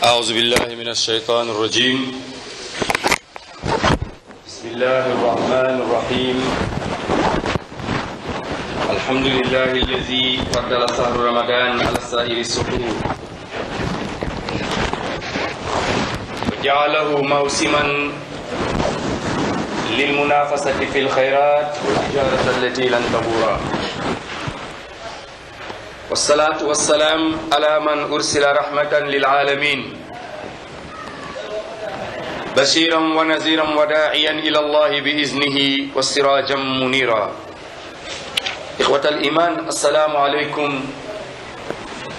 أعوذ بالله من الشيطان الرجيم بسم الله الرحمن الرحيم الحمد لله الذي فضل شهر رمضان على سائر السحور وجعله موسما للمنافسة في الخيرات والتجارة التي لن تبورا والصلاة والسلام على من أرسل رحمة للعالمين بشيرا ونذيرا وداعيا إلى الله بإذنه وسراجا منيرا إخوة الإيمان السلام عليكم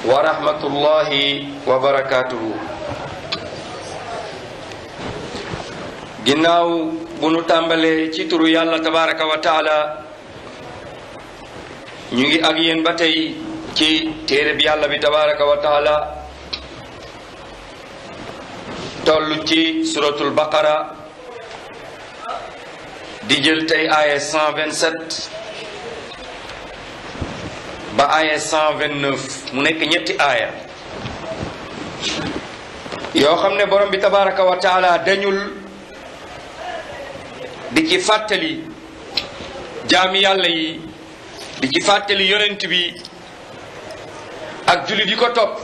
ورحمة الله وبركاته ginnaaw bu nu tàmbalee ci turu yàlla tabaraka wa taala ñu ngi ak yéen ba tey ci téere bi yàlla bi tabaraka wa taala toll ci suratul baqara di jël tey aaya 127 ba aaya 129 mu nekk ñetti aaya yoo xam ne borom bi tabaraka wa taala dañul di ci fàttali jaami yàlla yi di ci fàttali yonent bi ak jullit yi ko topp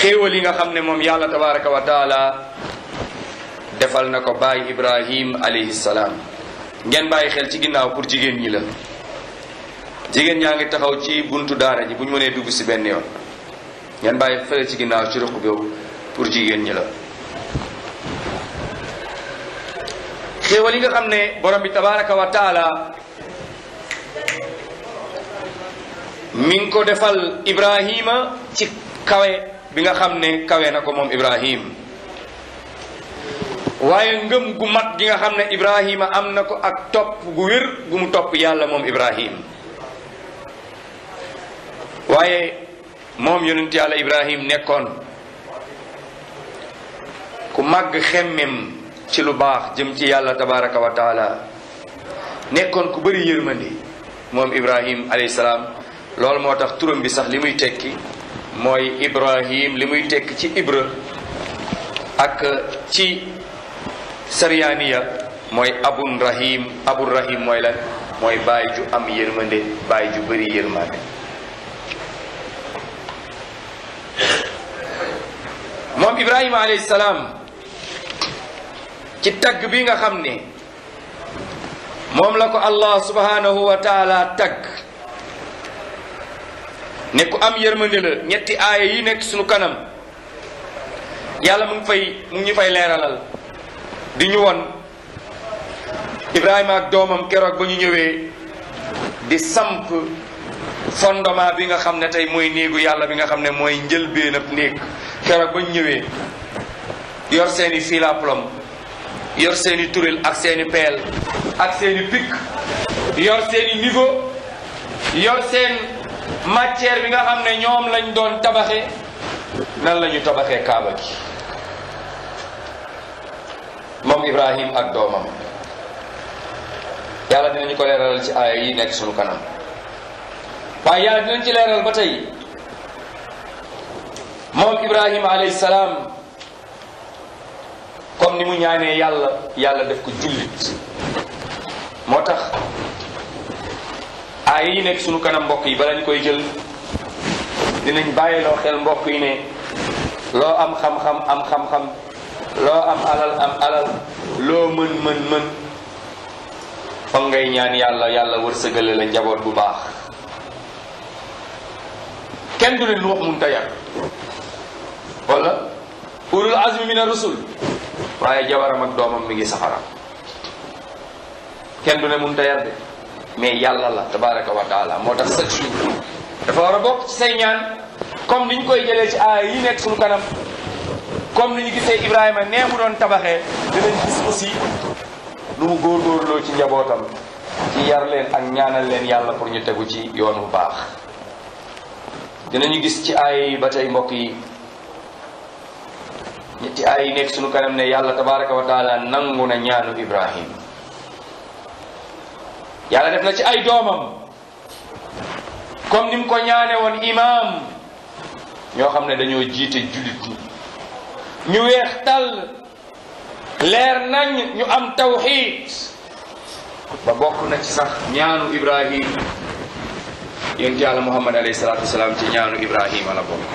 xéewal yi nga xam ne moom yàlla tabaraka wa taala defal na ko baay ibrahim alayhi salaam ngeen bàyyi xel ci ginnaaw pour jigéen ñi la jigéen ñaa ngi taxaw ci bunt daara ji bu ñu mënee dugg si benn yoon ngeen bàyyi fële ci ginnaaw ci ruq boobu pour jigéen ñi la xéewal nga xam ne borom bi tabaraka wa taala mi ngi ko defal Ibrahima ci kawe bi nga xam ne kawe na ko moom Ibrahim waaye ngëm gu mag gi nga xam ne Ibrahima am na ko ak topp gu wér gu mu topp yàlla moom Ibrahim waaye moom yonent yàlla Ibrahim nekkoon ku màgg xemmem ci lu baax jëm ci yàlla tabaraka wa taala nekkoon ku bari yërmandi moom Ibrahim alayhi salaam loolu moo tax turam bi sax li muy tekki mooy Ibrahim li muy tekki ci Ibra ak ci saryaaniya mooy abun rahim abun rahim mooy lan mooy baay ju am yërmande baay ju bëri yërmande moom Ibrahima alayhi salaam ci tagg bi nga xam ni moom la ko Allah subhanahu wa taala ne ku am yërmande la ñetti aaya yi nekk suñu kanam yàlla mu ngi fay mu ngi fay leeralal di ñu won Ibrahima ak doomam keroog ba ñu ñëwee di samp fondement bi nga xam ne tey mooy néegu yàlla bi nga xam ne mooy njëlbeen ab néeg keroog ba ñu ñëwee yor seeni fil à yor seeni turel ak seeni peel ak seeni pic yor seeni niveau yor seen matière bi nga xam ne ñoom lañ doon tabaxe nan la ñu tabaxee kaaba gi moom Ibrahim ak doomam yàlla dinañu ko leeralal ci aaya yi nekk sunu kanam waaye yàlla dinañ ci leeral ba tey moom Ibrahim alayhi salaam comme ni mu ñaanee yàlla yàlla def ko jullit moo tax aay yi nekk sunu kanam mbokk yi bala ñu koy jël dinañ bàyyiloo xel mbokk yi ne loo am xam-xam am xam-xam loo am alal am alal loo mën mën mën foog ngay ñaan yàlla yàlla wërsëgale la njaboot bu baax kenn du leen wax mun ta yar wala ulul azmi mina rusul waaye jabaram ak doomam mi ngi safara kenn du ne mun ta de mais yàlla la tabaraka wa taala moo tax chaque jour dafa war a bokk ci say ñaan comme ni ñu koy jëlee ci aaya yi nekk suñu kanam comme ni gisee Ibrahima nee mu doon tabaxee dinañ lu góorgóorloo ci njabootam yar leen ak ñaanal leen yàlla pour ñu tegu ci yoon bu baax dina ñu gis ci aaya ba tey mbokk yi ñetti aaya yi nekk sunu kanam ne yàlla tabaraka wa taala nangu na ñaanu Ibrahim yàlla def na ci ay doomam comme ni mu ko ñaane woon imaam ñoo xam ne dañoo jiite jullit ñi ñu weex tal leer nañ ñu am tawxiid ba bokk na ci sax ñaanu ibrahim yonent yàlla muhammad alayhi salaatu wasalaam ci ñaanu ibrahima la bokk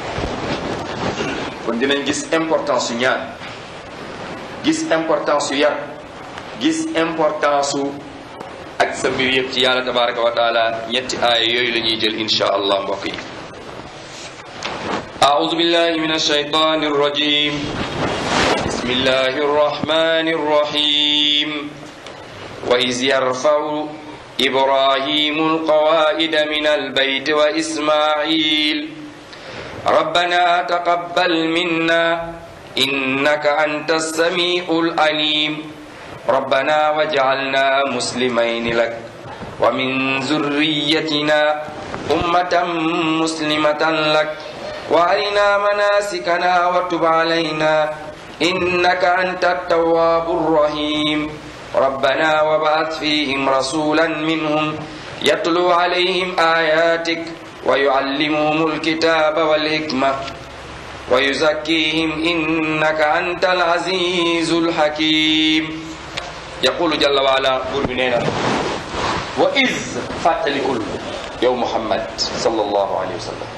kon dinañ gis importance su ñaan gis importance su yar gis importance su ak sa mbir yëpp ci yàlla tabaraka wa taala ñetti aaya yooyu la ñuy jël insha allah mbokk yi أعوذ بالله من الشيطان الرجيم بسم الله الرحمن الرحيم وإذ يرفع إبراهيم القواعد من البيت وإسماعيل ربنا تقبل منا إنك أنت السميع العليم ربنا وجعلنا مسلمين لك ومن ذريتنا أمة مسلمة لك وأرنا مناسكنا وتب علينا إنك أنت التواب الرحيم ربنا وبعث فيهم رسولا منهم يتلو عليهم آياتك ويعلمهم الكتاب والحكمة ويزكيهم إنك أنت العزيز الحكيم yaqulu jalla wa ala buur bi nee na wa iz fàttalikul yow muhammad sallallahu alayhi wa sallam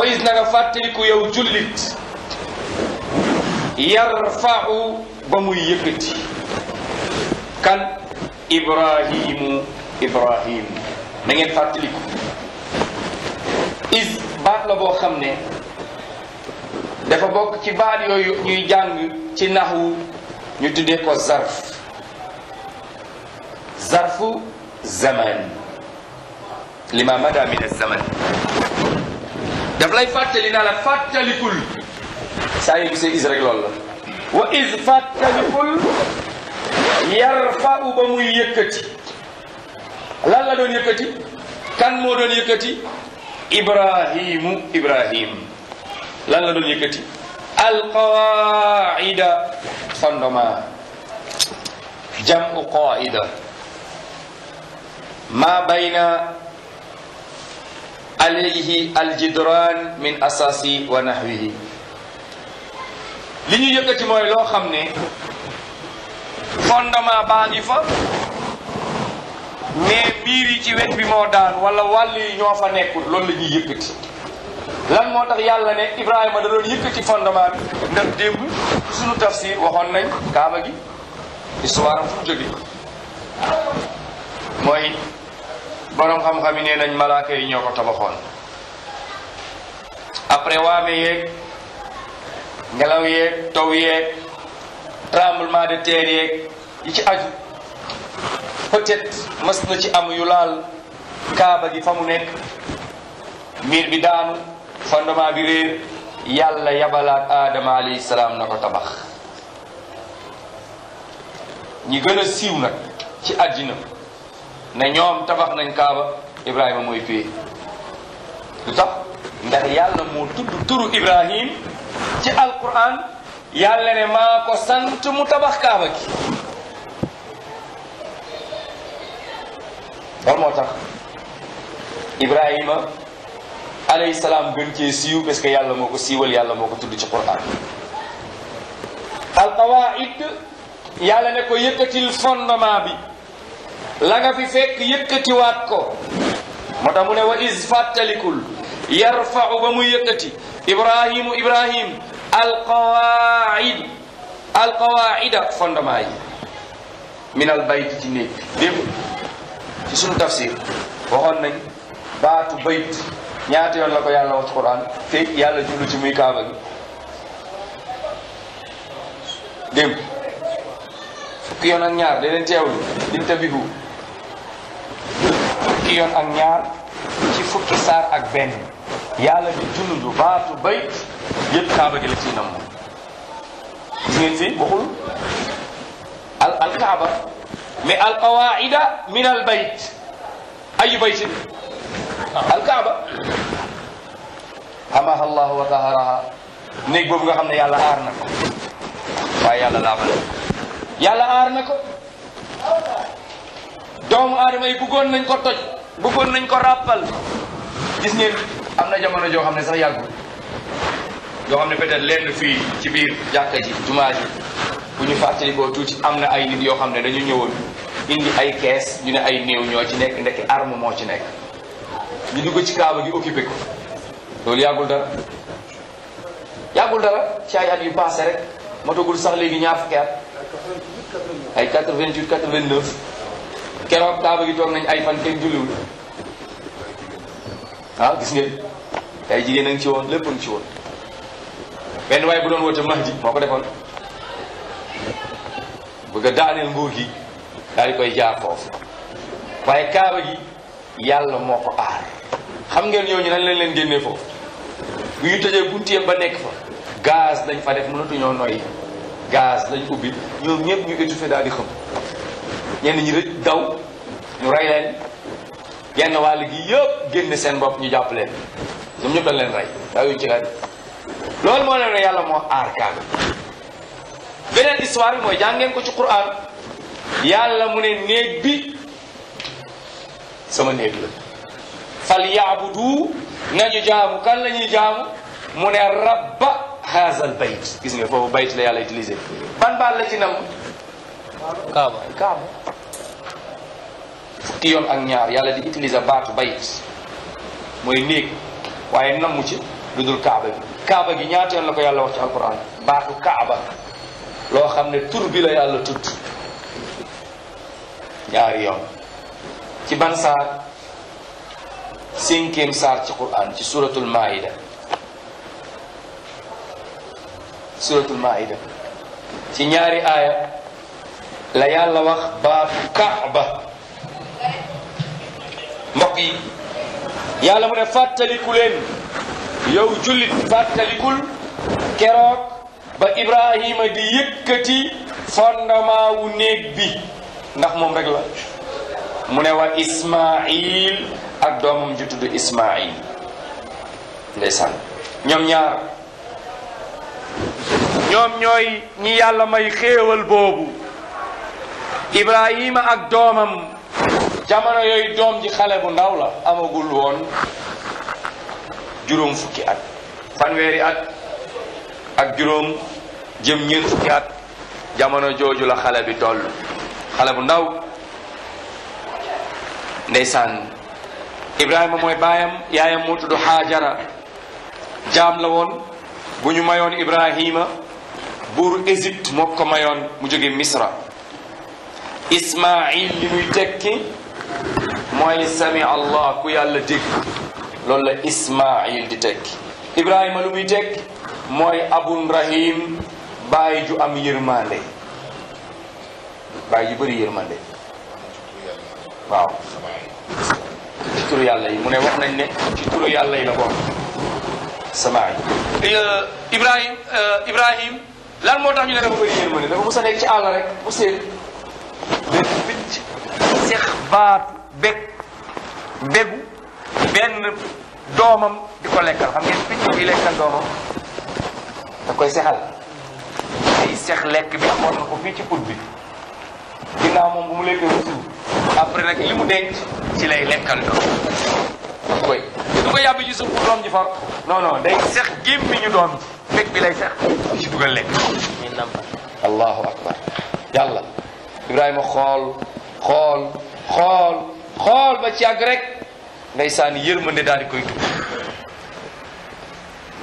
wa iz na nga fàttaliku yow jullit yarfa'u ba muy yëkkati kan ibrahimu ibrahim na ngeen fàttaliku is baat la boo xam ne dafa bokk ci baat yooyu ñuy jàng ci naxwu ñu tuddee ko zarf zarfu zaman lima mada min zaman daf lay fàttali naa la fàttalikul saa yu gisee is rek loolu la wa is fàttalikul yarfau ba muy yëkkati lan la doon yëkkati kan moo doon yëkkati ibrahimu ibrahim lan la doon yëkkati alqawaida fondement jamu qaida ma bayna alayhi aljidran min asasi wa nahwihi li ñu yëkkati mooy loo xam ne fondement baa ngi fa mais miir yi ci wet bi moo daan wala wàll yi ñoo fa nekkul loolu la ñuy yëkkati lan moo tax yàlla ne Ibrahima da doon yëkkati fondement bi ndax démb suñu tafsir waxoon nañ kaaba gi histoire am fu jóge mooy borom xam-xam yi nee nañ malaaka yi ñoo ko tabaxoon après waame yeeg ngelaw yeeg taw yeeg tremblement de terre yeeg yi ci aju peut-être na ci am yu laal kaaba gi fa mu nekk miir bi daanu fondement bi réer yàlla yabalaat aadama alayhi salaam na ko tabax ñi gën siiw nag ci àddina ne ñoom tabax nañ kaaba ibrahima mooy fee lu tax ndax yàlla moo tudd turu ibrahim ci alquran yàlla ne maa ko sant mu tabax kaaba gi loolu moo tax ibrahima alayhi salaam gën cee siiw parce que yàlla moo ko siiwal yàlla moo ko tudd ci quran al qawaid yàlla ne ko yëkkatil fondement bi la nga fi fekk yëkkatiwaat ko moo tax mu ne wa is fàttalikul yarfau ba muy yëkkati ibrahimu ibrahim alqawaid alqawaida fondement yi min al bayt ci néeg ci suñu tafsir waxoon nañ baatu bayt ñaata yoon la ko yàlla wax ci te yàlla jublu ci muy kaaba gi dégg fukki yoon ak ñaar da leen teewlu lim tabihu fukki yoon ak ñaar ci fukki saar ak benn yàlla di jullu baatu bayt yëpp kaaba gi la ciy namm gis ngeen si waxul al al kaaba mais al qawaida min al bayt ayu baytin alkaaba amaha allahu wa néeg boobu nga xam ne yàlla aar na ko waaye yàlla laabal yàlla aar na ko doomu aadama yi buggoon nañ ko toj bëggoon nañ ko ràppal gis ngeen am na jamono joo xam ne sax yàggul yoo xam ne peut-être lenn fii ci biir jàkka ji jumaa ji bu ñu fàttalikoo tuuti am na ay nit yoo xam ne dañu ñëwoon indi ay kees ñu ne ay néew ñoo ci nekk ndekki arme moo ci nekk ñu dugg ci kaaba gi occupé ko loolu yàggul dara yàggul dara ci ay yu passé rek matagul sax léegi ñaar fukki ay 88 89 keroog kaaba gi toog nañ ay fan kenn julliwul ah gis ngeen ay jigéen a ci woon lépp a ngi ci woon benn waaye bu doon woote Mahdi moo ko defoon bëgg a daaneel nguur gi daal di koy jaar foofu waaye kaaba gi yàlla moo ko aar xam ngeen ñooñu nan lañ leen génnee foofu bu ñu tëjee buntu yëpp ba nekk fa gaz lañ fa def mënatuñoo noyyi gaz lañ ubbi ñoom ñëpp ñu étouffé daal di xam ñenn ñi rëcc daw ñu rey leen genn wàll gi yëpp génn seen bopp ñu jàpp leen mu ñëpp dañ leen rey daaw loolu moo leen yàlla moo aar kaam beneen histoire bi mooy jàngeen ko ci Qur'an yàlla mu ne néeg bi sama néeg la fal du nañu jaamu kan la ñuy jaamu mu ne rabba haazal bayt gis nga foofu bayt la yàlla utilisé ban baat la ci nam kaaba fukki yoon ak ñaar yàlla di utiliser baatu bayt mooy néeg waaye namu ci lu dul kaaba gi kaaba gi ñaata yoon la ko yàlla wax ci alquran baatu kaaba loo xam ne tur bi la yàlla tudd ñaari yoon ci ban cinquième saar ci Qur'an ci suratul maida suratul maida ci ñaari aaya la yàlla wax baatu kaaba mbokk yi yàlla mu ne fàttaliku leen yow jullit fàttalikul keroog ba Ibrahima di yëkkati fondement néeg bi ndax moom rek la mu ne wa Ismail ak doomam ju tudd Ismaïl ndeysaan ñoom ñaar ñoom ñooy ñi yàlla may xéewal boobu Ibrahima ak doomam jamono yooyu doom ji xale bu ndaw la amagul woon juróom fukki at fanweeri at ak juróom jëm ñeent fukki at jamono jooju la xale bi toll xale bu ndaw ndeysaan ibrahima mooy baayam yaayam moo tudd xaajara jaam la woon bu ñu mayoon ibrahima buur Égypte moo mayoon mu jóge misra ismail li muy tekki mooy sami allah ku yàlla dégg loolu la ismail di tekki ibrahima lu muy tekki mooy abun rahim bàyyi ju am yërmande bàyyi ju bëri turu yàlla yi mu ne wax nañ ne ci turu yàlla yi la bokk samaay eh, ibrahim eh, ibrahim lan moo tax ñu ne dafa bëri yërmande dafa mos a nekk ci àll rek mu seen benn picc sex baat benn doomam di ko lekkal xam ngeen picc bi lekkal doomam da koy sexal day sex lekk bi amoon na ko fii ci put bi ginnaaw moom bu mu lekkee ba après li mu denc ci lay lekkandoo koy du yàbbi ci suuf doom ji far non day sex gémmi doom fekk bi lay sex ci dugal lekk allahu akbar yàlla ibrahima xool xool xool xool ba ci àgg rek ndeysaan yërmande daal di koy dugg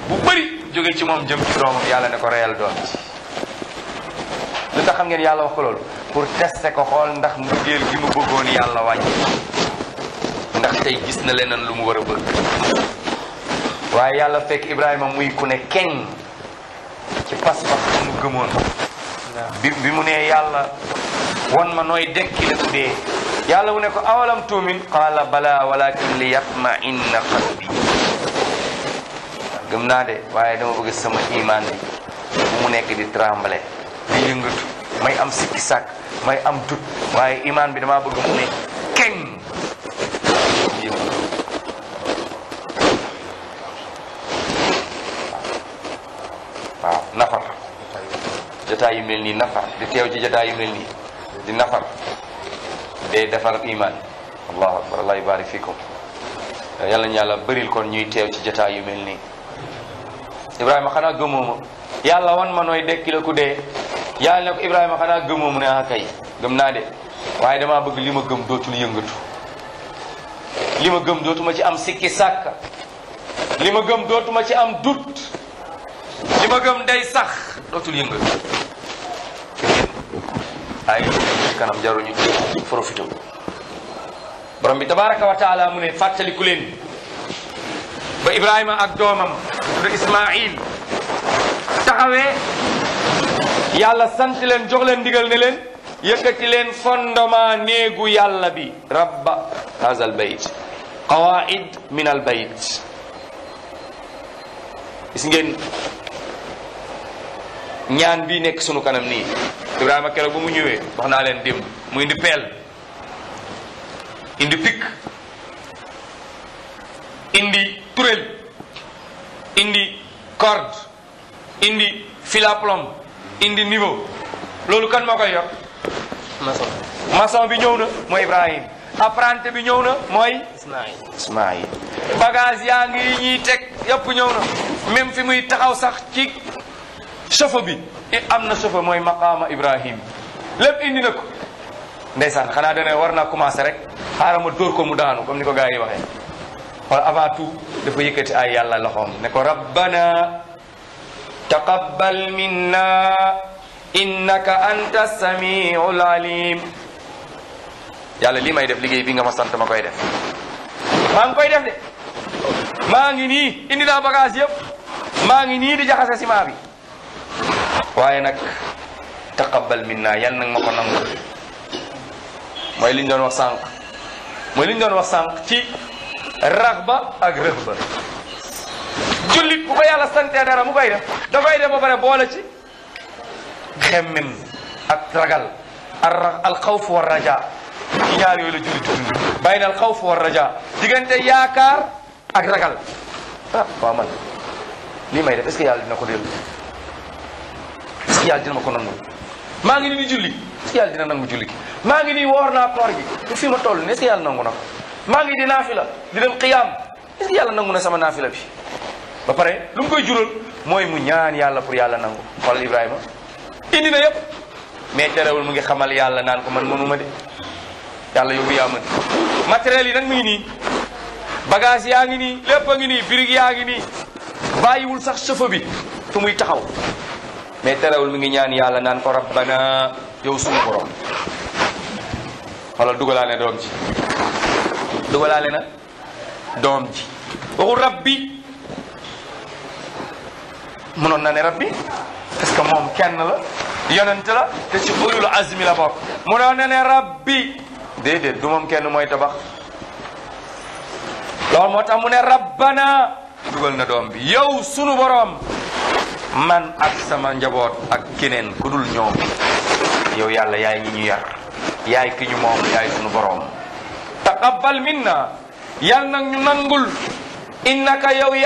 bu bëri jóge ci moom jëm ci doomam yàlla ne ko reyal doom lu ndax xam ngeen yàlla wax ko loolu pour teste ko xool ndax mbëggeel gi mu bëggoon yàlla wàññi ndax tey gis na leneen lu mu war a bëgg waaye yàlla fekk Ibrahima muy ku ne kenn ci pas-pas bu mu gëmoon bi mu nee yàlla won ma nooy dekki la tuddee yàlla mu ne ko awalam tuumin qaala bala walakin li yatma inna qalbi gëm naa de waaye dama bëgg sama iman bi bu mu nekk di tremble di may am sikki sàkk may am dut waaye imaan bi damaa bëgg mu ne keng nafar jotaay yu mel nii nafar di teew ci jotaay yu mel nii di nafar day defar imaan allahu akbar allah yubarik fikum yàlla ñu yàlla bëril kon ñuy teew ci jataa yu mel nii ibrahima xanaa gëmoo ma wan ma nooy dekki la ku dee yàlla ne ko Ibrahima xanaa gëmoo mu ne ah kay gëm naa de waaye damaa bëgg li ma gëm dootul yëngatu li ma gëm dootuma ci am sikki sàkka li ma gëm dootuma ci am dut li ma gëm day sax dootul yëngatu ay kanam jaruñu profité borom bi tabaraka wa taala mu ne fàttaliku leen ba Ibrahima ak doomam tudd Ismail taxawee yàlla sant leen jox leen ndigal ne leen yëkkati leen fondement néegu yàlla bi rabba haza al bayt min al bayt gis ñaan bii nekk sunu kanam nii Ibrahima keroog ba mu ñëwee wax naa leen dim mu indi peel indi pikk indi turel indi corde indi fil indi niveau loolu kan moo koy yor maçon bi ñëw na mooy Ibrahim apprenti bi ñëw na mooy Ismaïl Ismaïl bagage yaa ngi ñuy teg yëpp ñëw na même fi muy taxaw sax ci chauffeur bi am na chauffeur mooy maqaama Ibrahim lépp indi na ko ndeysaan xanaa dana war naa commencé rek xaaral ma dóor ko mu daanu comme ni ko gars yi waxee wala avant tout dafa yëkkati loxoom ne ko rabbana taqabbal minna innaka anta samiul alim yàlla lii may def liggéey bi nga ma sant ma koy def maa ngi koy def de maa ngi nii indi naa yëpp maa ngi nii di jaxasa ciment bi waaye nag taqabbal minna yal nag ma ko mooy liñ doon wax sànq mooy liñ doon wax sànq ci raxba ak rëxba jullit bu ko yàlla santee dara mu koy def da koy ba bare boole ci xemmem ak ragal al xawf wa raja ci ñaar yooyu la jullit dund bàyyi na al xawf wa raja diggante yaakaar ak ragal ah waaw man lii may def est-ce que yàlla dina ko déglu est-ce dina ma ko nangu maa ngi nii julli est-ce dina nangu julli gi maa ngi nii woor naa koor gi fi ma toll nii est-ce nangu na maa ngi di naafila di dem qiyaam est-ce yàlla nangu na sama naafila bi ba pare lu mu koy jural mooy mu ñaan yàlla pour yàlla nangu xoolal Ibrahima indi na yëpp mais terewul mu ngi xamal yàlla naan ko man mënuma de yàlla yóbbu yaa mën matériel yi nag mi ngi nii bagage yaa ngi nii lépp a ngi nii birig yaa ngi nii bàyyiwul sax chauffeur fu muy taxaw mais terewul mi ngi ñaan yàlla naan ko rabbana yow suñu borom wala dugalaale doom ji dugalaale na doom ji waxul rabbi mënoon na ne rabbi parce que moom kenn la yonent la te ci ulul azmi la bokk mënoon na ne rabbi déedéet du moom kenn mooy tabax loolu moo tax mu ne rabbana dugal na doom bi yow sunu boroom man ak sama njaboot ak keneen ku dul ñoom yow yàlla yaay ñi ñu yar yaay ki ñu moom yaay sunu boroom taqabbal minna yàlla nag ñu nangul innaka yow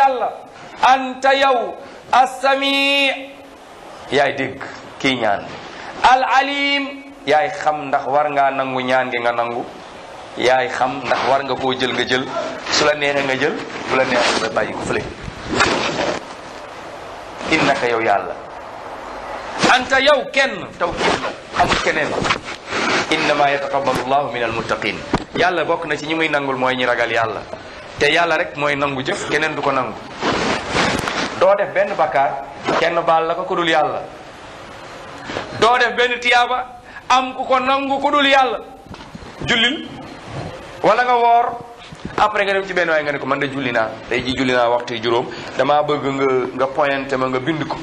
anta yow assami yaay dégg kii ñaan al alim yaay xam ndax war ngaa nangu ñaan gi nga nangu yaay xam ndax war nga koo jël nga jël su la neexee nga jël bu la neexee nga bàyyi ko fële innaka yow yàlla anta yow kenn tawkiid la amul keneen innama yataqabbalu llahu min almuttaqin yàlla bokk na ci ñi muy nangul mooy ñi ragal yàlla te yàlla rek mooy nangu jëf keneen du ko nangu doo def benn bakkaar kenn baal la ko ku dul yàlla doo def benn tiyaaba am ku ko nangu ku dul yàlla julli wala nga woor après nga dem ci benn waay nga ne ko man de julli naa tey ji julli naa waxtu juróom damaa bëgg nga nga ma nga bind ko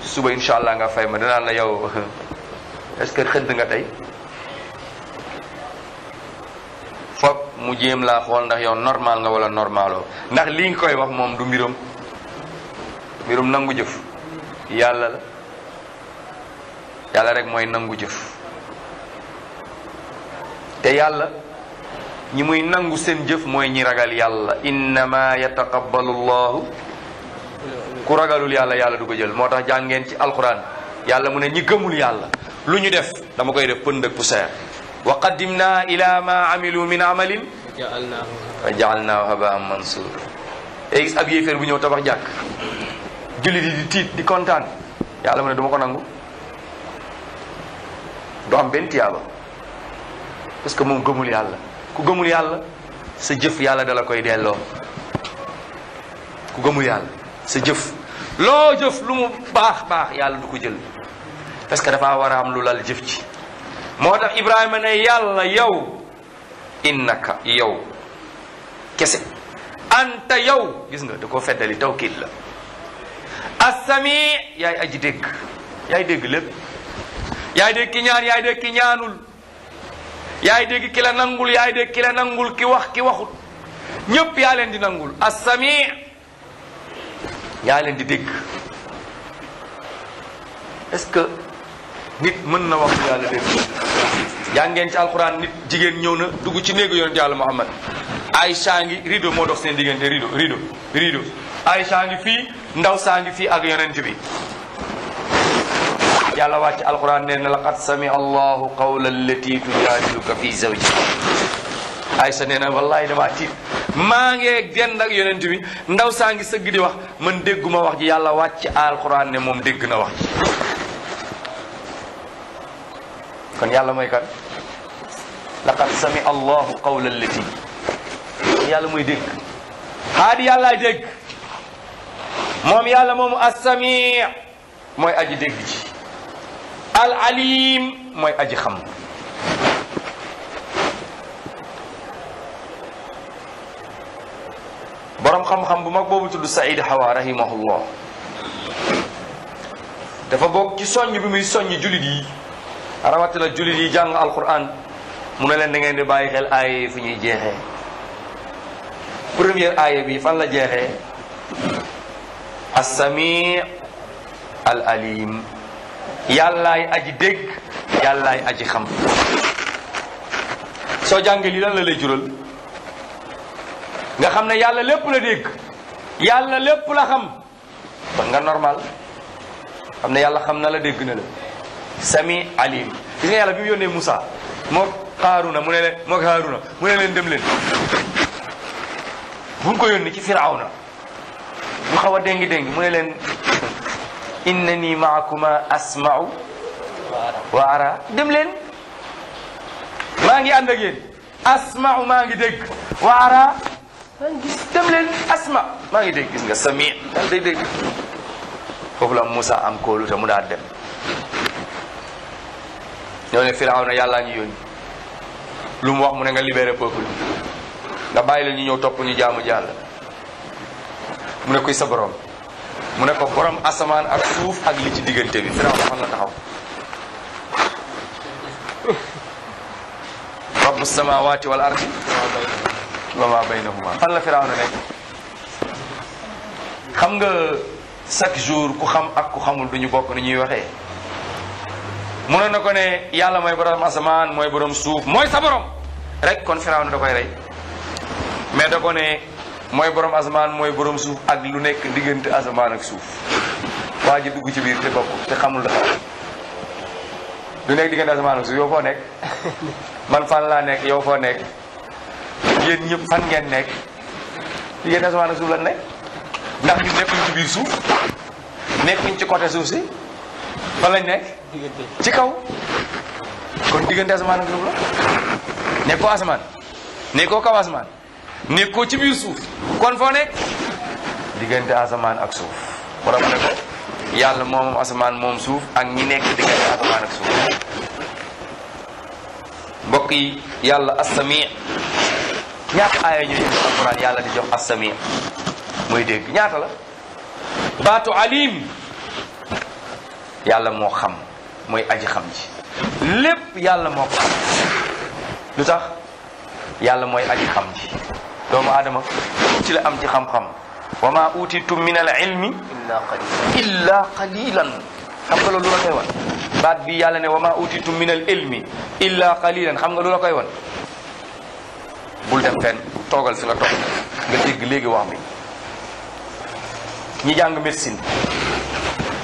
suba incha allah nga fay ma danaan la yow est-ce que xëdd nga tey foog mu jéem laa xool ndax yow normal nga wala normaloo ndax li nga koy wax moom du mbiram mbirum nangu jëf yàlla la yàlla rek mooy nangu jëf te yàlla ñi muy nangu seen jëf mooy ñi ragal yàlla innama yataqabbalu llahu ku ragalul yàlla yàlla du ko jël moo tax jàngeen ci alquran yàlla mu ne ñi gëmul yàlla lu ñu def dama koy def pënd ak poussière wa qaddimna ila ma amilu min amalin fa jaalnaahu habaan mansuur ay gis ab yéeféer bu ñëw tabax jàkk jullit yi di tiit di kontaan yàlla mu ne duma ko nangu du am benn tiyaaba parce que moom gëmul yàlla ku gëmul yàlla sa jëf yàlla dala koy delloo ku gëmul yàlla sa jëf loo jëf lu mu baax baax yàlla du ko jël parce que dafa war a am lu lal jëf ci moo tax Ibrahima ne yàlla yow innaka yow kese anta yow gis nga da ko feddali tawkiid la assami yaay aji dégg yaay dégg lépp yaay dégg ki ñaan yaay dégg ki ñaanul yaay dégg ki la nangul yaay dégg ki la nangul ki wax ki waxut ñépp yaa leen di nangul assami yaa leen di dégg est-ce que nit mën na wax yàlla dégg yaa ngeen ci alxuraan nit jigéen ñëw na dugg ci néegu yonent yàlla Muhammad ay ngi rido moo dox seen diggante rideau rideau rideau saa ngi fii ndaw saa ngi fii ak yonent bi yàlla wàcc alquran nee na laqad sami allahu qawla allati tujadiluka fi zawjiha ay nee na wallahi damaa tiit maa ngee dend ak yonent bi ndaw saa ngi sëgg di wax man dégguma wax ji yàlla wàcc alquran ne moom dégg na wax ji kon yàlla mooy kan laqad sami allahu qawla allati yàlla mooy dégg haadi yàlla dégg moom yàlla moomu assami mooy aji dégg ji al alim mooy aji xam borom xam-xam bu mag boobu tudd Saïd Hawa rahimahullah dafa bokk ci soññ bi muy soññ jullit yi rawatina jullit yi jàng alquran mu ne leen da ngeen di bàyyi xel aaya yi fu ñuy jeexee première aaya bi fan la jeexee as-sami al alim yàllaay aji dégg yàllaay aji xam soo jàngee lii lan la lay jural nga xam ne yàlla lépp la dégg yàlla lépp la xam ba nga normal xam na yàlla xam na la dégg na la sami alim gis nga yàlla bi mu yónnee Moussa moo Haaruna mu ne leen moo Haaruna mu ne leen dem leen bu ko yónnee ci Firawna ñu xaw a déngi déngi mu leen innani maakuma asmau wa ara dem maa ngi ànd ak yéen maa ngi dégg wa ara maa ngi gis asma maa ngi dégg gis nga sami daal day foofu la Moussa am kóolu mu daal dem ñoo ne Firawna yàllaa ñu yónni lu mu wax mu ne nga libéré peuple nga bàyyi la ñu ñëw topp ñu jaamu Yàlla mu ne kuy sa borom mu ne ko borom asamaan ak suuf ak li ci diggante bi na fan la taxaw rabbu samawati wal ardi wa ma baynahuma fan la Firawna nekk xam nga chaque jour ku xam ak ku xamul duñu bokk ni ñuy waxee mu ne na ko ne yàlla mooy borom asamaan mooy borom suuf mooy sa borom rek kon Firawna da koy rey mais da ko mooy borom asamaan mooy boroom suuf ak lu nekk diggante asamaan ak suuf waa ji dugg ci biir te bokk te xamul la lu nekk diggante asamaan ak suuf yow foo nekk man fan laa nekk yow foo nekk yéen ñëpp fan ngeen nekk diggante asamaan ak suuf suuf nekkuñ ci côté suuf si fan lañ nekk ci kaw kon diggante asamaan ak suuf la nekkoo asamaan nekkoo kaw asmaan nekkoo ci biir suuf kon foo nekk diggante asamaan ak suuf borom ne ko yàlla moomam asamaan moom suuf ak ñi nekk diggante asamaan ak suuf mbokk yi yàlla assami ñaata aaya ñuy ci alquran yàlla di jox assami mooy dégg ñaata la baatu alim yàlla moo xam mooy aji xam ji lépp yàlla moo ko lu tax yàlla mooy aji xam ji doomu aadama ci la am ci xam-xam wa ma utitum min al ilmi illa qalilan xam nga loolu la koy wan baat bi yàlla ne wa ma tu min al ilmi illa qalilan xam nga lu la koy wan bul dem fenn toogal si nga toog nga dégg léegi wax bi ñi jàng médecine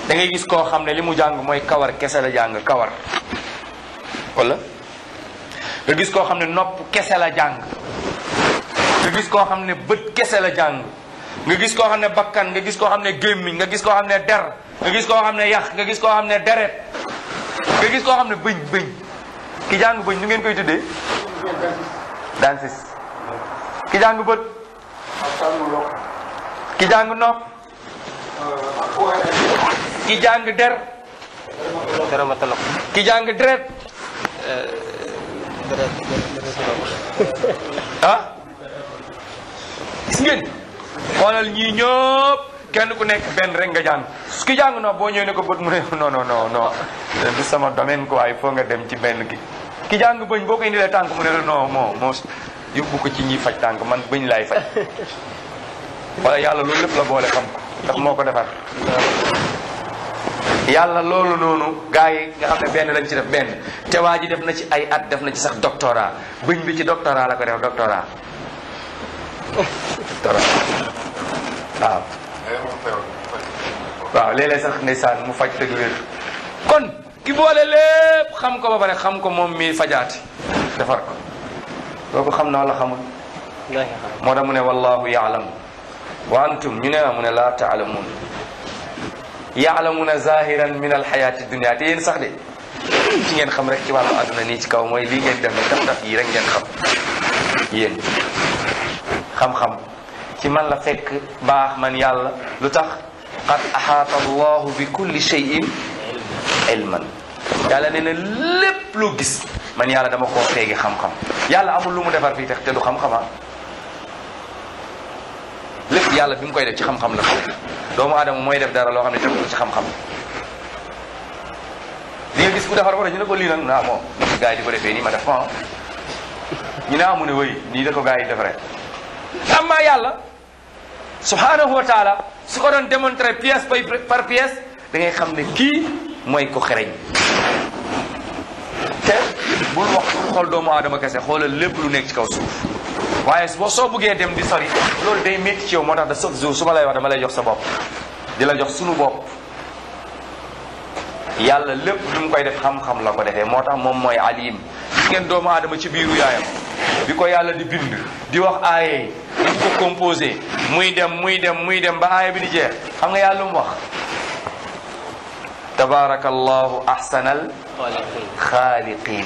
dangay gis koo xam ne li mu jàng mooy kawar kese la jàng kawar walla nga gis koo xam ne nopp kese la jàng nga gis koo xam ne bët gese la jàng nga gis koo xam ne bakkan nga gis koo xam ne gémmiñ nga gis koo xam ne der nga gis koo xam ne yax nga gis koo xam ne deret nga gis koo xam ne bëñ bëñ ki jàng bëñ nu ngeen koy tuddee dansis ki jàng bët ki jàng nopp ki jàng der ki jàng deret euh, ah? gis ngeen xoolal ñii ñëpp kenn ku nekk benn rek nga jàng su ki jàng noo boo ñëwee ne ko bët mu ne non non non non du sama domaine quoi il faut nga dem ci benn gi ki jàng bëñ boo ko tànk mu ne la moo moo yóbbu ko ci ñiy faj tànk man bëñ laay faj wala yàlla loolu lépp la boole xam ko ndax moo ko defar yàlla loolu noonu gaa yi nga xam ne benn lañ ci def benn te waa ji def na ci ay at def na ci sax doctorat bëñ bi ci doctorat la ko def doctorat dara waaw. waaw léeg-léeg sax mu faj dëgg wér. kon ki boole lépp xam ko ba pare xam ko moom mii fajaati defar ko xam na wala xamul. moo tax mu ne wallahu yaalamu wa antum ñu ne la mu ne laa taalamuun yaalamuuna zahiran min alxayaati dunia te yéen sax de ci ngeen xam rek ci wàllu àdduna nii ci kaw mooy lii ngeen demee daf daf yi rek ngeen xam yéen xam-xam ci man la fekk baax man yàlla lu tax qad axaata allahu bi kulli cheyin ilman yàlla nee na lépp lu gis man yàlla dama koo feegi xam-xam yàlla amul lu mu defar fii te du xam-xama ah. yàlla bi mu koy def ci xam-xam la ko doomu aadama mooy def dara loo xam ne tegu ko ci xam-xam li nga gis ku defar oto ñu ne ko lii nag naa moom di ko defee nii ma def ko ah. ñu ne amu ah, ne wëy nii da ko gars yi amma yàlla subhanahu wa su ko doon démontrer pièce par pièce da ngay xam ne kii mooy ko xereñ te bul wax bul xool doomu aadama kese xoolal lépp lu nekk ci kaw suuf waaye boo soo buggee dem di sori loolu day métti ci yow moo tax da chaque jour su ma lay wax ma lay jox sa bopp di la jox sunu bopp yàlla lépp lu mu koy def xam-xam la ko defee moo tax moom mooy alim ngeen doomu adama ci biiru yaayam bi ko yàlla di bind di wax aaye composé muy dem muy dem muy dem ba aaye bi di jeex xam nga yàlla mu wax tabarakallahu ahsanal xaaliqin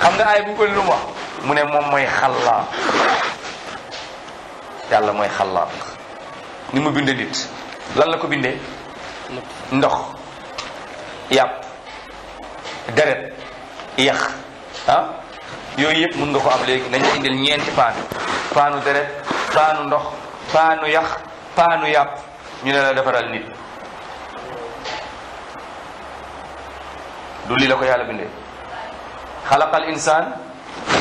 xam nga aay bu ko lu mu wax mu ne moom mooy xallaaq yàlla mooy xallaaq ni mu binde nit lan la ko bindee ndox yàpp deret yax ah yooyu yëpp mun nga ko ab léegi nañ indil ñeenti paan paanu deret paanu ndox paanu yax paanu yàpp ñu ne la defaral nit du lii la ko yàlla bindee xalaqal insaan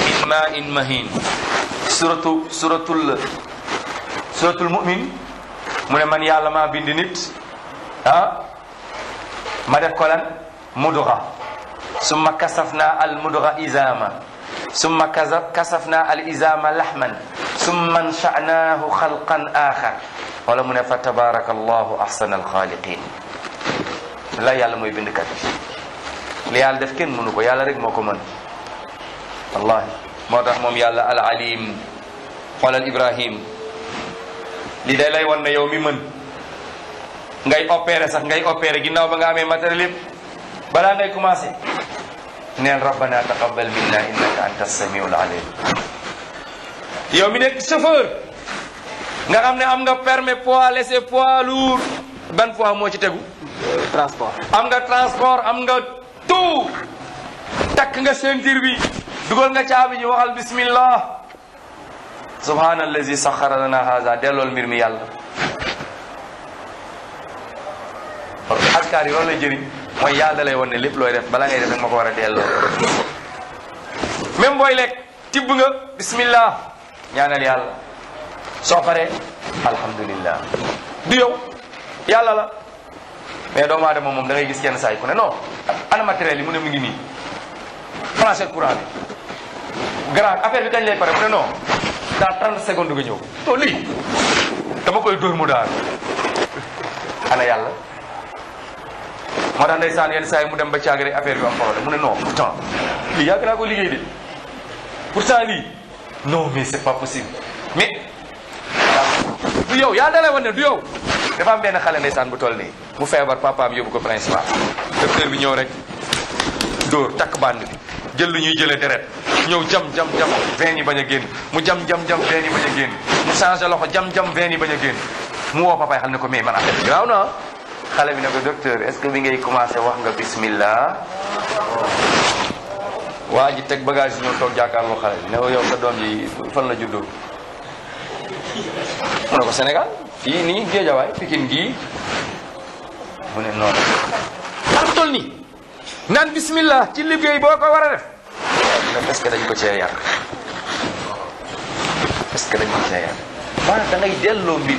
min maa in mahin suratu suratul suratul mu'min mu ne man yàlla maa bind nit ah ma def ko lan mudra summa kasafna al mudra izama summa kasafna al izama lahman summa ansha'nahu xalqan axar wala mu ne fa tabaraka allahu ahsana alxaaliqin la yàlla mooy bindkat bi li yàlla def kenn mënu ko yàlla rek moo ko mën wallahi moo tax moom yàlla alalim xoolal ibrahim li day lay wan ne yow mi mën ngay opéré sax ngay opéré ginnaaw ba nga amee matériel yëpp balaa ngay commencé neen rabbana taqabbal minna innaka anta samiul alim yow mi nekk chauffeur nga xam ne am nga permis poids laissé poids lourd ban poids moo ci tegu transport am nga transport am nga tout tak nga ceinture bi dugal nga caabi ji waxal bismillah subhaanallazi saxara lana haza dellool mbir mi yàlla bàkkaar yi loolu lay jëriñ mooy yàlla da lay wan ne lépp looy def bala ngay def rek ma ko war a delloo même booy lekk tibb nga bismillah ñaanal yàlla soo paree alhamdulillah du yow yàlla la mais doomu aadama moom da gis kenn saay ku ne non ana matériel yi mu ne mu ngi nii plancher courant bi grand affaire bi kañ lay pare mu ne non dans 30 secondes nga ñëw lii dama koy dóor mu daal ana yàlla moo tax ndeysaan yenn saa yi mu dem ba caagare affaire bi am problème mu ne non pourtant lii yàgg naa ko liggéey de pourtant lii non mais c'est pas possible mais du yow yaa dalee woon ne du yow dafa am benn xale ndeysaan bu toll nii mu feebar papaam yóbbu ko principal docteur bi ñëw rek dóor takk bànd jël lu ñuy jëlee deret ñëw jam jam jam veine bañ a génn mu jam jam jam veine yi bañ a génn mu changé loxo jam jam veine yi bañ a génn mu woo papaay xale ne ko mais man affaire bi garaaw na ah. xale bi ne ko docteur est-ce que bi ngay commencer wax nga bismillah waa ji teg bagage yi ñëw toog jàkkaarloo xale bi ne ko yow doom ji fan la juddoo mu ne ko Sénégal fii nii Géejawaay Pikine gii mu ne noonu am tol nii naan bismillah ci liggéey boo ko war def ne est-ce que dañ ko cee yar est-ce que dañ ko cee yar maanaam da ngay delloo mbir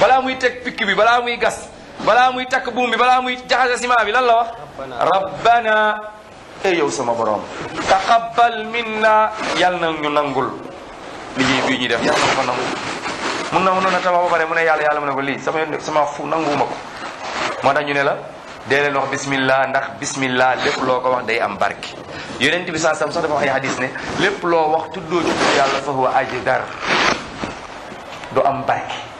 balaa muy teg pikk bi balaa muy gas balaa muy takk buum bi balaa muy jaxase ciment bi lan la wax rabbana ey yow sama borom taqabbal minna yàlla na ñu nangul liggéey bii ñuy def yàlla na ko nangul mun ne yàlla yàlla mu ne lii sama yoon sama fu nanguwuma ko moo tax ñu ne la dee loxo wax bismillah ndax bismillah lépp loo ko wax day am barke yonent bi saa sam sax dafa wax ay ne lépp loo wax tuddoo ci yàlla fa huwa ajdar du am barke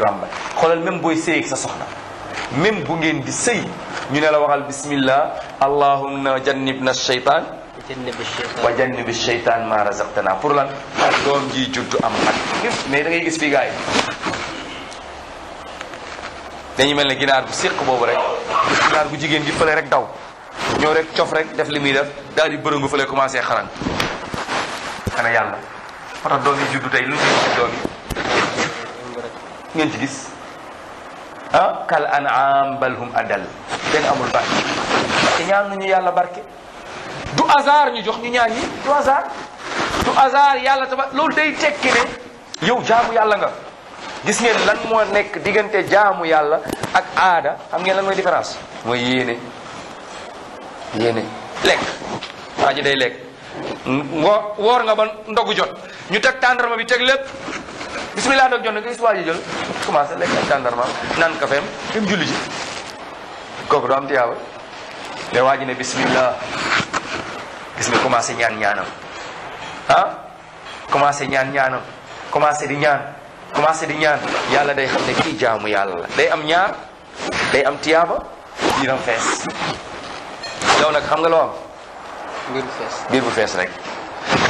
doom la xoolal même booy sëy ak sa soxna même bu ngeen di sëy ñu ne la waxal bismillah allahumma jannibna shaytaan wa jannibi shaytaan ma razaqtana pour lan doom ji juddu am ak mais da ngay gis fii gars yi dañuy mel ne ginaar bu séq boobu rek ginaar bu jigéen gi fële rek daw ñëw rek cof rek def li muy def daal di bërëngu fële commencé xaran xana yàlla moo doom yi juddu tey lu ñu doom yi ngeen ci gis ah kal an'am bal hum adal kenn amul barke ñaan ñu yàlla barke du hasard ñu jox ñu ñaan ñi du hasard du hasard yàlla taba loolu day tekki ne yow jaamu yàlla nga gis ngeen lan moo nekk diggante jaamu yàlla ak aada xam ngeen lan mooy différence mooy yéene yéene lekk day lekk woor nga ba ndogu jot ñu teg tàndarma bi teg lépp bisimilah nag jot na nga gis waa ji jël commencé lekk ay tàndarma naan kafeem fi julli ji kooku du am tiyaaba mais waa ji ne bisimilah gis nga commencé ñaan ñaanam ah commencé ñaan ñaanam commencé di ñaan commencé di ñaan yàlla day xam ne kii jaamu yàlla day am ñaar day am tiyaaba biiram fees yow nag xam nga loo am biir bu fees biir bu fees rek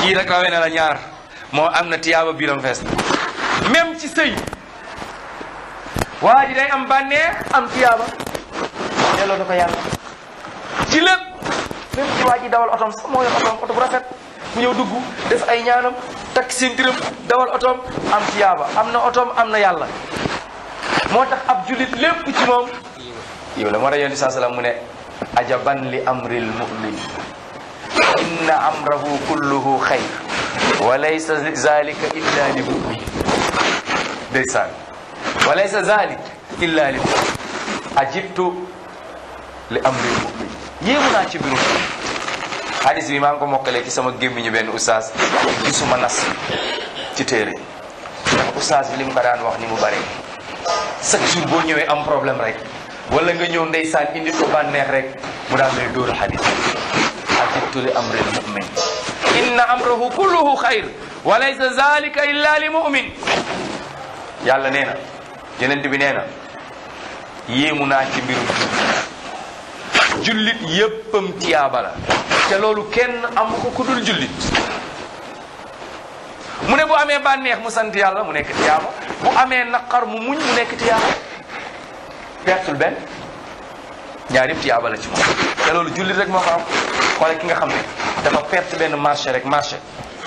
kii rek rawee na la ñaar moo am na tiyaaba biiram fees même ci sëy waa ji day am bànneex am tiyaaba delloo na ko yàlla ci lépp même ci waa dawal otoom sax moo otoom bu rafet mu ñëw dugg def ay ñaanam takk dawal otoom am tiyaaba am na otoom am na yàlla moo tax ab julit lépp ci moom yow la moo tax yonent bi saa mu ne ajaban li amril mumin inna amrahu kulluhu xayr wa laysa zalika illa li ndeysaan walaysa zalik illa li ajibtu li amril ci mbirum hadis bi maa ngi ko mokkalee ci sama gémmiñu benn oustaz suma nas ci téere ndax oustaz bi li mu ko wax ni mu bare chaque boo ñëwee am problème rek wala nga ñëw ndeysaan indi ko bànneex rek mu daan lay dóoru hadis ajibtu li amril mumin inna amrahu kulluhu xayr walaysa zalika illa li mumin yàlla nee na yenent bi nee na yéemu naa ci mbirum jullit jullit yéppam tiyaaba te loolu kenn am ko dul jullit mu ne bu amee bànneex mu sant yàlla mu nekk tiyaaba bu amee naqar mu muñ mu nekk tiyaaba pertul benn ñaar yëpp ci moom te loolu jullit rek moo ko am xoole ki nga xam ne dama perte benn marché rek marché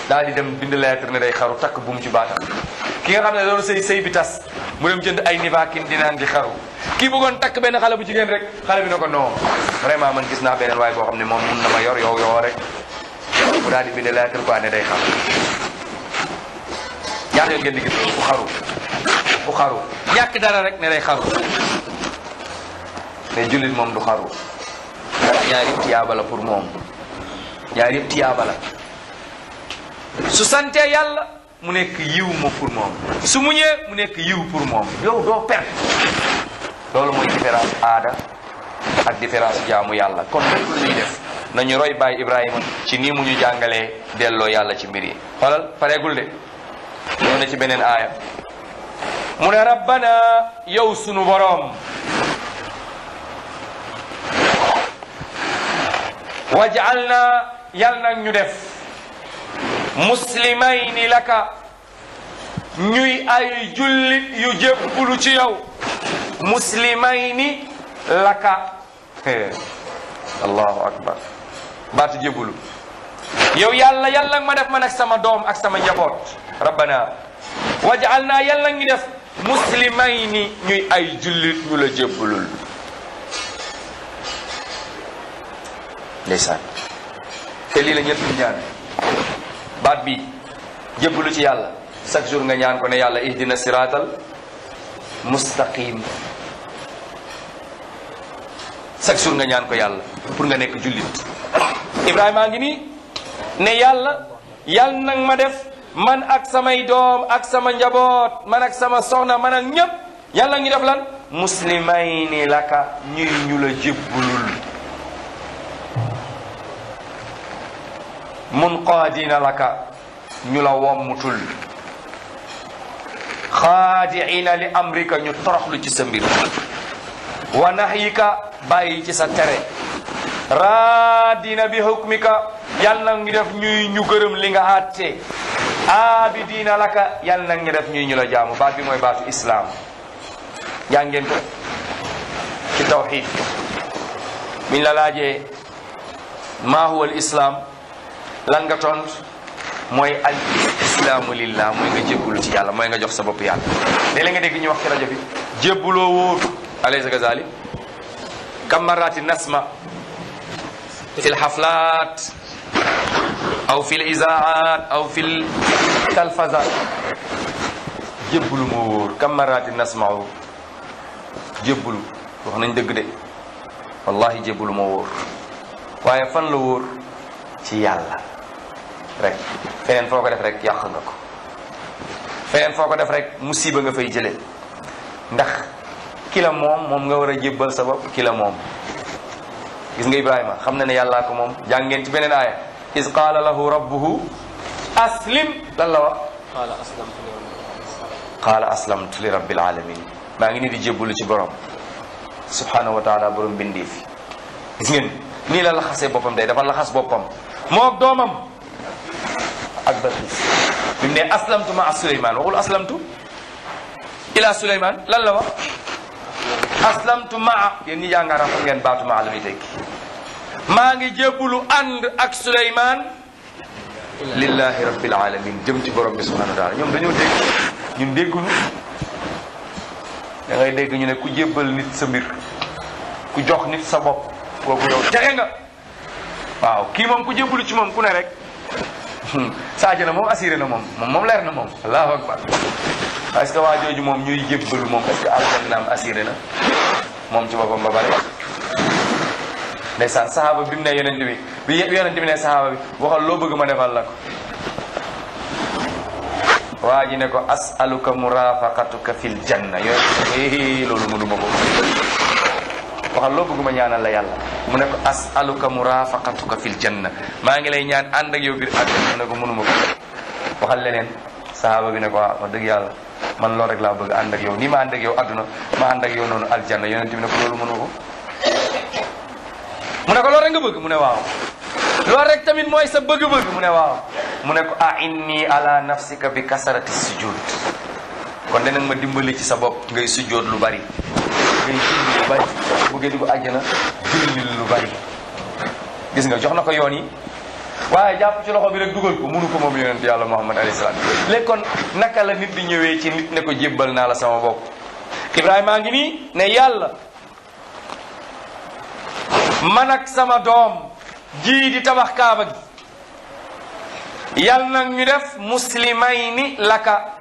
daal di dem bind lettre ne day xaru takk bu mu ci baatam ki nga xam ne loolu sëy sëy bi tas mu dem jënd ay nivaakin di naan di xaru kii bëggoon takk benn xale bu jigéen rek xale bi ne ko non vraiment man gis naa beneen waaye boo xam ne moom mun na ma yor yow yow rek bu daal di bind lettre quoi ne day xam ñaata yoon ngeen di gis bu xaru bu dara rek ne day xaru mais jullit moom du xaru ñaar yëpp tiyaaba la pour moom ñaar yëpp tiyaaba la su santee mu nekk yiw ma moom su muñee mu nekk yiw pour moom yow doo perte loolu mooy différence aada ak différence jaamu yàlla kon lépp lu ñuy def nañu roy baay Ibrahima ci nii mu ñu jàngalee delloo yàlla ci mbir yi xoolal pareegul de ñëw ci beneen aaya mu ne rabbana yow sunu boroom waj'alna yàlla nag ñu def muslimayni laka ñuy ay jullit yu jébbulu ci yow muslimayni laka allahu akbar baatu jébbulu yow yàlla yàlla ma def man ak sama doom ak sama njaboot rabbana wajalna yàlla ngi def muslimayni ñuy ay jullit ñu la jébbulul ndeysaan te lii la ñett ñaan baat bi jébbalu ci yàlla chaque jour nga ñaan ko ne yàlla ihdina siraatal mustaqim chaque jour nga ñaan ko yàlla pour nga nekk jullit Ibrahima ngi nii ne yàlla yàlla nag ma def man ak samay doom ak sama njaboot man ak sama soxna man ak ñépp yàlla ngi def lan muslimayni laka ñuy ñu la jébbulul munqaadiina laka ñu la wommutul xaadiina li ci sa mbir wa nahyika bàyyi ci sa tere raadina bi hukmika yal na ngi ñu gërëm li nga àtte aabidiina laka yal na ngi def ñu la jaamu baat bi mooy baatu islaam yaa ko ci tawxiid mi la laaje maa huwa al islaam lan nga tont mooy al lillah mooy nga jébbalu ci yàlla mooy nga jox sa bopp yàlla léeg-léeg nga dégg ñu wax ci rajo bi jébbaloo nasma fi lxaflat aw fi lisaat aw fi ltalfazat jébbalu moo wóor kamarati nasmau jébbalu wax nañ dëgg de wallahi fan la wóor ci rek feneen foo ko def rek yàq nga feneen foo ko def rek musiba nga fay jëlee ndax ki la moom nga war a jébbal sa bopp ki la moom gis nga Ibrahima xam na ne yàllaa ko moom jàng ci beneen aaya is qaala lahu rabbuhu aslim lan la wax qaala aslamtu li rabbil alamin maa ngi nii di jébbalu ci borom subhanahu wu taala borom bindee fi gis ngeen nii la boppam day dafa laxas boppam moo doomam ak Balqis bi mu ne aslamtu ma Souleymane waxul aslamtu ila Souleymane lan la wax aslamtu maa yéen ñi jàng arab ngeen baatu maa la muy tekki maa ngi jébbulu ànd ak Souleymane lillahi rabbil alamin jëm ci borom bi subhanahu wa taala ñoom dañoo dégg ñun déggunu da ngay dégg ñu ne ku jébbal nit sa mbir ku jox nit sa bopp kooku yow texe nga waaw kii moom ku jébbalu ci moom ku ne rek Hmm. Sadio na moom assuré na moom moom moom leer na moom allahu akbar parce que waa jooju moom ñuy jébbalu moom est-ce que aljannaam assuré moom ci boppam ba bare ndeysaan saxaaba bi mu ne yonent bi bi yëpp yonent bi ne saxaaba bi waxal loo bëgg ma defal la ko ji ne ko asaluka murafaqatuka fil janna yooyu eh, loolu mënu ma ko waxal loo bëgguma ñaanal la yàlla mu ne ko asaluka murafaqatuka fil janna maa ngi lay ñaan ànd ak yow biir àjjana mu ne ko mënuma ko waxal leneen sahaaba bi ne ko dëgg yàlla man loolu rek laa bëgg yow ni ma ànd yow adduna ma ànd noonu aljanna yonent bi ne ko loolu mënuma ko mu ne ko loolu rek nga bëgg mu ne waaw loolu rek tamit mooy sa bëgg-bëgg mu ne waaw mu ne ko a inni ala nafsika bi kasarati sujud kon danag ma dimbali ci sa bopp ngay sujud lu bari ngay julli lu bari bu lu bari gis nga jox na ko yoon yi waaye jàpp ci loxo bi rek dugal ko munu ko moom yonent yàlla muhammad alayhi salaam léegi naka la nit di ñëwee ci nit ne ko jébbal naa la sama bopp ibrahima ngi nii ne yàlla man sama doom ji di tabax kaaba gi yàlla nag ñu def muslimayni laka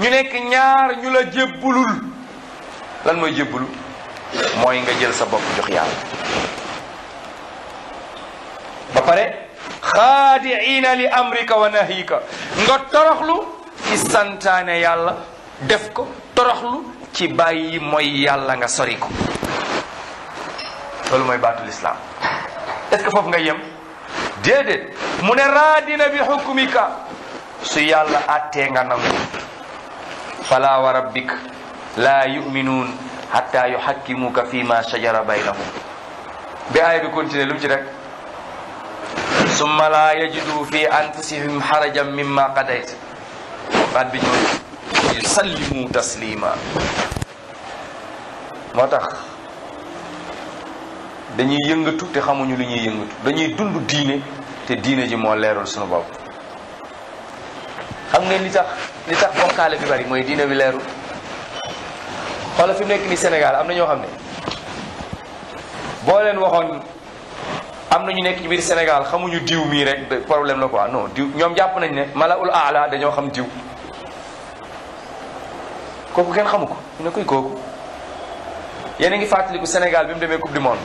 ñu nekk ñaar ñu la jébbulul lan mooy jébbalu mooy nga jël sa bopp jox yàlla ba pare xaadiina li amrika wa nahyika nga toroxlu ci santaane yàlla def ko toroxlu ci bàyyi mooy yàlla nga sori ko loolu mooy baatul islaam est que foofu nga yem déedéet mu ne raadina bi xukumika su yàlla àttee nga nangu falaa wa rabbik laa yuminuun xatta yuxakkimuuka fi ma shajara baynahum bi aaya bi continué lu mu ci rek summa laa yajidu fi anfusihim xarajan mimma qadayt baat bi ñëw yusallimu taslima moo tax dañuy yëngatu te xamuñu lu ñuy yëngatu dañuy dund diine te diine ji moo leerul suñu bopp xam ngeen li tax li tax bokkaale bi bari mooy diine bi leerul xoolal fi nekk ni Sénégal am na ñoo xam ne boo leen waxoon am na ñu nekk ci biir Sénégal xamuñu diw mii rek problème la quoi non diw ñoom jàpp nañ ne mala malaul aala dañoo xam diw kooku kenn xamu ko ñu ne koy kooku yéen a ngi fàttaliku Sénégal bi mu demee coupe du monde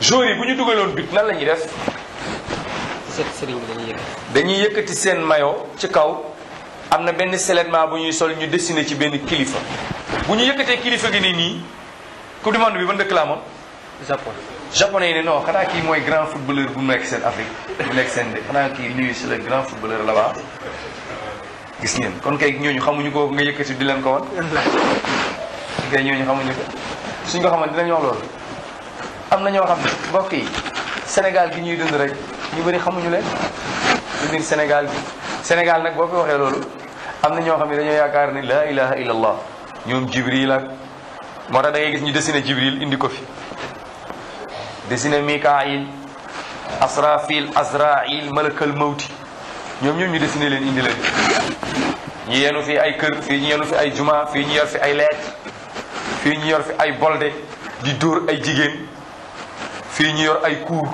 joueurs yi bu ñu dugaloon but nan la ñuy def dañuy yëkkati seen maillot ci kaw am na benn seulement bu ñuy sol ñu dessiné ci benn kilifa bu ñu yëkkatee kilifa gi ne nii coupe du monde bi ban dëkk la amoon japon japonais yi ne non xanaa kii mooy grand footballeur bu nekk seen Afrique bu nekk seen de xanaa kii nuyu si le grand footballeur là gis ngeen kon kay ñu xamuñu ko nga yëkkati di leen ko wan kay ñooñu xamuñu ko suñ ko xaman dinañ wax loolu am na ñoo xam ne mbokk yi Sénégal gi ñuy dund rek ñu bëri xamuñu leen dundin Sénégal gi Sénégal nag boo fi waxee loolu am na ñoo xam ne dañoo yaakaar ne la ilaha illallah ñoom jibril ak moo tax da gis ñu dessiné jibril indi ko fi dessiné mikail asrafil azrail malakal mawti ñoom ñoom ñu dessiné leen indi leen ñu yenu fi ay kër fii ñu yenu fi ay juma fi ñu yor fi ay leet fii ñu yor fi ay bolde di dóor ay jigéen fii ñu yor ay kuur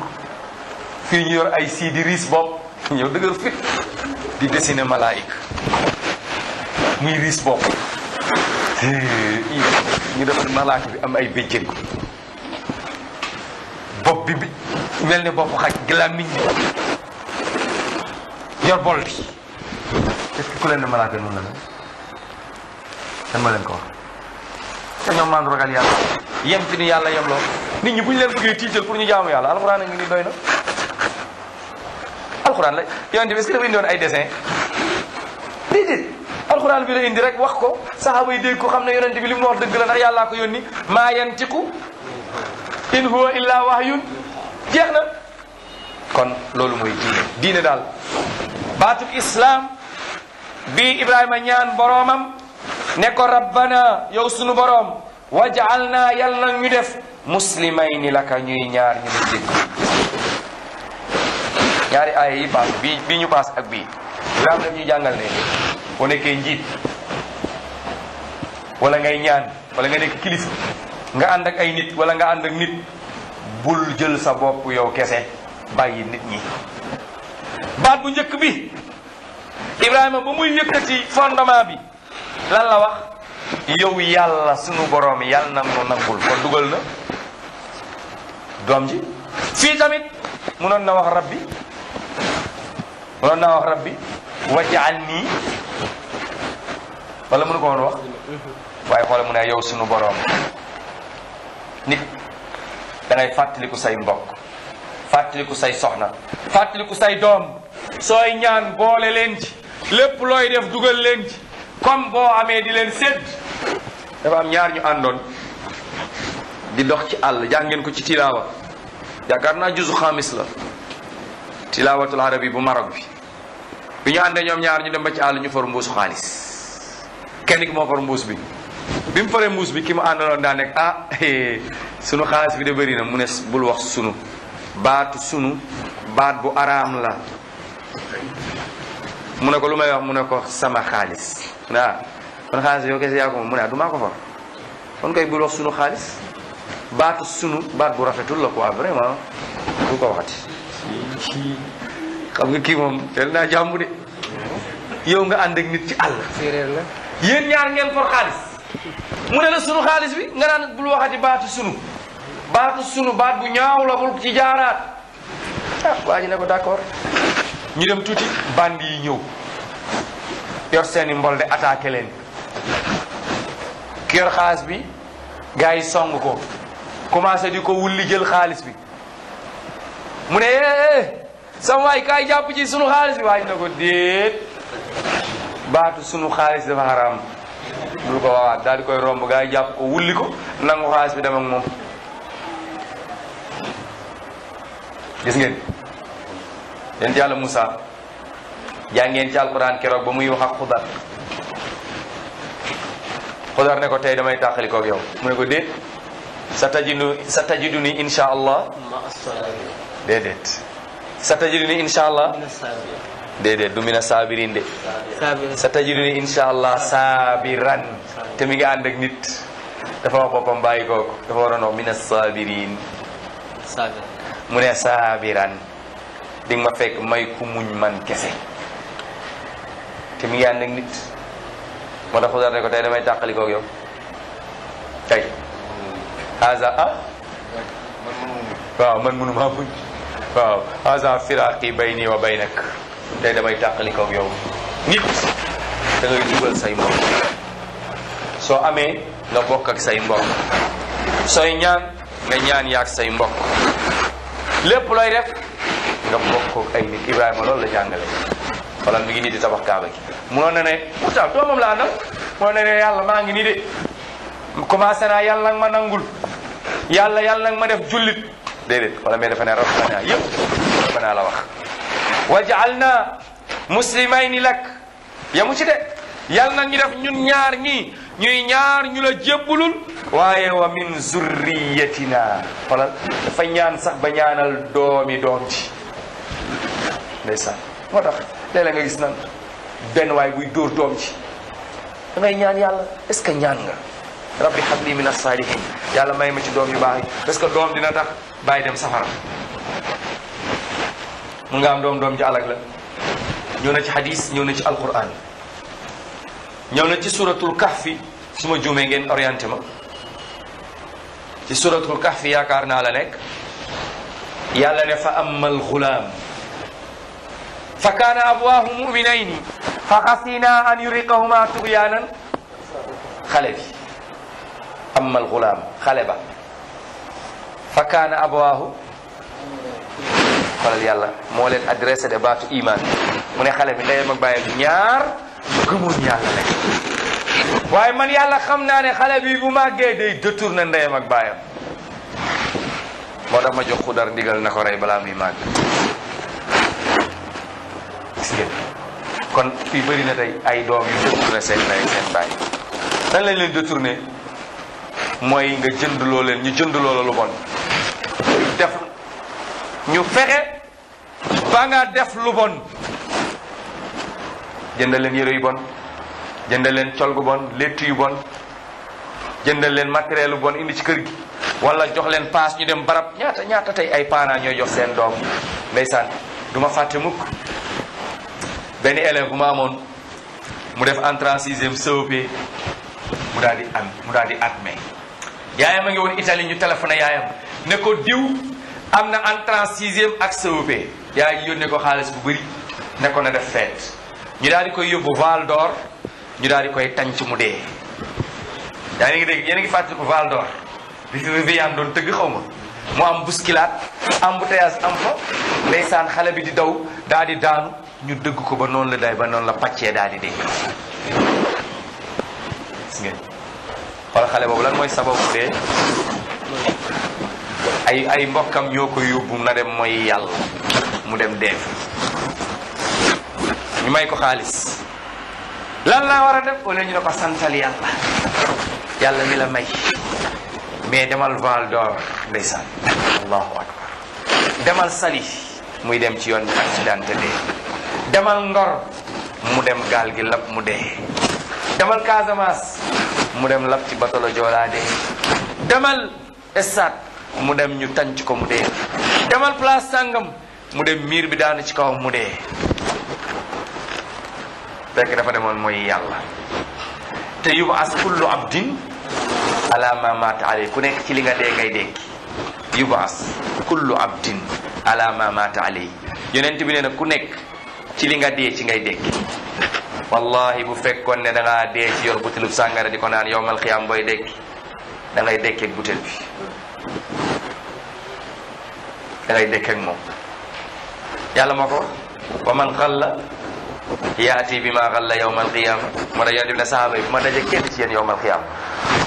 fii ñu yor ay sii di riis bopp ñëw dëgër fit di dessiné malaayik muy riis bopp ñu def malaaka bi am ay béjjën bopp bi bi mel ni bopp xaj làmmiñ bi yor bol bi est ku leen ne malaaka noonu la mel kan ma leen ko wax te ñoom maan ragal yàlla yem fi ni yàlla yem loo nit ñi bu ñu leen bëggee tiital pour ñu jaamu yàlla alxuraan a ngi ni doy na alxuraan la yonent bi est-ce que dafa indi ay dessin alxuraan bi la indi rek wax ko saxaaba yi dégg ko la ndax yàllaa ko yónni maa yantiqu in huwa illa wahyun jeex kon loolu mooy diine diine daal baatub islam bi ibrahima ñaan boroomam ne ko rabbana yow sunu boroom wajaal naa yal def muslimayni laka ñuy ñaari aaya yi bi ñu paas ak lislaam daf ñuy jàngal ne nekkee njiit wala ngay ñaan wala nga nekk kilifa nga ànd ay wala nga ànd bul jël sa yow kese bàyyi nit ñi baat bu njëkk bi Ibrahima ba muy yëkkati fondement bi lan la wax yow yàlla sunu borom yàlla na mu nangul kon dugal na doom ji fii tamit munoon na wax rabbi munoon na wax rabbi wajaal nii wala mënu ko woon wax waaye xoola mu ne yow sunu boroom nit da ngay fàttaliku say mbokk fàttaliku say soxna fàttaliku say doom sooy ñaan boole leen ci lépp looy def dugal leen kom boo amee di leen sédd dafa am ñaar ñu àndoon di dox ci àll jàng ngeen ko ci tilaawa yaakaar naa juzu xaamis la tilaawatul arabi bu marok bi bi ñu àndee ñoom ñaar ñu dem ba ci ñu for mbuusu xaalis kenn ki moo for mbuus bi bi mu foree mbuus bi ki mu àndaloon daa nekk ah sunu xaalis bi de bëri na mu ne bul wax sunu baat sunu baat bu araam la mu ne ko lu may wax mu ne ko sama xaalis mu ne ah kon xaalis yow kese yaa ko moom mu ne ah du maa ko for kon koy bul wax sunu xaalis baat sunu baat bu rafetul la quoi vraiment du ko waxati xam nga kii moom teel naa jàmbu de yow nga ànd ak nit ci àll. séeréer yéen ñaar ngeen for xaalis. mu ne la sunu xaalis bi nga naan bul waxati baatu sunu baatu sunu baat bu ñaawla bul ci jaaraat ah ne ko d'accord ñu dem tuuti bandi yi ñëw yor seeni mbol de attaqué leen ki yor xaalis bi gars yi song ko commencé di ko wulli jël xaalis bi mu ne eh, eh, eh. sama waay kaay jàpp ci sunu xaalis bi na ko déet baatu sunu xaalis dafa xaraam bul ko waawaat daal koy romb gaa jàpp ko wulli ko nangu xaalis bi dem ak moom gis ngeen yéen yàlla jàngeen ci alquran keroog ba muy wax xudar xudar ne ko tey damay tàqali koog yow mu ne ko déet sa tajidu sa tajidu ni insha allah déedéet sa tajiri ni incha allah déedéet du mina saabirin de sa tajiri ni incha allah saabiran te mi ngi ànd ak nit dafa wax boppam bàyyi kooku dafa waroon wax mina saabirin mu ne saabiran di ma fekk may ku muñ man kese te mi ngi ànd nit moo tax xudar ne ko tey damay tàqali koog yow tey haza ah? waaw man mënuma muñ waaw haza firaaqi bayni wa baynak tey damay tàqalikoog yow nit da ngay dugal say mbokk soo amee nga bokk say mbokk sooy ñaan nga ñaan yaag say mbok lépp looy def nga bokk ay nit Ibrahima lool la jàngale wala mi ngi nii di tabax kaaba gi munoon na ne pourtant doomam na ne yàlla maa ngi nii de commencé naa yàlla nag ma nangul yàlla yàlla nag ma def jullit waa wala mais dafa ne rabbana yëpp rabbana la wax waj'alna muslimayni lak yamu ci de yàlla na ñu def ñun ñaar ñi ñuy ñaar ñu la jébbulul waaye wa min zurriyatina wala dafa ñaan sax ba ñaanal doomi doom ji ndeysaan moo tax léeg nga gis nan benn waay buy dóor doom ci ngay ñaan yàlla est-ce que ñaan nga rabbi habli min as-salihin yàlla may ma ci doom yu baax yi est-ce que doom dina tax bàyyi dem safara mun nga am doom doom ji alag la ñëw na ci xadis ñëw na ci alquran ñëw na ci suratul kahfi su ma juumee ngeen orienté ma ci suratul kahfi yaakaar naa la nekk yàlla ne fa amma alxulaam fa kaana abwaahu muminayni fa xasina an yuriqahuma tubyaanan xale bi amma alxulaam fa kaana abawaahu xoolal yàlla moo leen adressé de baatu iman mu ne xale bi ndeyam ak bàyyam ñaar gëmoon yàlla rek waaye man yàlla xam naa ne xale bi bu màggee day détourné ndeyam ak bàyyam moo tax ma jox xudar ndigal na ko rey balaa muy màgg kon fii bëri na tey ay doom yu détourné seen ndey seen bàyyi nan lañ leen détourné mooy nga jëndloo leen ñu jëndloo la lu bon def ñu fexe ba nga def lu bon jëndal leen yére yu bon jëndal leen col gu bon létt yu bon jëndal leen matériel bu bon indi ci kër gi wala jox leen paas ñu dem barab ñaata ñaata tey ay parents ñooy jox seen doom ndeysaan du ma fàtte mukk benn élève bu amoon mu def entrant sixième CEP mu daal di am mu daal di admet yaayam a ngi woon Italie ñu téléphoné yaayam ne ko diw am na entrant sixième ak CEP yaay ji yónnee ko xaalis bu bëri ne ko na def feet ñu daal di koy yóbbu Val ñu daal di koy tànc mu dee yaa ngi dégg yéen ngi fàttaliku Val d'Or bi fi Viviane doon tëgg xaw ma mu am bousculade embouteillage am fa ndeysaan xale bi di daw daal di daanu ñu dëgg ko ba noonu la day ba noonu la pàccee daal di dégg wala xale boobu lan mooy sababu dee ay ay mbokkam ñoo ko yóbbu na dem mooy yàlla mu dem dee ñu may ko xaalis lan laa war a def wala ñu ne ko santal yàlla yàlla mi la may mais demal Val d'Or ndeysaan allahu akbar demal Saly muy dem ci yoon bi accidenté dee demal Ngor mu dem gaal gi lab mu dee demal Casamance mu dem lab ci batolo joolaa dee demal stade mu dem ñu tànc ko mu dee demal place sàngam mu dem miir bi daanu ci kawam mu dee fekk dafa demoon mooy yàlla te yub as kullu abdin ala maata alay ku nekk ci li nga dee ngay dee yub as kullu abdin ala ma maata alay yonent bi nee ku nekk ci li nga dee ci ngay dekki wallahi bu fekkoon ne da ngaa dee ci yor butelub sàngara di ko naan yowmal xiyaam booy dekki da ngay dekkeeg butel bi da ngay dekkeeg moom yàlla ko wa man xalla yaati bi ma xalla yowmal xiyaam moo tax yonent bi ne sahaaba yi bu ma daje kenn ci yéen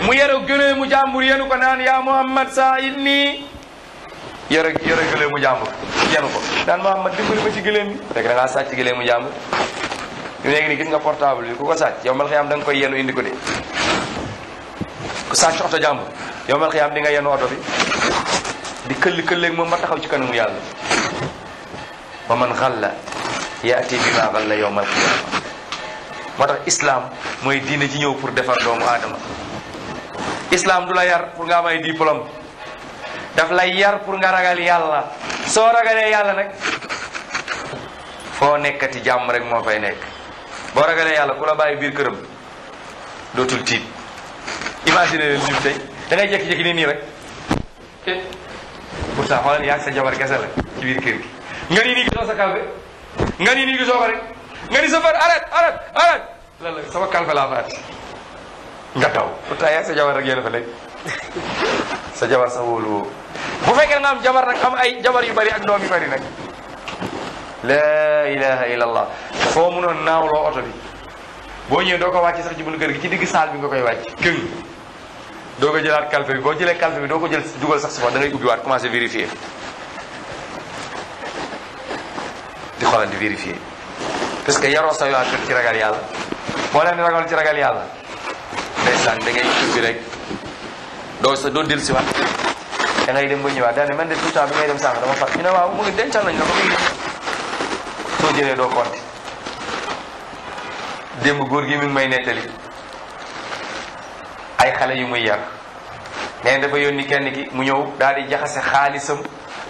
mu yero gënee mu jàmbur yenu ko naan yaa Muhammad saahid nii yore yore gëlee mu jàmbur yenu ko naan Muhammad dimbali ma ci gëleem bi rek mu jàmbur léegi ni gis nga portable bi ku ko sàcc yow mal xiyaam da nga koy yenu indi ko de ku sàcc oto jàmbur yow xiyaam di nga yenu oto bi di këll këlleeg moom ba taxaw ci kanamu yàlla ba man xalla yaati bi ma xalla yow mal xiyaam moo tax islam mooy diine ci ñëw pour defar doomu aadama islam du la yar pour nga am ay daf lay yar pour nga ragal yàlla soo ragalee yàlla nag foo nekkati jàmm rek moo fay nekk boo ragalee yàlla ku la bàyyi biir këram dootul tiit imagine leen lim tey da ngay jékki-jékki nii nii rek te pourtant xoolal yaa ngi sa jabar kese la ci biir kër gi nga nii nii gisoo sa kalfe nga nii nii gisoo ko rek nga ni sa far arrête arrête arrête lan la sama kalfe laa faat nga daw pourtant yaa ngi sa jabar rek yéen a sa jabar sa wóolu woo bu fekkee nga am jabar nag am ay jabar yu bari ak doom yu bari nag laa ilaha illallah foo mënoon naawloo oto bi boo ñëwee doo ko wàcc sax ci bunt kër gi ci digg saal bi nga koy wàcc këŋ doo ko jëlaat calfe bi boo jëlee calfe bi doo ko jël dugal sax si fa da ngay ubbiwaat commencé vérifier di xoolal di vérifier parce que yaroo sa yoon ci ragal yàlla boo leen ragal ci ragal yàlla ndeysaan da ngay ubbi rek doo sa doo dellu si waat da ngay dem ba ñëwaat daal ne man de tout temps bi ngay dem sànq dama fàtt ñu ne waaw mu nañ soo jëlee doo konti démb góor gi mi may ne nettali ay xale yu muy yar nee dafa yónni kenn ki mu ñëw daal di jaxase xaalisam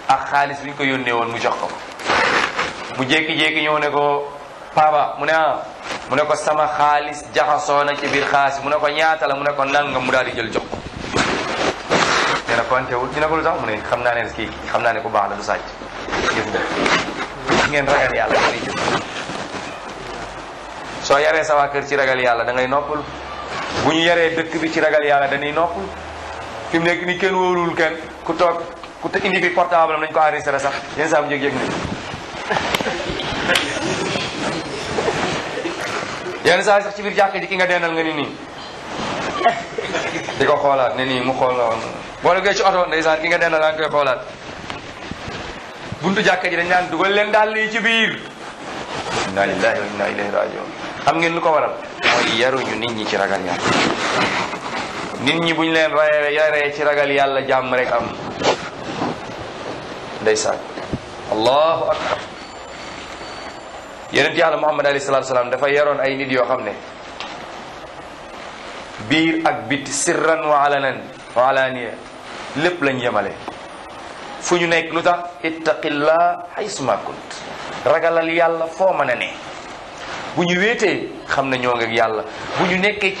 ak xaalis bi ko yónnee woon mu jox ko mu jékki-jékki ñëw ne ko papa mu ne ah mu ne ko sama xaalis jaxasoo na ci biir xaalis mu ne ko ñaata la mu ne ko nan mu daal di jël jox ko na wul dina ko lu tax mu ne xam naa ne kii xam naa ne ku baax la du sàcc gis nga ngeen ragal yàlla soo yaree sa waa ci ragal yàlla dangay ngay bu ñu yaree dëkk bi ci ragal yàlla dañuy noppalu fi nekk ni kenn wóorul kenn ku toog indi fi portable am nañ ko enregistré sax yenn saa mu yëg sax ci biir jàkk ji ki nga dendal nga ni nii di ko xoolaat ne nii mu xool la woon ci oto ndeysaan ki nga dendal nga koy xoolaat buntu jàkka ji dañ naan dugal leen daal lii ci biir inna lillahi wa inna ilayhi rajiun am ngeen lu ko waral mooy yaruñu nit ci ragal yàlla nit ñi buñ leen raye ci ragal yàlla jàmm rek am ndeysaan allahu akbar yonent yàlla muhammad alayhi salatu salaam dafay yaroon ay nit yoo xam ne biir ak bit sirran wa alanan wa alaniya lépp lañ yemale fu ñu nekk lu tax ittaqillaa haysuma kunt ragalal yàlla foo mën a ne bu ñu wéetee xam ne ñoo ngeeg yàlla ñu nekkee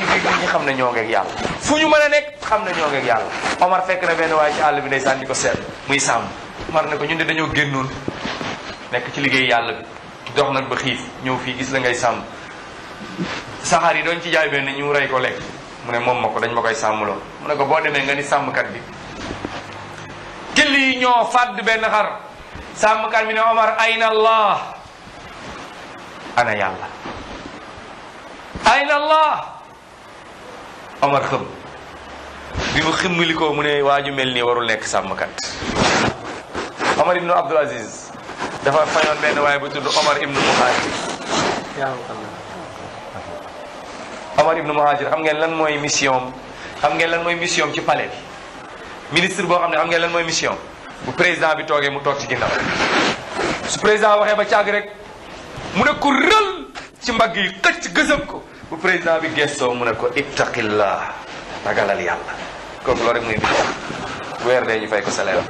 xam ne ñoo ngeeg yàlla fu ñu mën a nekk xam na ñoo ngeeg yàlla Omar fekk na benn waaye ci àll bi ndeysaan di ko seet muy sàmm Omar na ko ñun ne dañoo génnoon nekk ci liggéey yàlla bi dox nag ba xiif ñëw fii gis la ngay sàmm saxaar yi doon ci jaay benn ñu rey ko lekk mu ne moom ma ko dañ ma koy sàmmloo mu ne ko boo demee nga ni sàmmkat bi jël ñoo fàdd benn xar sàmmkat bi ne Omar ayna allah ana yàlla ayna Omar xëm bi mu ximmilikoo mu ne waaju mel nii warul nekk sàmmkat Omar ibnu Abdul Aziz dafa fayoon benn waaye bu tudd Omar ibnu Muhajir Omar ibnu Muhajir xam ngeen lan mooy mission xam ngeen lan mooy mission ci palais ministre boo xam ne xam ngeen lan mooy mission bu président bi toogee mu toog ci ginnaaw su président waxee ba càgg rek mu ne ko rël ci mbagg yi këcc gësëm ko bu président bi gestoo mu ne ko ittaqillah ragalal yàlla kooku loolu rek muy mission weer dee ñu fay ko salaire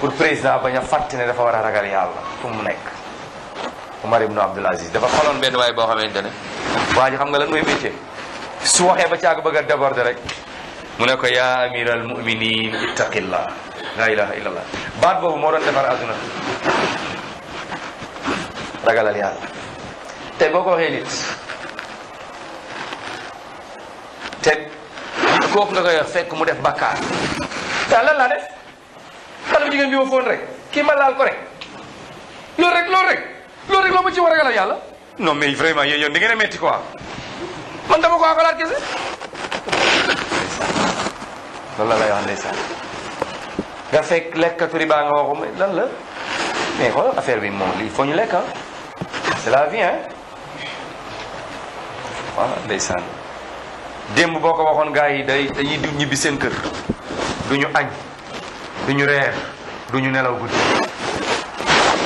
pour président bañ a fàtte ne dafa war a ragal yàlla fu mu nekk Omar ibn Abdul Aziz dafa xoloon benn waaye boo xamante ne waa ji xam nga lan mooy métier su waxee ba càgg bëgg a rek mu ne ko yaa amiral muminin ittaqillah laa ilaha illallah baat boobu moo doon defar adduna ragalal yàlla te boo ko waxee nit te kooku nga koy wax fekk mu def bàkkaar daa lan laa def xale bu jigéen bi ma foon rek kii ma ko rek loolu rek loolu rek loolu rek loo ma ci war a ragalal yàlla non mais vraiment yéen yoon di ngeen a métti man dama ko xalaat kese loolu la lay wax ndeysaan nga fekk lekkatu riba nga waxu ma la mais xool affaire bi moom lii foo ñu lekk c'est la vie hein voilà ndeysaan démb boo ko waxoon gars yi day dañuy du ñibbi seen kër du ñu añ du reer du nelaw guddi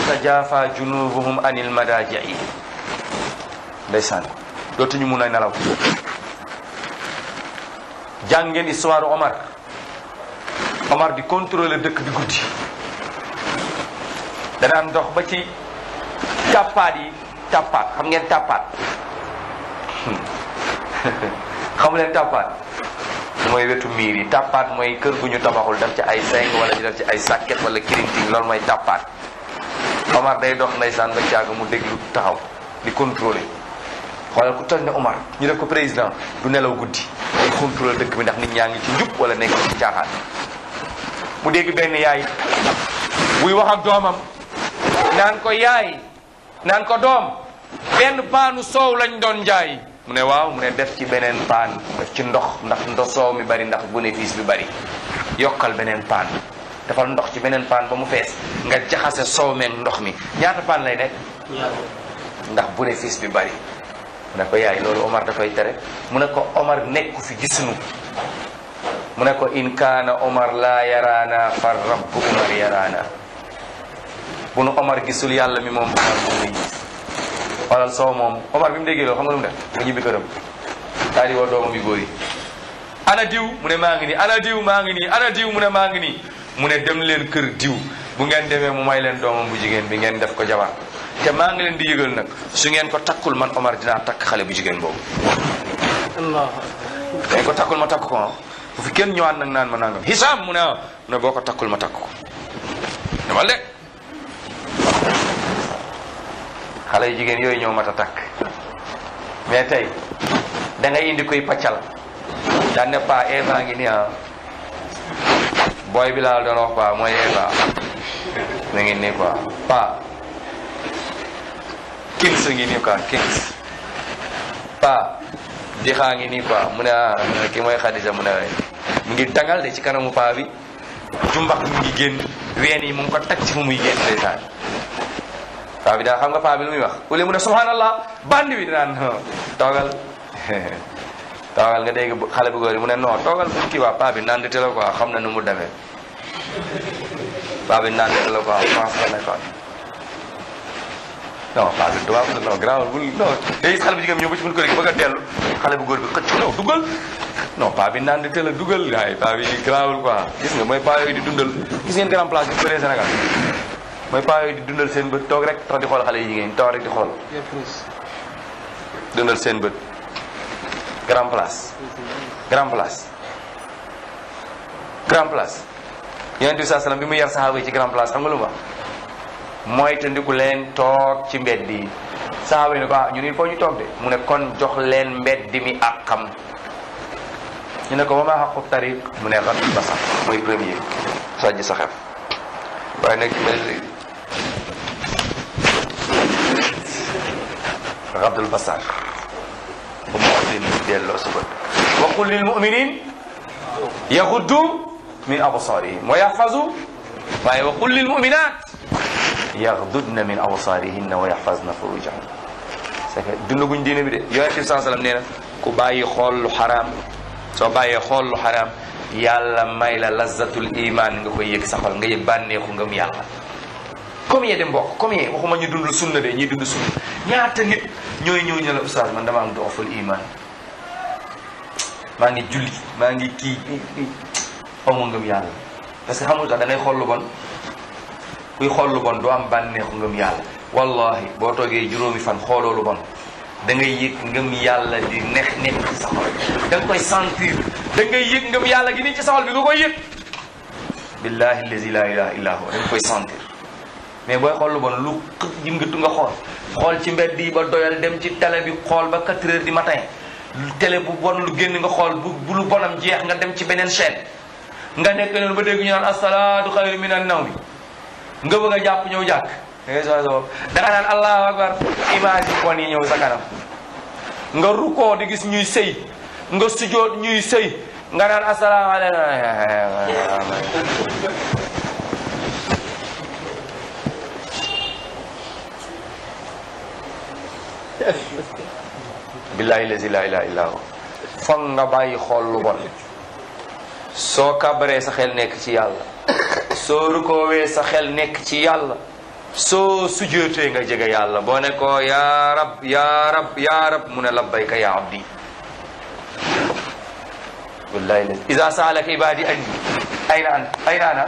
tajaafa junubuhum anil madaaji yi ndeysaan dootuñu mun a nelaw jàngeen histoire Omar Omar di contrôler dëkk bi guddi danaan dox ba ci tàppaat yi tàppaat xam ngeen tàppaat hmm. xam leen tàppaat mooy wetu miir yi tàppaat mooy kër ku ñu tabaxul def ci ay seng wala ñu def ci ay sàkket wala kirinting loolu mooy tàppaat Omar day dox ndeysaan ba caaga mu déglu taxaw di contrôler xoolal ku tol ne Omar ñu def ko président du nelaw guddi day contrôler dëkk bi ndax nit ñaa ngi ci njub wala nekk ci caaxaan mu dégg benn yaay buy wax ak doomam naan ko yaay naan ko doom benn paanu soow lañ doon njaay mu ne waaw mu ne def ci beneen paan def ci ndox ndax ndox soow mi bari ndax bénéfice bi bari yokkal beneen paan defal ndox ci beneen paan ba mu fees nga jaxase soow meeg ndox mi ñaata paan lay nekk ndax bénéfice bi bari mu ne ko yaay loolu Omar dafay tere mu ne ko Omar nekku fi gis gisunu mu ne ko in kaana omar laa yaraana far rabbu omar yaraana bu nu omar gisul yàlla mi moom omar moom lañ gis xoolal soo moom omar bi mu déggee loolu xam nga lu mu mu ñibbi këram daal di woo doomam yu góor yi ana diw mu ne maa ngi nii ana diw maa ngi nii mu ne maa ngi nii mu ne dem leen kër diw bu ngeen demee mu may leen doomam bu jigéen bi ngeen def ko jabar te maa ngi leen di yëgal nag su ngeen ko takkul man omar dinaa takk xale bu jigéen boobu ngeen ko takkul ma takk ko ah. bu fi kenn ñëwaat nag naan ma nangam xisaab mu ne ah mu ne boo ko takkul ma takk ko dama de xale yu jigéen yooyu ñëw mat a takk mais tey da ngay indi kuy paccal daan ne paa Eva ngi nii ah booy bi laa doon wax paa mooy Eva mi ngi nii quoi paa kings ngi nii quoi kings paa di xaa ngi nii quoi mu ne ah ki mooy Xadija mu ne mu ngi dangal de ci kanamu paa bi jumbax mu ngi génn ween yi mu ngi ko tag ci fu muy génn ndeysaan paa bi daal xam nga paa bi lu muy wax ule mu ne subhanallah bandi bi dinaan toogal toogal nga bu xale bu góor yi mu ne non toogal bu kii waa paa bi naan dite la quoi xam na nu mu demee paa bi naan dite la quoi France la nekkoon non pas de tubaab non grand bul non day xale bu jigéen ñëw ba ci buñ ko rek bëgg a dellu xale bu góor bi xëcc non dugal non pas bi naan di teel a dugal waaye pas bi grawul quoi gis nga mooy pas yooyu di dundal gis ngeen grand place bi bëree Sénégal mooy pas yooyu di dundal seen bët toog rek tax di xool xale yi jigéen toog di xool dundal seen bët grand place grand place grand place yonent bi bi mu yar saxaaba yi ci grand place xam nga lu ma mooy tandiku leen toog ci mbedd yi saaba yi ne ko ah mu ne jox leen mbedd mi àqam ñu ne ko ba maa tariq mu ne rat basa mooy premier sàjj sa xef waaye nag mbedd rabdul basar bu mu lin delloo wa qul lil muminin yaxuddu min absarihim wa yaxfazu waaye wa qul lil muminat yaxdudna min awsaarihinna wa yaxfazna furujahun c'est que dundaguñ diine bi de yonent bi saa sallam nee na ku bàyyi xool lu xaraam soo bàyyee xool lu xaraam yàlla may la lazzatul iman nga koy yëg sa xol nga yëg bànneexu ngëm yàlla combien de mbokk combien waxuma ñu dund sunna de ñuy dund sunna ñaata nit ñooy ñëw ñu la oustaz man dama am dooful iman ngi julli maa ngi kii aw ma ngëm yàlla parce que xamul tax da ngay kuy xool lu bon doo am bànneexu ngëm yàlla wallahi boo toogee juróomi fan xooloo lu bon da ngay yëg ngëm yàlla di neex neex ci sa xol da nga koy sentir da ngay yëg ngëm yàlla gi nii ci sa xol bi nga koy yëg billahi allazi la ilaha illa huwa da koy sentir mais booy xool lu bon lu yëngatu nga xool xool ci mbedd yi ba doyal dem ci télé bi xool ba 4 heures du matin télé bu bon lu génn nga xool bu bu bonam jeex nga dem ci beneen chaîne nga nekk noonu ba dégg ñu naan asalaatu xayru minan nga bëgg a jàpp ñëw jàkk dangay sooy sa bopp da yi kon yi ñëw sa kanam nga rukkoo di gis ñuy sëy nga sujjoot ñuy sëy nga naan asalaamaaleykum billahi lazi la ilaha illa hu nga bàyyi xool lu bon soo kabaree sa xel nekk ci yàlla soo rukoowee sa xel nekk ci yàlla soo sujjootee nga jege yàlla boo ne ko yaa rab yaa rab yaa rab mu ne abdi wallahi la ida saalaka ibadi anni ayna an ayna ana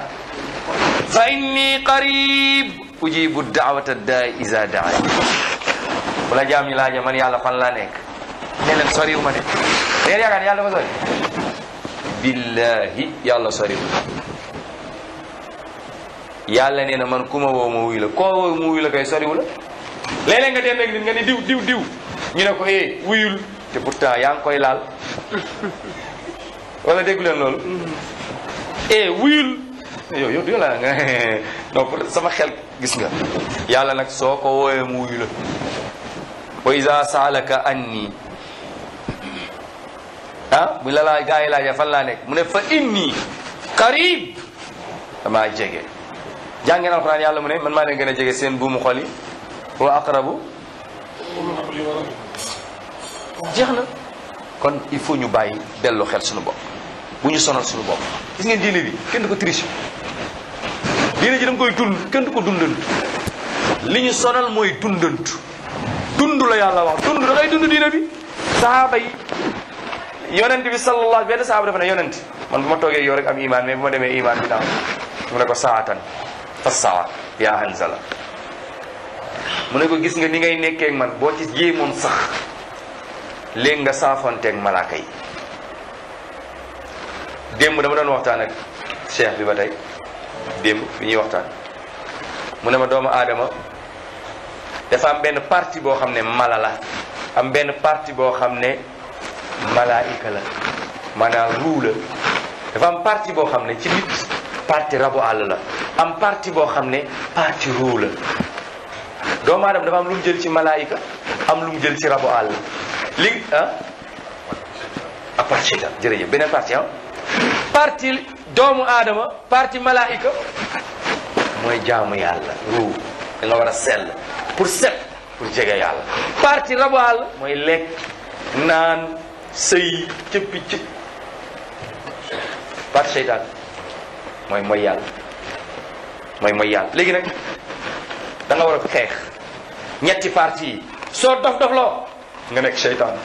fa inni qarib ujibu daawata daay ida daani bu la jaam ñi laaje man yàlla fan laa nekk ne leen soriwu ma de léen yaakaar yàlla ma yàlla nee na man ku ma woo ma wuy la koo woo ma wuy la kay la léeg nga dem ak nit nga ni diw diw diw ñu ne ko eh wuyul te pourtant yaa ngi koy laal wala déggu leen loolu mm-hmm. eh wuyul yow yow di nga non sama xel gis nga yàlla nag soo ko wooyee mu wuyu la wa iza saalaka anni ah bu la laa gaa yi laajee fan laa nekk mu ne fa inni qarib damaa jege jàngeen alxuraan yàlla mu ne man maa leen gën a jege seen buumu xol yi wa jeex na kon il faut ñu bàyyi delloo xel suñu bopp bu ñu sonal suñu bopp gis ngeen diine bi kenn du ko triche diine ji koy dund kenn du ko dundant li ñu sonal mooy dundant la yàlla wax dund dund diine bi sahaaba yi yonent bi sallallahu benn sahaaba dafa ne yonent man bu ma toogee yow rek am imaan mais bu ma demee imaan bi naaw mu ne ko saatan fassawa yaa Hanzala mu ne ko gis nga ni ngay nekkeek man boo ci jéemoon sax léegi nga saafonteeg malaaka yi démb dama doon waxtaan ak cheikh bi ba tey démb bi ñuy waxtaan mu ne ma doomu aadama dafa am benn parti boo xam ne mala la am benn parti boo xam ne malaayika la maanaam ruu la dafa am parti boo xam ne ci nit parti rabu àll la am parti boo xam ne parti ruu la doomu aadama dafa am lu jël ci malaayika am lu mu jël ci rabu àll li ah a ah, parti la jërëjëf beneen parti ah parti doomu aadama parti malaayika mooy jaamu yàlla ruu da war a sell pour set pour jege yàlla parti rabu àll mooy lekk naan sëy cëppi cëpp parti seytaan mooy mooy yàlla mooy mooy yàlla léegi nag danga war a xeex ñetti parti yi soo dof dof dofloo nga nekk seytaan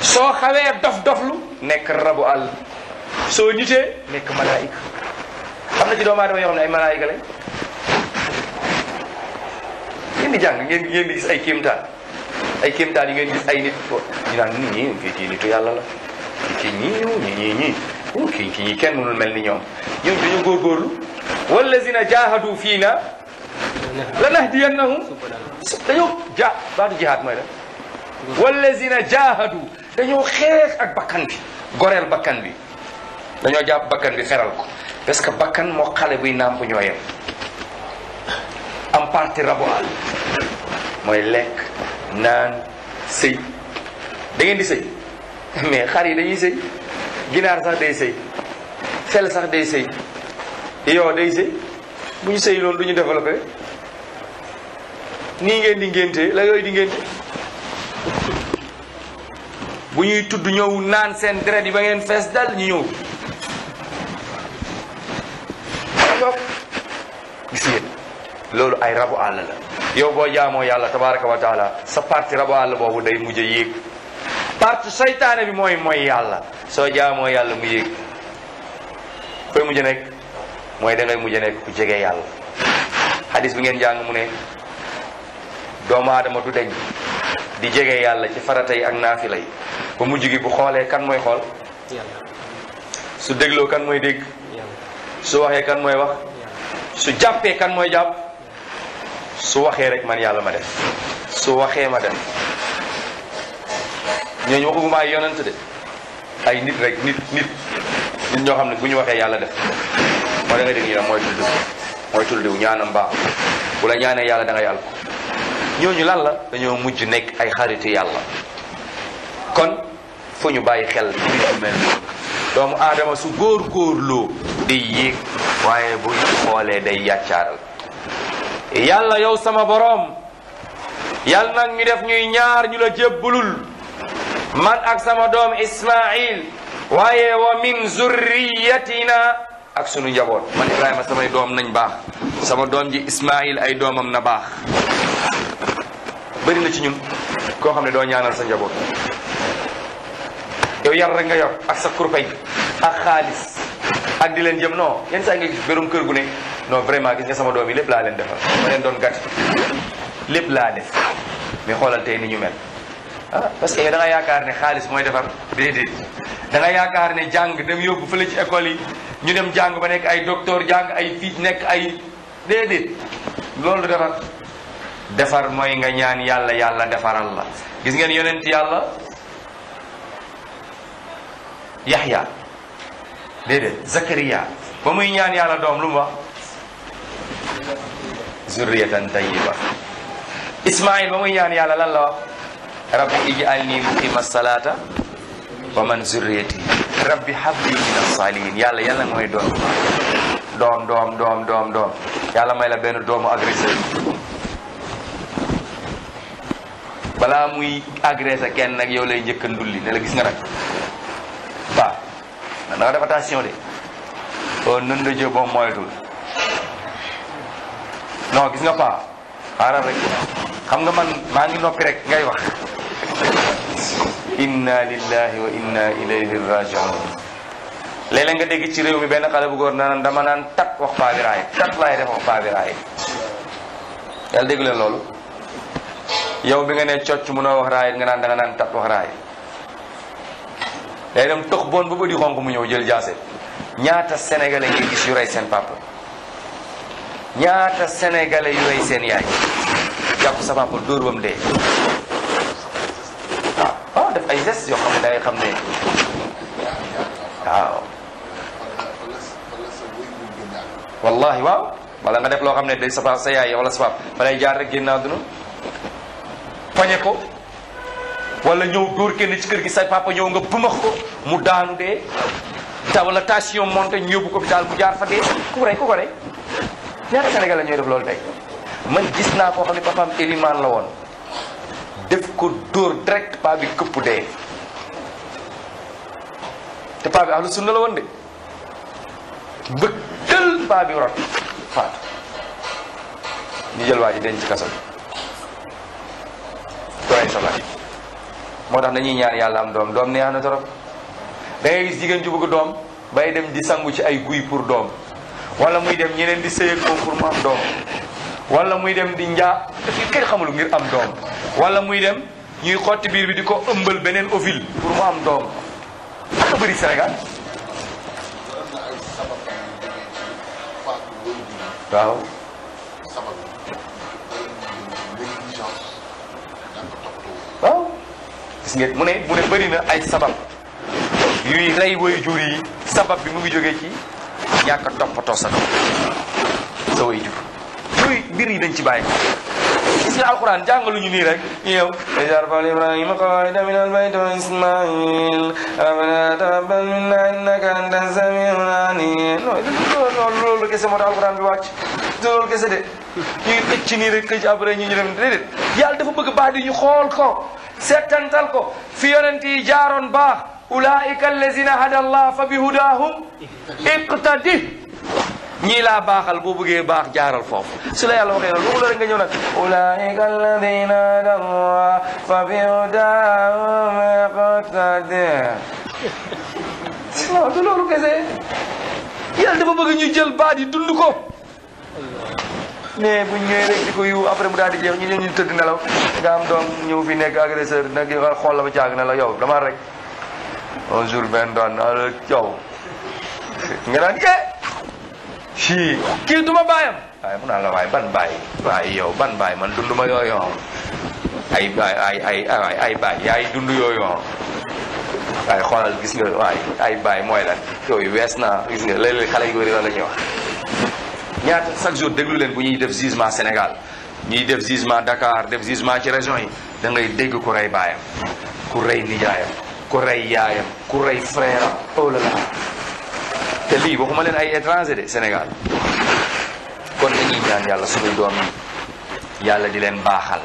soo xawee dof doflu nekk rabu àll soo ñitee nekk malaayika am na ci doomu aadama yoo xam ne ay malaayika lañ ngeen di jàng ngeen di gis ay kéemtaan ay kéemtaan yi ngeen gis ay nit ñu naan ñii ñii kii kii kenn mënul mel ni ñoom ñoom dañu góorgóorlu wallazina jaahadu fii na lanahdiyannahum dañoo ja baatu jihaad mooy la wallazina dañoo xeex ak bakkan bi goreel bakkan bi dañoo jàpp bakkan bi xeral ko parce que bakkan moo xale buy nàmp ñoo yem am mooy lekk naan sëy da di sëy mais xar yi dañuy ginaar sax day sëy xel sax day sëy yow day sëy bu ñu sëy loolu du ñu nii ngeen di ngénte la yooyu di ngénte bu ñuy tudd ñëw naan seen deret yi ba ngeen fees dal ñu ñëw gis loolu ay rabu àll la yow boo jaamoo yàlla tabaraka wa taala sa parti rabu àll boobu day mujj a yéeg parti seytaane bi mooy mooy yàlla soo jaamoo yàlla mu yéeg fooy mujj nekk mooy da ngay mujj nekk ku jege yàlla hadis bi ngeen jàng mu ne doomu aadama du deñ di jege yàlla ci farata yi ak naafila yi ba mujj gi bu xoolee kan mooy xool su dégloo kan mooy dégg su waxee kan mooy wax su jàppee kan mooy jàpp su waxee rek man yàlla ma def su waxee ma def ñooñu waxuma ay yonent de ay nit rek nit nit ñoo xam ne bu ñu waxee yàlla def moo da nga dégg ñu mooy tudd diw ñaanam baax bu la ñaanee yàlla da yàlla ko ñooñu lan la dañoo mujj nekk ay xaritu yàlla kon foo ñu bàyyi xel doomu aadama su góor góor góorloo di yéeg waaye bu ñu xoolee day yàccaaral yàlla yow sama boroom yàlla nag ñu def ñuy ñaar ñu la jébbulul man ak sama doom Ismail waaye wa min zurriyatina ak sunu njaboot man Ibrahima samay doom nañ baax sama doom ji Ismail ay doomam na baax bëri na ci ñun koo xam ne doo ñaanal sa njaboot yow yar rek nga yor ak sa kurpay ak xaalis ak di leen jëm non yenn saa nga gis bérum kër gu ne non vraiment gis nga sama doom yi lépp laa leen defal ma leen doon gàtt lépp laa def mais xoolal tey ni ñu mel ah parce que yow da yaakaar ne xaalis mooy defar déedéet da yaakaar ne jàng dem yóbbu fële ci école yi ñu dem jàng ba nekk ay docteur jàng ay fii nekk ay déedéet loolu du defar defar mooy nga ñaan yàlla yàlla defaral la gis ngeen yonent yàlla yaxya déedéet zakariya ba muy ñaan yàlla doom lu mu wax ismail ba muy ñaan yàlla lan la rabbi ij'alni muqima salata wa man zurriyati rabbi habli min as-salihin yàlla yàlla mooy doon doom doom doom doom yàlla may la benn doomu agressé balaa muy agressé kenn nag yow lay njëkk a ndulli ne la gis nga nag waaw na nga def attention de o nën da jo gis nga paa xaaral rek xam nga man maa ngi noppi rek ngay wax inna lillahi wa inna ilayhi rajiun léeg-léeg nga dégg ci réew mi benn xale bu góor naan dama naan tat wax paa bi raay tat laay def wax paa bi raay dégg leen loolu yow bi nga ne cocc munoo wax raay nga naan da naan tat wax raay day dem tox boon ba bëri xonk mu ñëw jël jaase ñaata sénégalais ngay gis yu rey seen papa ñaata sénégalais yu rey seen yaay jàpp sa papa dóor ba mu dee ay gestes yoo xam ne da xam ne waaw wallahi waaw wala nga def loo xam ne day sa sa yaay wala sa baab balay jaar rek génn àdduna poñe ko wala ñëw dóor kenn ci kër gi sa papa ñëw nga bëmax ko mu daanu dee ta wala tension monté ñu yóbbu ko daal mu jaar fa dee ku ko ku ko rey ñaata Sénégal la ñooy def loolu tey man gis naa koo xam ne papaam élimaan la woon ko dóor direct paa bi këpp dee te paa bi ahlu sunna la woon de bëgg paa bi rot faatu ñu jël waa ji denc ci kaso bi doy salaat moo tax nañuy ñaan yàlla am doom doom neex na torop da ngay gis jigéen ju bëgg doom bay dem di sangu ci ay guy pour doom wala muy dem ñeneen di sëy ak moom pour mu am doom wala muy dem di njaa dafay kenn xamul ngir am doom wala muy dem ñuy xotti biir bi di ko ëmbal beneen ovule pour mu am doom aka bëri Sénégal waaw mu ne mu ne bëri na ay sabab yuy rey way jur yi sabab bi mu ngi jógee ci ñàkk a toppatoo sa doom jur yooyu mbir yi dañ ci bàyyi gis nga alquran jàngaluñu nii rek yow iz yarfa'u ibrahima qaa'idan min albayt wa ismail rabbana taqabbal minna innaka anta samiul alim loolu loolu kese moo tax alquran bi wàcc loolu kese de ñu ngi tëj ci nii rek këj après ñu ñu dem déedéet yàlla dafa bëgg baax di ñu xool ko settantal ko fi yonent yi jaaroon baax ulaika allazina hada allah fa bihudahum iqtadi ñii laa baaxal boo bëggee baax jaaral foofu su la yàlla waxee nag lu mu la rek nga ñëw nag ulaika alladina dallah fa bi hudaahum iqtadi non du loolu kese yàlla dafa bëgg ñu jël baat yi dund ko mais buñ ñëwee rek di ko yiw après mu daal di jeex ñu ñëw ñu tëdd nelaw nga am doom ñëw fi nekk agresseur nag yow xool la ba caag na la yow dama rek un jour benn doon naa la nga naan eh ci kii du ma bàyyam waaye mun naa la waaye ban baay waaye yow ban baay man dund ma yooyu ay baay ay ay ay ay yaay dund yooyu waaye xoolal gis nga ay baay mooy lan yooyu wees naa gis nga léeg-léeg xale yu bëri la ñuy wax ñaata chaque jour déglu leen bu ñuy def jugement Sénégal ñuy def jugement Dakar def jugement ci région yi da ngay dégg ku rey baayam ku rey nijaayam ku rey yaayam ku rey frère am oh là te lii waxuma leen ay étranger de Sénégal kon dañuy ñaan yàlla suñuy doom yi yàlla di leen baaxal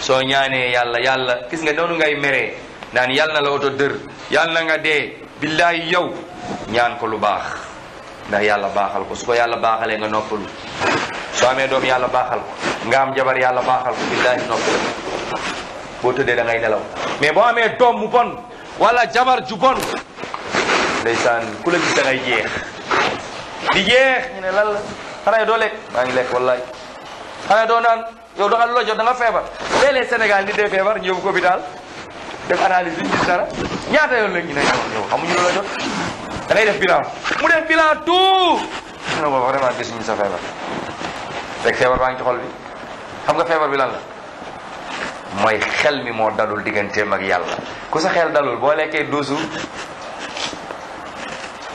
soo ñaanee yàlla yàlla gis nga noonu ngay mere naan yàlla na la oto dër yàlla na nga dee billaay yow ñaan ko lu baax ndax yàlla baaxal ko su ko yàlla baaxalee nga noppalu soo amee doom yàlla baaxal ko nga am jabar yàlla baaxal ko billaay noppalu boo tëddee da ngay nelaw mais boo amee doom mu bon wala jabar ju bon ndeysaan ku la gis da ngay jeex di jeex ñu ne lan la xanaa doo lekk maa ngi lekk wallaay xanaa doo naan yow da nga loo jot da nga feebar léeg-léeg Sénégal ni dee feebar ñëw ko hôpital def analyse bi ñu ñaata yoon la ñu ne yow xamuñu loo jot da ngay def bilan mu def bilan tout ñu ne sa feebar rek feebar baa ngi ci bi xam nga feebar bi lan la mooy xel mi moo dalul digganteem ak yàlla ku sa xel dalul boo lekkee duusu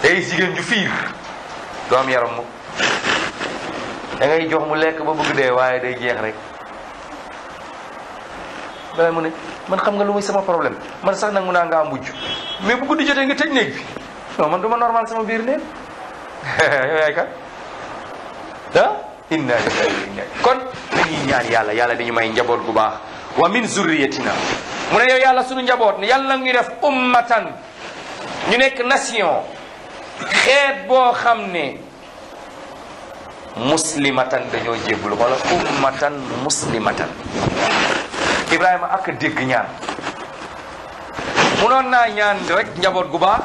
tey jigéen ju fiir doo am yaram mu da ngay jox mu lekk ba bëgg dee waaye day jeex rek balaa mu ne man xam nga lu muy sama problème man sax nag mu naa ngaa mujj mais bu guddi jotee nga tëj néeg bi non man du ma normal sama biir neen yow yaay kan ah? ñaan yàlla yàlla dañu may njaboot gu baax wa min zurriyatina mu ne yow yàlla suñu njaboot ne yàlla na ñu def ummatan ñu nekk nation xeet boo xam ne muslimatan dañoo jébbalu wala ummatan muslimatan Ibrahima ak dégg ñaan munoon naa ñaan rek njaboot gu baax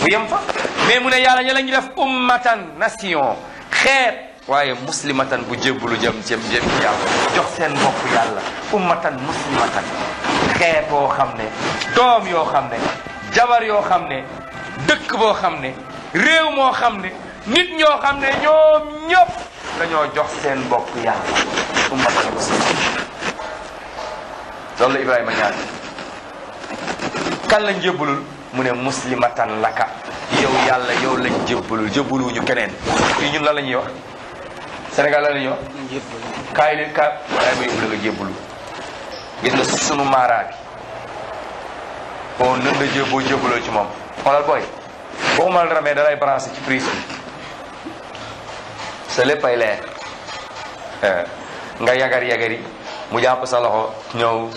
mu yem fa mais mu ne yàlla ña ñu def ummatan nation xeet waaye muslimatan bu jébbalu jëm jëm jëm jox seen bopp yàlla ummatan muslimatan xeet boo xam ne doom yoo xam ne jabar yoo xam ne dëkk boo xam ne réew moo xam ne nit ñoo xam ne ñoom ñëpp dañoo jox seen bopp yàlla ummatan muslima loolu la Ibrahima ñaan kan lañ jébbalul mu ne muslimatan laka yow yàlla yow lañ jébbalul jébbaluwuñu keneen fii ñun la la ñuy wax Sénégal la la ñuy wax kaay leen kaay ma nga jébbalu gis nga sunu maaraa bi on nën la ci moom xoolal booy boo la dara mais dalay branché ci prise bi sa léppay leer nga yagar yagari mu jàpp sa loxo ñëw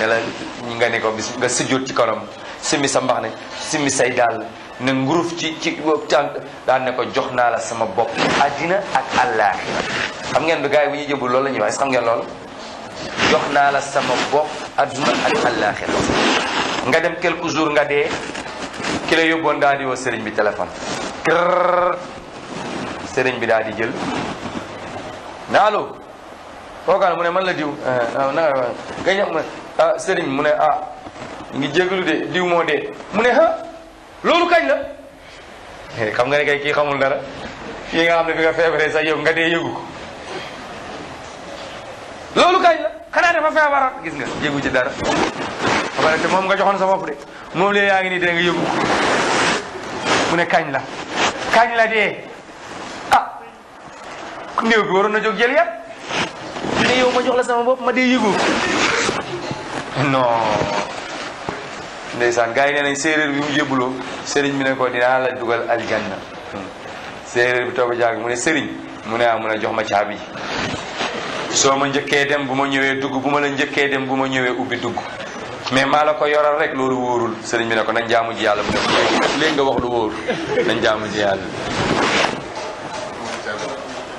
ne nga ni ko bis nga sujjóot ci kanam simmi sa mbax ne simmi say dàll ne nguruuf ci ci tànk daan ne ko jox naa la sama bopp àddina ak àllaaxira xam ngeen du gars yi bu ñuy jëbul loolu la ñuy xam ngeen loolu jox naa la sama bopp àdduna ak àllaaxira nga dem quelques jours nga dee ki la yóbboon daal di woo sëriñ bi téléphone kër sëriñ bi daal di jël ne allo kookaan mu ne man la diw eh, ah, na nga gañ ah sëriñ mu ne ah, ah ngi jégalu de diw moo dee mu ne ha loolu kañ la eh, xam nga ne kay kii xamul dara yi nga xam ne bi nga feebaree sax yow nga dee yëgu ko loolu kañ la xanaa dafa feebarat gis nga yëgu ci dara ba pare moom nga joxoon sa bopp de moom la yaa ngi nii dina nga yóbbu mu ne kañ la kañ la de ah néew bi waroon na jóg jël jox la sama bopp ma dee yëgu non ndeysaan gars yi ne nañ séeréer bi mu jébbuloo sëriñ bi ne ko dinaa la dugal aljanna séeréer bi toog jaag mu ne sëriñ mu ne ah mu ne jox ma caabi soo ma njëkkee dem bu ma ñëwee dugg bu ma la njëkkee dem bu ma ñëwee ubbi dugg mais maa la ko yoral rek loolu wóorul sëriñ bi ne ko nañ jaamu ji yàlla mu ne léegi nga wax lu wóor nañ jaamu ji yàlla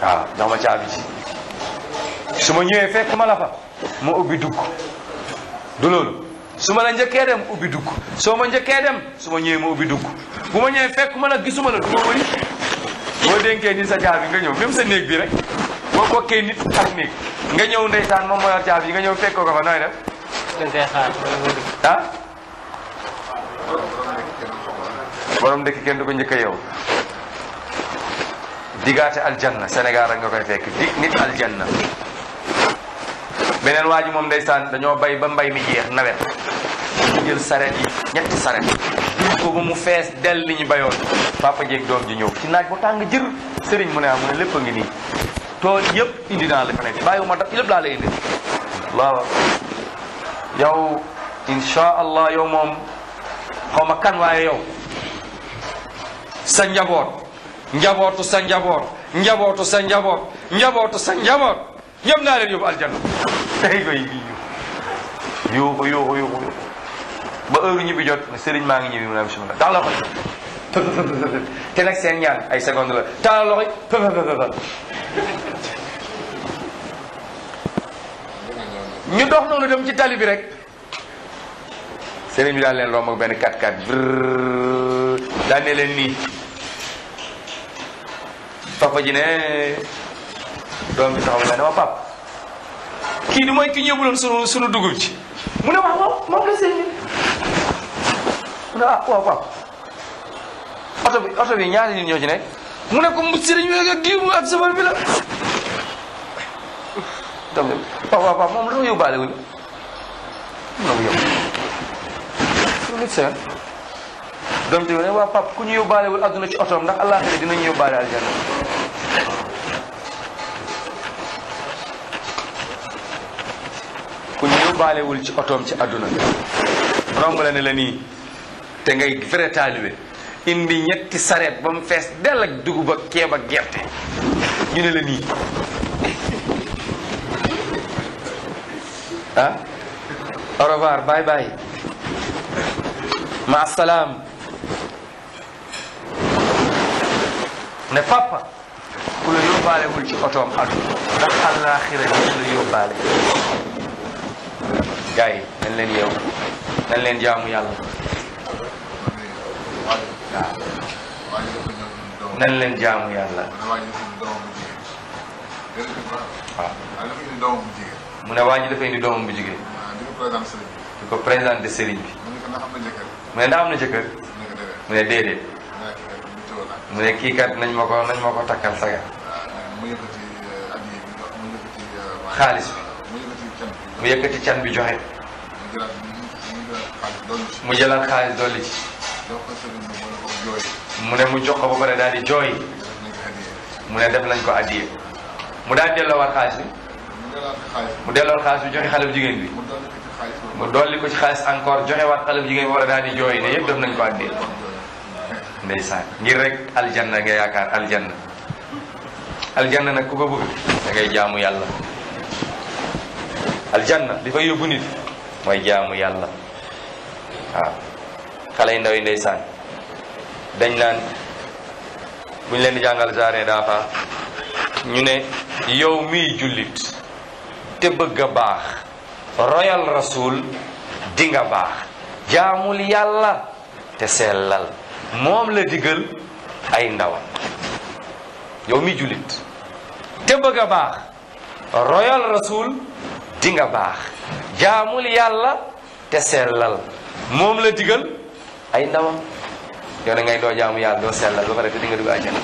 waaw jox ma caabi ji su ma ñëwee fekk ma la fa ma ubbi dugg du loolu su ma la njëkkee dem ubbi dugg soo ma njëkkee dem su ma ñëwee ma ubbi dugg bu ma ñëwee fekk ma la gisuma la du ma wëri boo dénkee ni sa caabi nga ñëw même sa néeg bi rek boo bokkee nit ak néeg nga ñëw ndeysaan moom moo yor caabi yi nga ñëw fekk ko fa nooy def ah borom dëkk kenn du ko njëkk a yow digaate aljanna Sénégal rek nga koy fekk dig nit aljanna beneen waa ji moom ndeysaan dañoo bay ba mbay mi jeex nawet ñu jël saret yi ñetti saret duñ ko ba mu fees dell li ñu bayoon papa jeeg doom ji ñëw ci naaj bu tàng jër sëriñ mu ne am ah, mu ne lépp a ngi nii tool yëpp indi naa la fa nekk bàyyiwuma daf lépp laa la indi waaw yow insha allah yow moom xaw ma kan waaye yow sa njaboot njabootu sa njaboot njabootu sa njaboot njabootu sa njaboot ñëpp naa leen yóbbu aljanna tey bay bi yuuxu yuuxu yuuxu yuuxu ba heure ñibbi jot sëriñ maa ngi ñibbi mu ne bismillah tax la xoy te nag seen ñaan ay seconde la tax la loxoy ñu dox noonu dem ci tali bi rek sëriñ bi daal leen romb benn 4x4 daan ne leen nii papa ji ne doom bi taxaw na dama pap kii du mooy ki ñëbuloon sunu sunu dugub ci mu ne wax moom moom la sëriñ bi mu ne ah bi oto bi ñaari nit ñoo ci mu ne ko mu sëriñ bi ak diw bi la doom bi waaw waaw waaw moom lu mu yóbbaale wuñu loolu yow loolu it seen doom bi ne waaw pap ku ñu yóbbaalewul àdduna ci otoom ndax àllaaxira dinañu yóbbaale aljanna ku ñu yóbbaalewul ci otoom ci àdduna romb la ne la nii te ngay vrai taalibe indi ñetti sareet ba mu fees dell ak dugub ak keeb ak gerte ñu ne la nii ah au bye bye ma salaam ne papa ku la yóbbaalewul ci otoom àdduna ndax àllaaxira la yóbbaale gars yi nañ leen yeewu nañ leen jaamu yàlla mu ne waa ji dafa indi doomam bu jigéen. Ah, di ko présenté sëriñ bi. mu ne ndax am na jëkkër. mu ne déedéet. mu ne kii kat nañ ma ko nañ ma ko takkal sagar. Ah, eh, eh, xaalis bi. mu yëkkati can bi joxe. mu jëlaat xaalis dolli ci. mu mu jox ko ba pare daal di jooy. mu ne def nañ ko addiye. mu daal delloowaat xaalis bi. mu delloo xaalis bi joxe xale bu jigéen bi mu dolli ko ci xaalis encore joxe waat xale bu jigéen bi war a jooy ne yëpp def nañ ko àddee ndeysaan ngir rek aljana nga yaakaar aljanna aljanna nag ku ko bëgg da jaamu yàlla aljanna li fay yóbbu nit mooy jaamu yàlla xale yu ndaw yi ndeysaan dañ naan buñ leen di jàngal jardin d'enfants ñu ne yow miy jullit te bëgg a baax royal rasul di nga baax jaamul yàlla te sellal moom la digal ay ndawam yow mi jullit te bëgg a baax royal rasul di nga baax jaamul yàlla te sellal moom la digal ay ndawam yow na ngay doo jaamu yàlla doo sellal ba pare te di nga dugg àjjana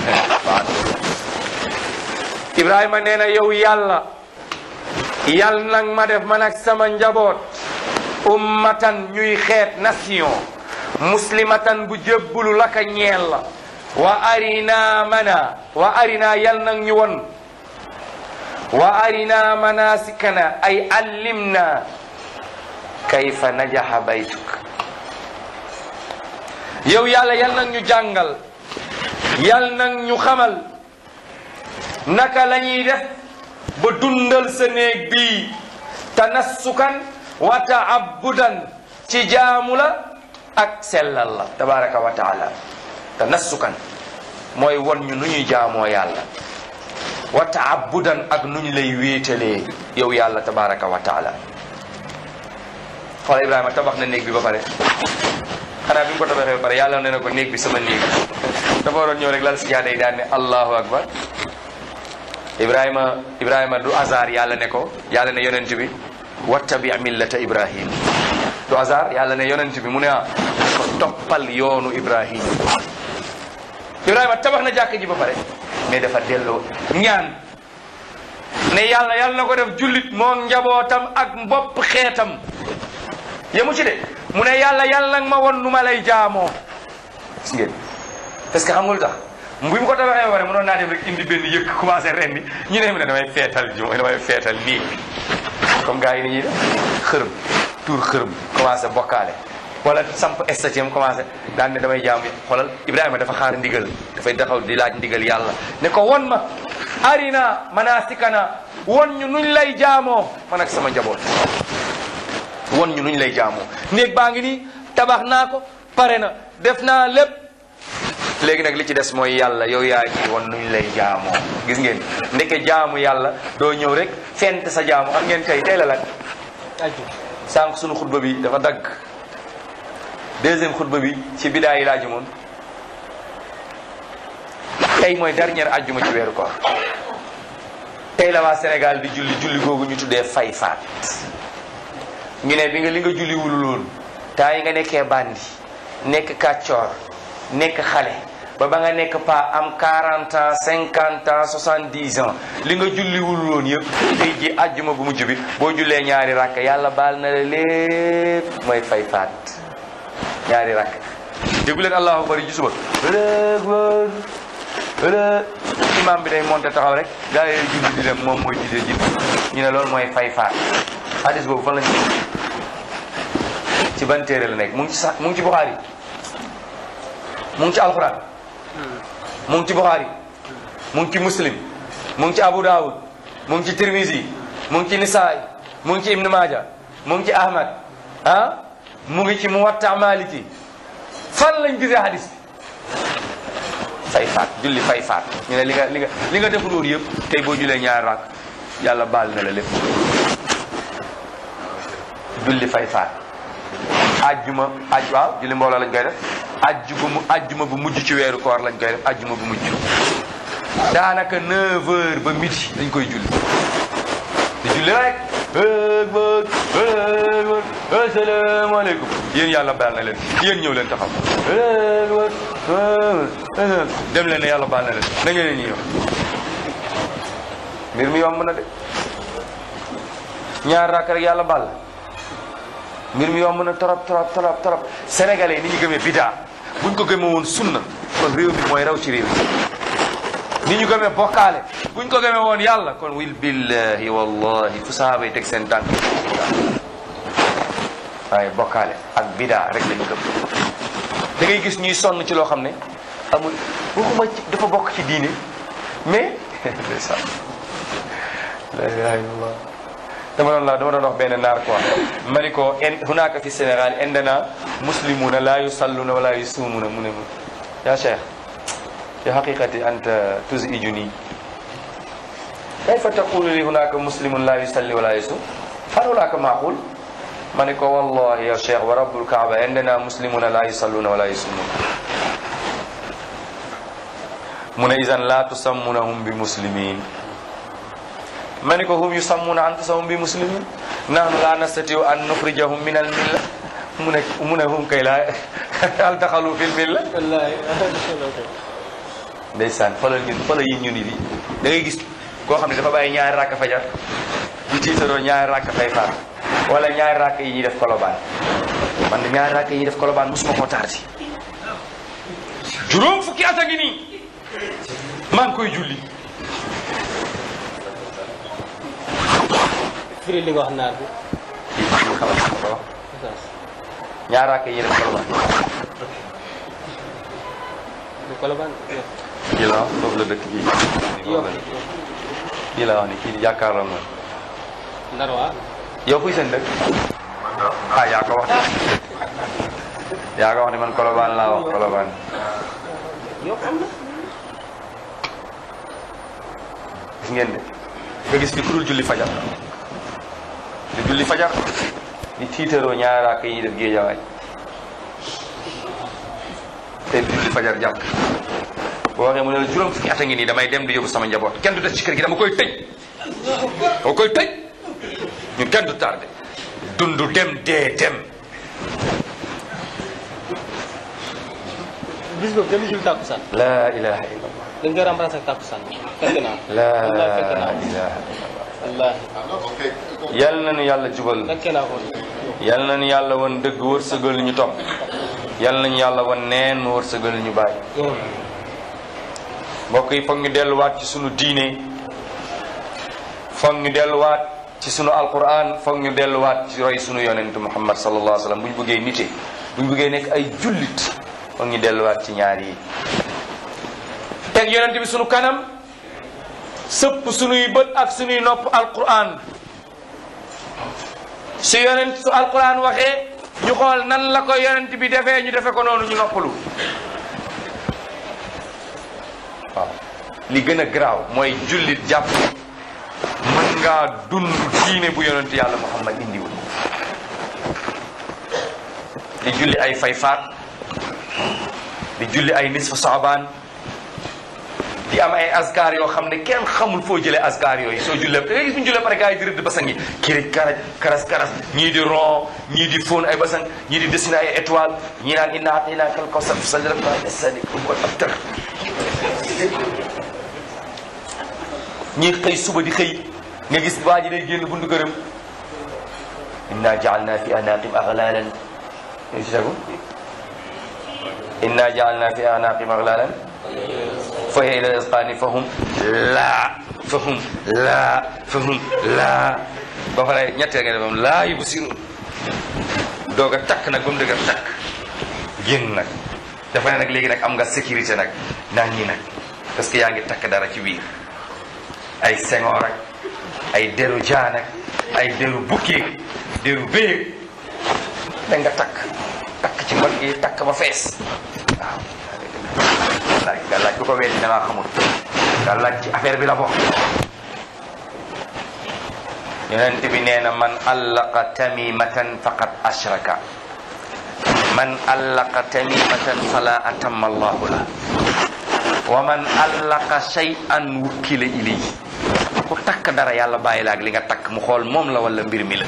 Ibrahima nee na yow yàlla yal nag ma def man ak sama njaboot ummatan ñuy xeet nation muslimatan bu jébbulu la ka la wa arina mana wa arina yal nag ñu wan wa arina manasikana ay allimna kayfa najaha baytuk yow yàlla yal nag ñu jàngal yal nag ñu xamal naka la ba dundal sa néeg bii tanassukan wa taabudan ci jaamu la ak sellal la tabaraka wa taala tanassukan mooy won ñu nu ñuy jaamoo yàlla wa taabudan ak nu ñu lay wéetalee yow yàlla tabaraka wa taala xoolal Ibrahima tabax na néeg bi ba pare xanaa bi ko tabaxee ba pare yàlla nee na ko néeg bi sama néeg dafa waroon ñëw rek lal si jaaday allahu akbar Ibrahima Ibrahima du hasard yàlla ne ko yàlla ne yonent bi wattabi millata Ibrahim du hasard yàlla ne yonent bi mu ne ah ko toppal yoonu Ibrahim Ibrahima tabax na jàkk ji ba pare mais dafa delloo ñaan ne yàlla yàlla na ko def jullit moom njabootam ak mbopp xeetam yemu ci de mu ne yàlla yàlla nga ma won nu ma lay jaamoo gis ngeen parce que xam nga lu tax bu mu ko tabaxee ba def rek indi yëkk commencé ren bi ñu ne mi ne damay feetal ji mooy damay feetal lii comme gars yi ni ñuy def xërëm tuur xërëm commencé bokkaale wala samp estatiam commencé daan ne damay jaam xoolal Ibrahima dafa xaar ndigal dafay taxaw di laaj ndigal yàlla ne ko won ma arina manasikana won ñu nuñ lay jaamoo man ak sama njaboot won ñu nuñ lay jaamoo néeg baa ngi nii tabax naa ko pare na def naa lépp léegi nag li ci des mooy yàlla yow yaa ci wan nuñ lay jaamoo gis ngeen ndeke jaamu yàlla doo ñëw rek fent sa jaamu am ngeen tey tey la lan sànq sunu xutba bi dafa dagg deuxième xutba bi ci bidaa yi laa jëmoon tey mooy dernière ajjuma ci weeru ko tey la waa Sénégal di julli julli googu ñu tuddee fay faat ñu ne bi nga li nga julli wululoon temps yi nga nekkee bandi nekk kàccoor nekk xale ba ba nga nekk pa am 40 ans 50 ans 70 ans li nga julliwul woon yëpp tey ji àjjuma bu mujj bi boo jullee ñaari rakk yàlla baal na la lépp mooy fay ñaari rakk déggu leen allahu akbar ji suba imam bi day monté taxaw rek gaa yi julli di dem moom mooy jiite jiite ñu ne loolu mooy fay faat hadis boobu fan lañ ci ban la nekk mu ngi ci mu ngi ci Buxaari mu ngi ci alquran ngi ci buxaari mu ngi ci muslim mu ngi ci abu daawud mu ngi ci tirmisi mu ngi ci nisaay mu ngi ci ibnu maaja mu ngi ci ahmad ah mu ngi ci muwatta maliki fan lañ gisee hadis bi fay faat julli fay faat ñu ne li nga li nga li nga deful woon yëpp tey boo jullee ñaari rakk yàlla baal na la lépp julli fay ajjuma aj waaw julli mbooloo lañ koy def ajju bu bu mujj ci weeru koor lañ koy def ajjuma bu mujj daanaka 9 ba midi dañ koy julli di julli rek asalaamaaleykum yéen yàlla baal na leen yéen ñëw leen taxaw leen ne yàlla baal na leen na ngeen leen ñëw mbir na de ñaar rakk rek yàlla baal mbir mi yomb a torop torop torop torop sénégalais yi ni ñu gëmee bidaa buñ ko gëmee woon sunna kon réew mi mooy raw ci réew ni ñu gëmee bokkaale buñ ko gëmee woon yàlla kon wil billahi wallahi fu sahaaba yi teg seen tànk waaye bokkaale ak bidaa rek lañu gëm da gis ñuy sonn ci loo xam ne amul waxuma ci dafa bokk ci diine mais la ilaha illallah dama doon la dama doon wax benn naar quoi ma ni ko in hunaaka fi Sénégal indana muslimuna la yusalluna wala yusumuna mu ne mu yaa cheikh fi haqiqati anta tuzijuni kayfa taqulu li hunaaka muslimun la yusalli wala yusum fanulaaka maaqul ma ni ko wallahi ya cheikh wa rabbul kaaba indana muslimuna la yusalluna wala yusumuna mu ne isan la tusammunahum bi muslimin ma ne ko hum yusammuuna anfusahum bi muslimin nahnu la nastatiu an nuxrijahum min al milla mu ne mu ne hum kay laa al daxalu fil milla ndeysaan xoolal ñun xoolal yi ñu ni bi da ngay gis koo xam ne dafa bàyyi ñaari rakk fajar di tiitaroo ñaari rakk fay faar wala ñaari rakk yi ñuy def kolobaan man ñaari rakk yi ñuy def kolobaan mosuma koo tardi juróom fukki at a ngi koy julli firi li nga wax naar bi. kii xamal wax. foofu la dëkk kii. la wax ni kii yaakaaroon na. ndar waa. seen dëkk. ah yaa ko wax de. yaa ko wax ne man Colobane laa wax Colobane. gis ngeen de. nga gis fi ku julli fajar. di julli fajar di tiitaroo ñaari raaka yi ñuy def géejawaay te julli fajar jàpp boo mu ne juróom fukki at a ngi nii damay dem di yóbbu sama njaboot kenn du des ci kër gi dama koy tëj dama koy tëj dundu dem dee dem laa ilaha laa ilaha yàlla na nu yàlla jubal yàlla na nu yàlla wan dëgg wërsëgal ñu topp yal nañu yàlla wan neen mu wërsëgal ñu bàyyi mbokk yi foog ñu delluwaat ci sunu diine foog ñu delluwaat ci sunu alquran foog ñu delluwaat ci roy sunu yonent muhammad sallallahu alayhi wa sallam bu ñu bëggee nite bu ñu bëggee nekk ay jullit foog ñu delluwaat ci ñaar yi teg yonent bi sunu kanam sëpp sunuy bët ak suñuy nopp alquran su yonent su alquran waxee ñu xool nan la ko yonent bi defee ñu defe ko noonu ñu noppalu waaw li gën a garaaw mooy jullit jàpp mën ngaa dund diine bu yonent yàlla Muhammad indiwu di julli ay fay faat di julli ay nisfa saabaan di am ay askar yoo xam ne kenn xamul foo jëlee askar yooyu soo jullee da ngay gis bu ñu jullee pare gars yi di rëdd basang yi kirij karaj karas karas ñii di ron ñii di fóon ay basang ñii di dessiné ay étoile ñii naan inna a'taynaaka al-kawsar fasalli li rabbika wansahar wa abtar ñii xëy suba di xëy nga gis waa ji day génn buntu këram inna ja'alna fi anaqim aghlalan inna ja'alna fi anaqim aghlalan fa hiya ila isqaani fahum laa fahum laa fahum laa ba fa lay ñetteel nga defam laa yubsiruun doog a takk nag ba mu dëgër takk génn nag dafa nag léegi nag am nga sécurité nag naa nag parce que yaa ngi takk dara ci biir ay sengoor ak ay deru jaan ak ay deru bukki deru béeg da nga takk takk ci mbagg yi takk ba fees laaj nga laaj ku ko weddi damaa xamul nga laaj ci affaire bi la bokk yonent bi nee na man allaqa tamimatan faqad ashraka man allaqa tamimatan fala atamma allahu la wa man allaqa shay'an wukkila ilayhi ku takk dara yàlla bàyyi la ak li nga takk mu xool moom la wala mbir mi la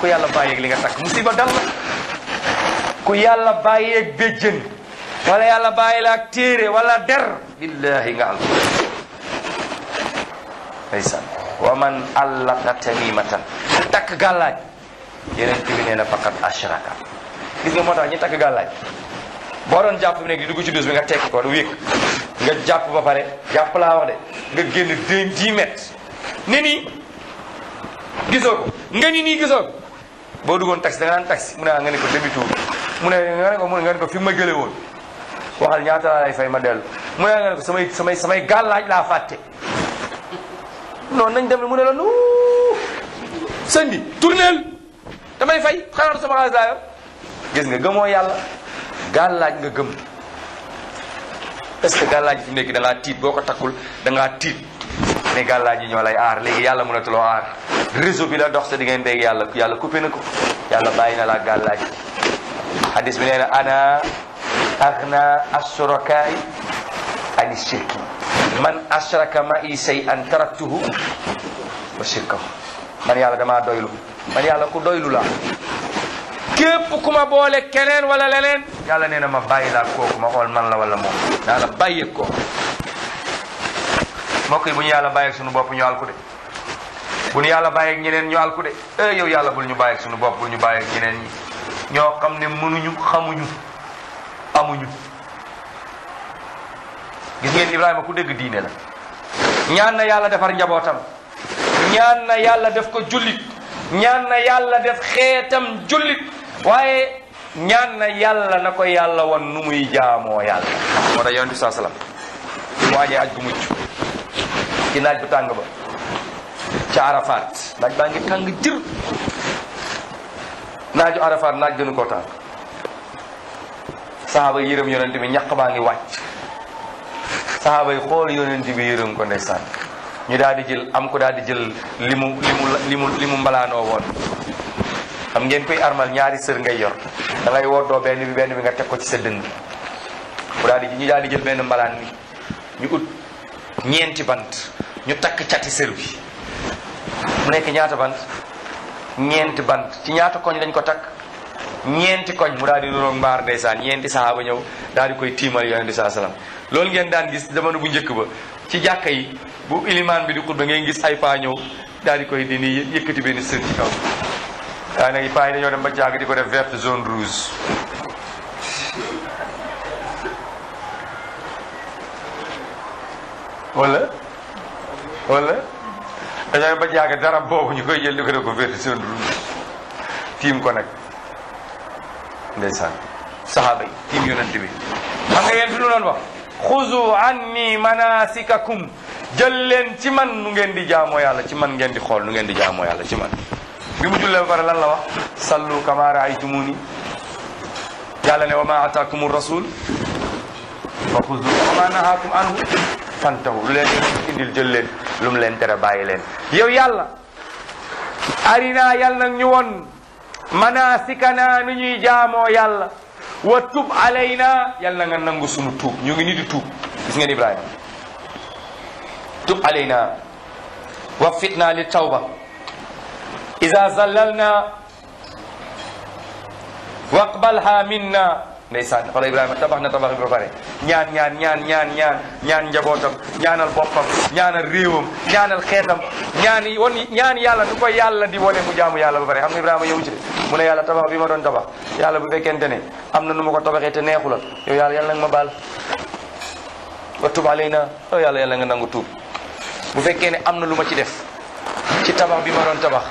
ku yàlla bàyyi li nga takk musiba dal la ku yàlla bàyyi ak béjjën wala yàlla bàyyi la téere walla der billahi nga alko ndeysaan wa man allaqa tamimatan takk gàllaaj yeneen bi nee na faqat ashraka gis nga moo tax ñu takk gàllaaj boo doon jàpp bi nekk ci dus bi nga tekki ko du wékk nga jàpp ba pare jàpp laa wax de nga génn deux dix mètres ne nii gisoo ko nga ni nii boo duggoon taxi da nga mu ne ah, nga ne ko demi tour mu ne nga ne ko mu ko fi ma jëlee woon waxal ñaata laa lay fay ma dellu mu ne nga ne ko samay samay samay gàllaaj laa fàtte noonu nañ dem mu ne la nu damay fay xanaa sama xaalis laa yor gis nga gëmoo yàlla laaj nga gëm est ce que gàllaaj fi mu nekk da ngaa tiit boo ko takkul danga ngaa tiit ne gàllaaj yi ñoo lay aar léegi yàlla mënatuloo aar réseau bi la dox sa diggante ak yàlla yàlla coupé na ko yàlla bàyyi na laa gàllaaj hadis bi nee na ana أغنى الشركاء عن الشرك man ashraka ma i say an taraktuhu wa shirkahu man yàlla damaa doylu man yàlla ku doylu laa képp ku ma boole keneen wala leneen yàlla nee na ma bàyyi laa kooku ma xool man la wala moom daa la bàyyi ko mbokk yi bu ñu yàlla bàyyi suñu bopp ñu àlku de bu ñu yàlla bàyyi ñeneen ñu àlku de eh yow yàlla bul ñu bàyyi suñu bopp bul ñu bàyyi ñeneen ñi ñoo xam ne mënuñu xamuñu amuñu gis ngeen Ibrahima ku dégg diine la ñaan na yàlla defar njabootam ñaan na yàlla def ko jullit ñaan na yàlla def xeetam jullit waaye ñaan na yàlla na ko yàlla wan nu muy jaamoo yàlla moo tax yonent bi saa salaam waajee aj bu mucc ci naaj bu tàng ba ca Arafat naaj baa ngi tàng jër naaju Arafat naaj gënu koo tàng saxaaba yi yërëm yonent bi ñàkk baa ngi wàcc saxaaba yi xool yonent bi yërëm ko ndeysaan ñu daal di jël am ko daal di jël li mu li mu li mu mbalaanoo woon xam ngeen koy armal ñaari sër ngay yor da ngay woddoo benn bi benn bi nga teg ko ci sa bi daal di ñu daal di jël benn mbalaan bi ñu ut ñeenti bant ñu takk cati sër bi mu nekk ñaata bant ñeenti bant ci ñaata koñ lañ ko takk ñeenti koñ mu daal di doon mbaar ndeysaan ñeenti saxaaba ñëw daal di koy tiimal yonent bi saa salaam loolu ngeen daan gis jamono bu njëkk ba ci jàkka yi bu ilimaan bi di xutba ngeen gis ay paa ñëw daal di koy dindi yëkkati benn sër ci kaw waaye nag yi dañoo dem ba jàgg di ko def verte zone rouge wala wala dañoo dem ba jàgg dara boobu ñu koy jël di ko def ko zone rouge tiim ko nag ndeysaan sahaaba yi tiim yonent bi xam nga yéen fi lu doon wax xuzu anni manasikakum jël leen ci man nu ngeen di jaamoo yàlla ci man ngeen di xool nu ngeen di jaamoo yàlla ci man bi mu jullee ba pare lan la wax sallu kama raaytumuni yàlla ne wa ma ataakum rasul fa lu leen jël leen lu leen tere bàyyi leen yow yàlla arina yàlla nag ñu manasikana nu ñuy jaamoo yàlla wa tub alayna yàlla na nga nangu sunu tuub ñu ngi ni di tuub gis ngeen Ibrahima tub alayna wa fitna li tawba iza zallalna waqbalha minna ndeysaan xoolal Ibrahima tabax na tabax bi ba pare ñaan ñaan ñaan ñaan ñaan ñaan njabootam ñaanal boppam ñaanal réewam ñaanal xeetam ñaan yi won ñaan yàlla du ko yàlla di wane mu jaamu yàlla ba pare am nga Ibrahima yow ci de mu ne yàlla tabax bi ma doon tabax yàlla bu fekkente ne am na nu ma ko tabaxee te neexu la yow yàlla yàlla nga ma baal wa tub alayna yow yàlla yàlla nga nangu tub bu fekkee ne am na lu ma ci def ci tabax bi ma doon tabax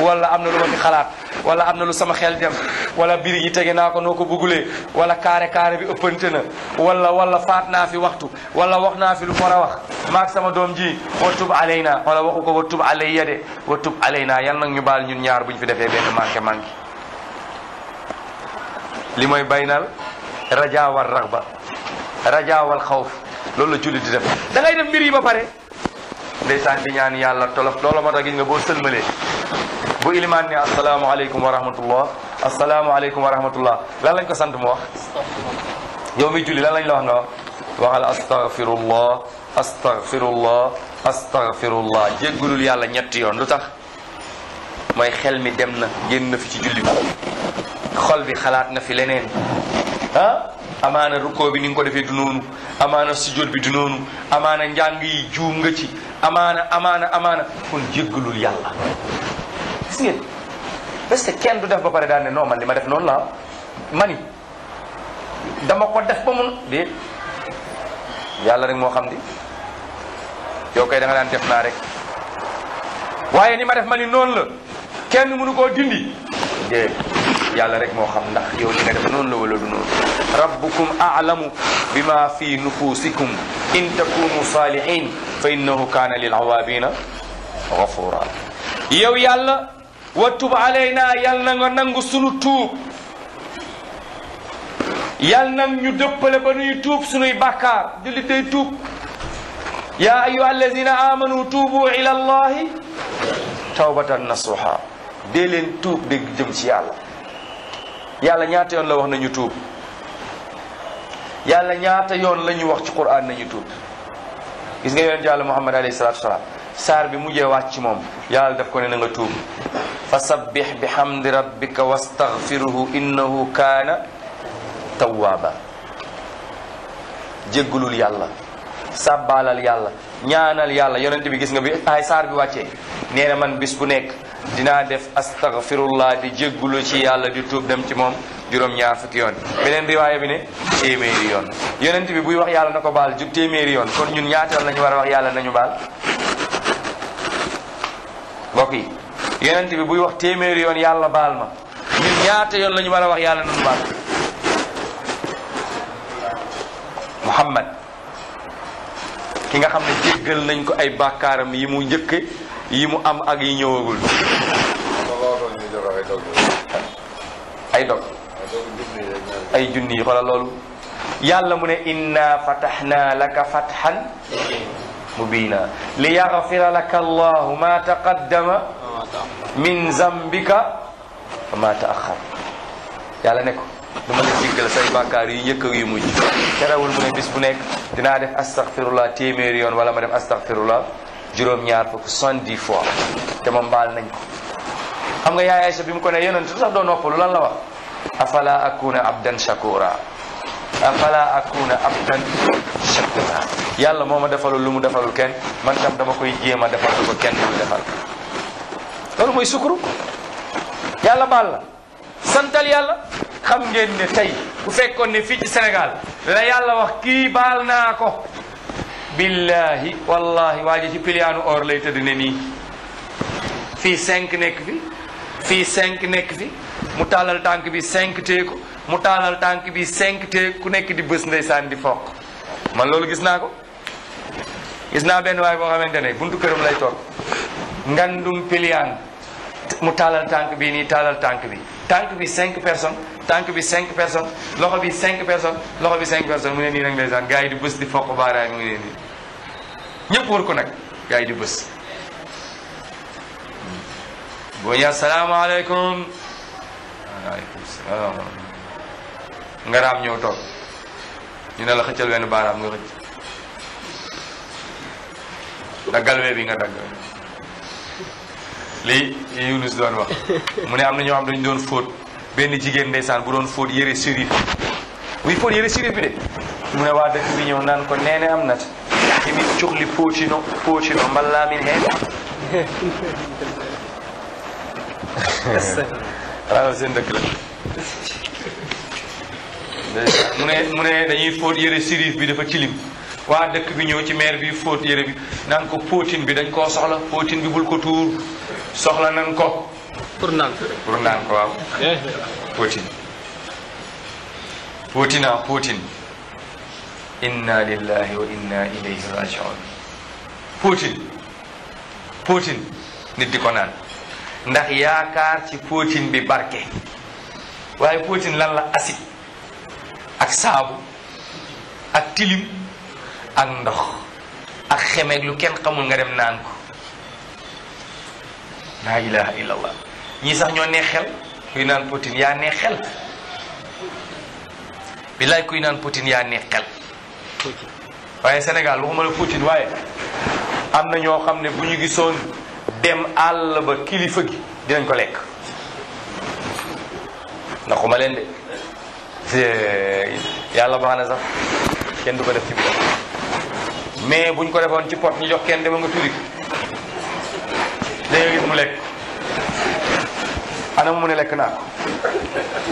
wala am na lu ma fi xalaat wala am na lu sama xel dem wala birig yi tege naa ko noo ko bugulee wala carré carré bi ëppante na wala wala faat naa fi waxtu wala wax naa fi lu war a wax maag sama doom ji wa tub alayna wala waxu ko wa tub alayya de wa tub alayna yal nag ñu baal ñun ñaar buñ fi defee benn manqué manqué li mooy baynal rajaawal raxba rajaawal xawf loolu la julli di def mbir yi ba pare ndeysaan di ñaan yàlla tolof loola moo tax gis nga boo sëlmalee bu ilimaan ne asalaamaaleykum wa rahmatullah asalaamaaleykum wa rahmatullah lan lañ ko sant mu wax yow mi julli lan lañ la wax nga wax waxal astaghfirullah astaghfirullah astaghfirullah jéggulul yàlla ñetti yoon lu tax mooy xel mi dem na génn na fi ci julli bi bi xalaat na fi leneen ah amaana rukkoo bi ni nga ko defee du noonu amaana sujjóot bi amaana njàng yi juum nga ci amaana amaana amaana kon jéggalul yàlla gis ngeen parce que kenn du def ba pare daal ne non man li ma def noon la mani dama ko def ba mun de yàlla rek moo xam di yow kay da daan def naa rek waaye ni ma def ma ni la kenn mënu koo dindi yàlla rek moo xam ndax yow li nga def noonu la wala du noonu rabbukum a'lamu bima fi nufusikum in takunu salihin fa innahu kaana lil awaabina gafura yow yàlla wa tub alayna yàlla na nga nangu sunu tuub yàlla nang ñu dëppale ba nuy tuub sunuy bàkkaar julli day tuub yaa ayuha alladina amanu tuubu ila allahi tawbatan nasuha dee leen tuub dégg jëm ci yàlla yàlla ñaata yoon la wax nañu tuub yàlla ñaata yoon la ñu wax ci quraan nañu tuub gis nga yonent yàlla muhammad alayhi salaatu wasalaam saar bi mujjee wàcc ci moom yàlla daf ko ne na nga tuub fa sabbih bi hamdi rabbika wastaghfiruhu innahu kaana tawwaaba jéggalul yàlla sàbbaalal yàlla ñaanal yàlla yonent bi gis nga bi ay saar bi wàcce nee man bis bu nekk dinaa def astaghfirullah di jéggulu ci yàlla di tuub dem ci moom juróom-ñaar yoon beneen riwaaya bi ne téeméeri yoon yonent bi buy wax yàlla na ko baal jub téeméeri yoon kon ñun ñaatal lañu war a wax yàlla nañu baal yi yonent bi buy wax téeméeri yoon yàlla baal ma ñaata yoon lañu war a wax yàlla nañu baal muhammad ki nga xam ne jéggal nañ ko ay bàkkaaram yi mu njëkk yi mu am ak yi ñëwagul ay dog yàlla mu ne inna fataxna laka fatxan mubina li yaxfira laka allahu ma taqaddama min zambika wa ma taaxar yàlla ne ko du ma la jéggal say bàkkaar yu njëkk ak yu mujj terewul mu ne bis bu nekk dinaa def astaghfirullah téeméeri yoon wala ma def astaghfirullah juróom-ñaar fukk soixante-dix fois te moom baal nañ ko xam nga yaay Aysa bi mu ko ne yonent su sax doo noppalu lan la wax afala akuna abdan shakura afala akuna abdan yàlla moo ma defalul lu mu defalul kenn man tam dama koy jéem a defal ko kenn lu defal loolu mooy sukuru yàlla baal santal yàlla xam ngeen ne tey bu fekkoon ne fii ci Sénégal la yàlla wax kii baal naa ko billahi wallahi waa ji ci piliyaanu or lay tëdd ne nii fii cinq nekk fi fii cinq nekk fi mu tàllal tànk bi cinq teeku mu tàllal tànk bi cinq teeku ku nekk di bës ndeysaan di fokk man loolu gis naa ko gis naa benn waay boo xamante ne buntu këram lay toog ngandum piliyaan mu tàllal tànk bi nii tàllal tànk bi tànk bi cinq personnes tànk bi cinq personnes loxo bi cinq personnes loxo bi cinq personnes mu ne nii nag ndeysaan gars yi di bës di fokk baaraay mu ne nii ñëpp wër ko nag gars yi di bës boo ñëwee asalaamaaleykum waaleykum salaam nga raam ñëw toog ñu ne la xëccal wenn baaraam nga xëcc daggal we bi nga dagg li Yunus doon wax mu ne am na ñoo xam dañu doon fóot benn jigéen ndeysaan bu doon fóot yëre sérif buy fóot yëre sérif bi de mu ne waa dëkk bi ñëw naan ko neene am nat imi cohli poocino poocino mballamin heen waaw seen dëkk la mu ne mu ne dañuy fóot yëre sérif bi dafa tilim waa dëkk bi ñëw ci maire bi fóot yëre bi naan ko póotin bi dañ koo soxla póotin bi bul ko tuur soxla nañ ko. pour naan ko pour naan ko waaw. Eh. poutine poutine ah poutine. inna lillahi wa inna ilayhi rajiun. poutine poutine nit di ko naan ndax yaakaar ci poutine bi barke. waaye poutine lan la acide ak saabu ak tilim ak ndox ak xemeeg lu kenn xamul nga dem naan ko. laa ilaha illallah ñii sax ñoo nee xel kuy naan potin yaa nee xel billaay kuy naan potin yaa nee xel waaye Sénégal waxuma la potin waaye am na ñoo xam ne bu ñu gisoon dem àll ba kilifa gi dinañ ko lekk ndaxuma leen de yàlla baax na sax kenn du ko def ci biir mais buñ ko defoon ci pot ñu jox kenn demal nga turi da nga gis mu lekk ana mu ne lekk naa ko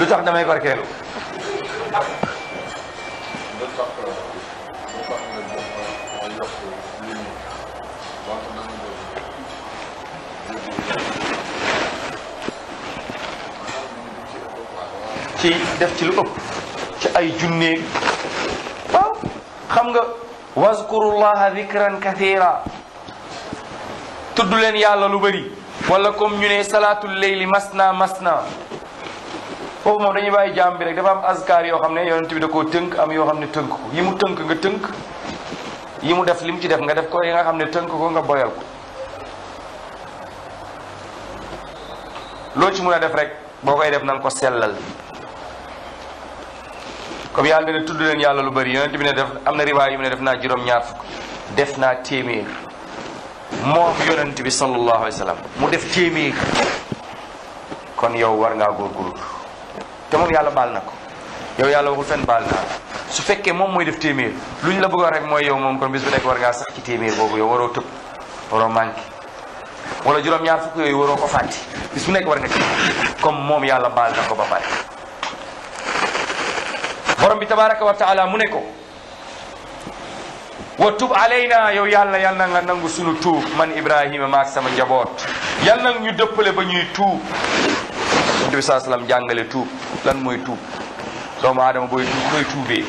lu tax damay barkeelu ci def ci lu ëpp ci ay junne waaw xam nga wazkurullaha dhikran kathira tudd leen yàlla lu bari wala comme ñu ne salaatul leyli masna masna foofu moom dañuy bàyyi jaam bi rek dafa am azkar yoo xam ne yonent bi da koo tënk am yoo xam ne tënk ko yi mu tënk nga tënk yi mu def li ci def nga def ko yi nga xam ne tënk ko nga boyal ko loo ci mun a def rek boo koy def na ko sellal comme yàlla ne tudd leen yàlla lu bari yonent bi ne def am na riwaay yu mu ne def naa juróom-ñaar fukk def naa téeméer moom yonent bi sallallahu alayhi wa sallam mu def téeméer kon yow war ngaa góorgóorlu te moom yàlla baal na ko yow yàlla waxul fenn baal naa su fekkee moom mooy def téeméer lu ñu la bëggoon rek mooy yow moom kon bis bu nekk sax ci téeméer boobu yow waroo tëb waroo manqué wala juróom-ñaar fukk yooyu waroo ko fàtte bis bu nekk war nga comme moom yàlla baal na ko ba pare borom bi tabaraka wa taala mu ne wa tub alayna yow yàlla yal na nga nangu sunu tuub man Ibrahima maak sama njaboot yal na ñu dëppale ba ñuy tuub Nabi saa salaam jàngale tuub lan mooy tuub doomu aadama booy tuub koy tuubee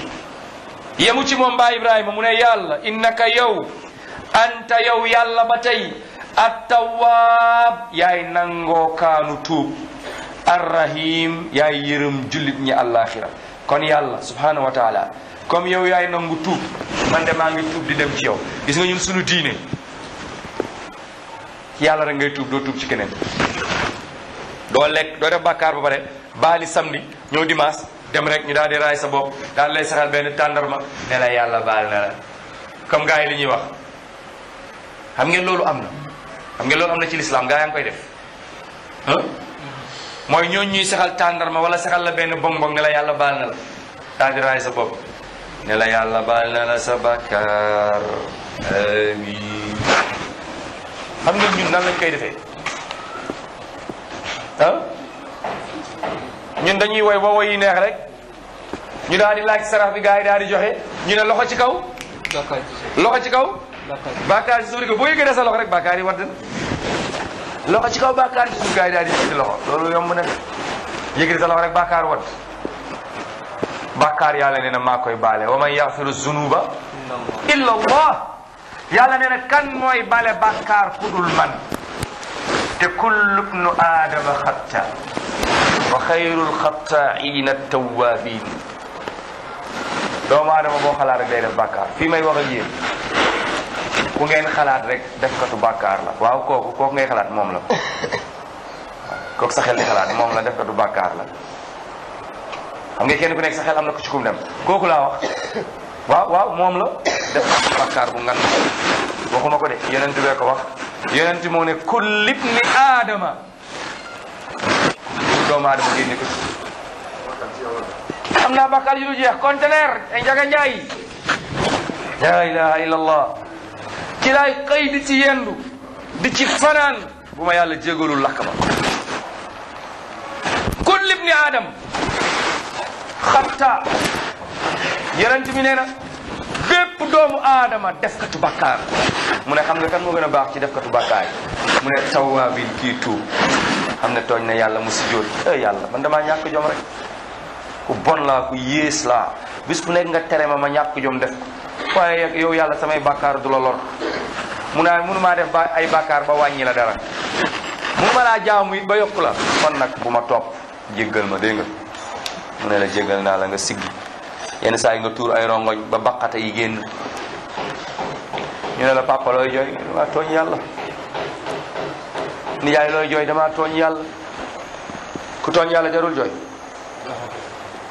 yemu ci moom mbaa Ibrahima mu ne yàlla innaka yow anta yow yàlla ba tey attawaab yaay nangoo kaanu tuub arrahim yaay yërëm jullit ñi àllaaxira kon yàlla subhaanahu wa taala comme yow yaay nangu tuub man de maa ngi tuub di dem ci yow gis nga ñun suñu diine yàlla rek ngay tuub doo tuub ci keneen doo lekk doo def bàkkaar ba pare baali samedi ñëw dimanche dem rek ñu daal di raay sa bopp daal lay saxal benn tàndarma ne la yàlla baal comme gars yi li ñuy wax xam ngeen loolu am na xam ngeen loolu am na ci lislaam ngi koy def mooy ñooñu ñuy saxal tàndarma wala saxal benn bonbon la yàlla baal na sa bopp ne la yàlla baal na la sa bàkkaar amiin xam nga ñun nan lañ koy defee ah ñun dañuy woy ba woy yi neex rek ñu daal di laaj sarax bi gars yi daal di joxe ñu ne loxo ci kaw loxo ci kaw bàkkaar ci suuf di ko boo yëgee sa loxo rek bàkkaar wad wadd loxo ci kaw bàkkaar ci suuf gars yi daal di yëkkati loxo loolu yomb na yëkkati sa loxo rek bàkkaar wadd bàkkaar yàlla nee na maa koy baale wa man yaxfiru zunuba illa allah yàlla nee na kan mooy bale bàkkaar ku man te kullu bnu aadama xatta wa xayrul xattaaina tawabin doomu aadama boo xalaat rek day def bàkkaar fii may wax ak yéen ku ngeen xalaat rek defkatu bàkkaar la waaw kooku kooku ngay xalaat moom la kooku sa xel di moom la defkatu bàkkaar la xam sa am na ko ci kum dem kooku laa wax waaw moom la def bàkkaar bu ngan waxuma ko de yen bee ko wax yonent moo ne kulli ibni aadama doomu am naa bàkkaar yu jeex conteneur ay njaga njaay la ilaha illallah ci laay ci yendu di ci fanaan bu ma yàlla jégalul lakk ma kulli ibni aadama xatta yonent bi nee na bépp doomu aadama ka bakkaar mu ne xam nga kan moo gën a baax ci defkatu bakkaar yi mu ne tawwaabin kii tuub xam ne tooñ na yàlla mu si jóot eh yàlla man damaa ñàkk jom rek ku bon laa ku yées la bis bu nekk nga tere ma ma ñàkk jom def ko waaye yow yàlla samay bakkaar du la lor mu naa mënu maa def ba ay bakkaar ba wàññi la dara mënu ma laa jaamu it ba yokku la kon nag bu ma topp jéggal ma dégg nga mu ne la jégal naa la nga siggi yenn saa yi nga tuur ay rongoñ ba baqate yi génn ñu la papa looy jooy damaa tooñ yàlla nijaay looy jooy damaa tooñ yàlla ku tooñ yàlla jarul jooy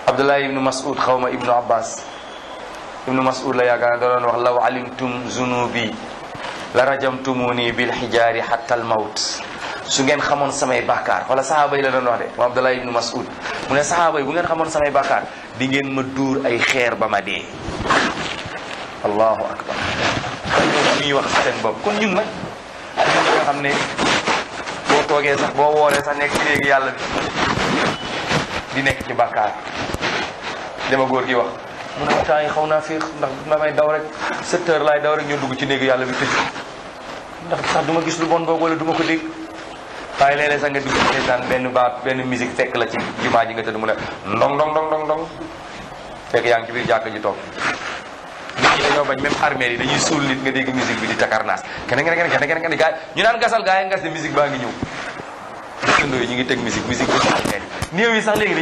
abdullahi ibnu mas'ud xaw ma ibnu abbas ibnu mas'ud la yaakaar da wax law alimtum zunubi la rajamtumuni bil xijaari xatta al su ngeen xamoon samay bàkkaar wala sahaaba yi la doon wax de moom Abdallah ibnu Mas'ud mu ne sahaaba yi bu ngeen xamoon samay bàkkaar di ngeen ma duur ay xeer ba ma dee allahu akbar ñuy wax seen bopp kon ñun nag nga xam ne boo toogee sax boo wooree sax nekk ci léegi yàlla bi di nekk ci bàkkaar dama góor gi wax mu ne naa féex ndax ma may daw rek sept heures daw rek ñu dugg ci néegu yàlla bi tëj ndax sax du gis lu bon boog wala du ma ko dégg waaye léeg-léeg sax nga dugg ci ndeysaan benn baat benn musique fekk la ci jumaa nga tëdd mu ndong ndong ndong fekk yaa ci biir jàkk ji toog nit ñi bañ même armée yi dañuy suul nit nga dégg musique bi di takarnaas kene kene kene kene kene ñu naan gasal gaay yi ngas de musique baa ngi ñëw dëkkandoo ñu ngi teg musique musique bi armée yi néew yi sax léegi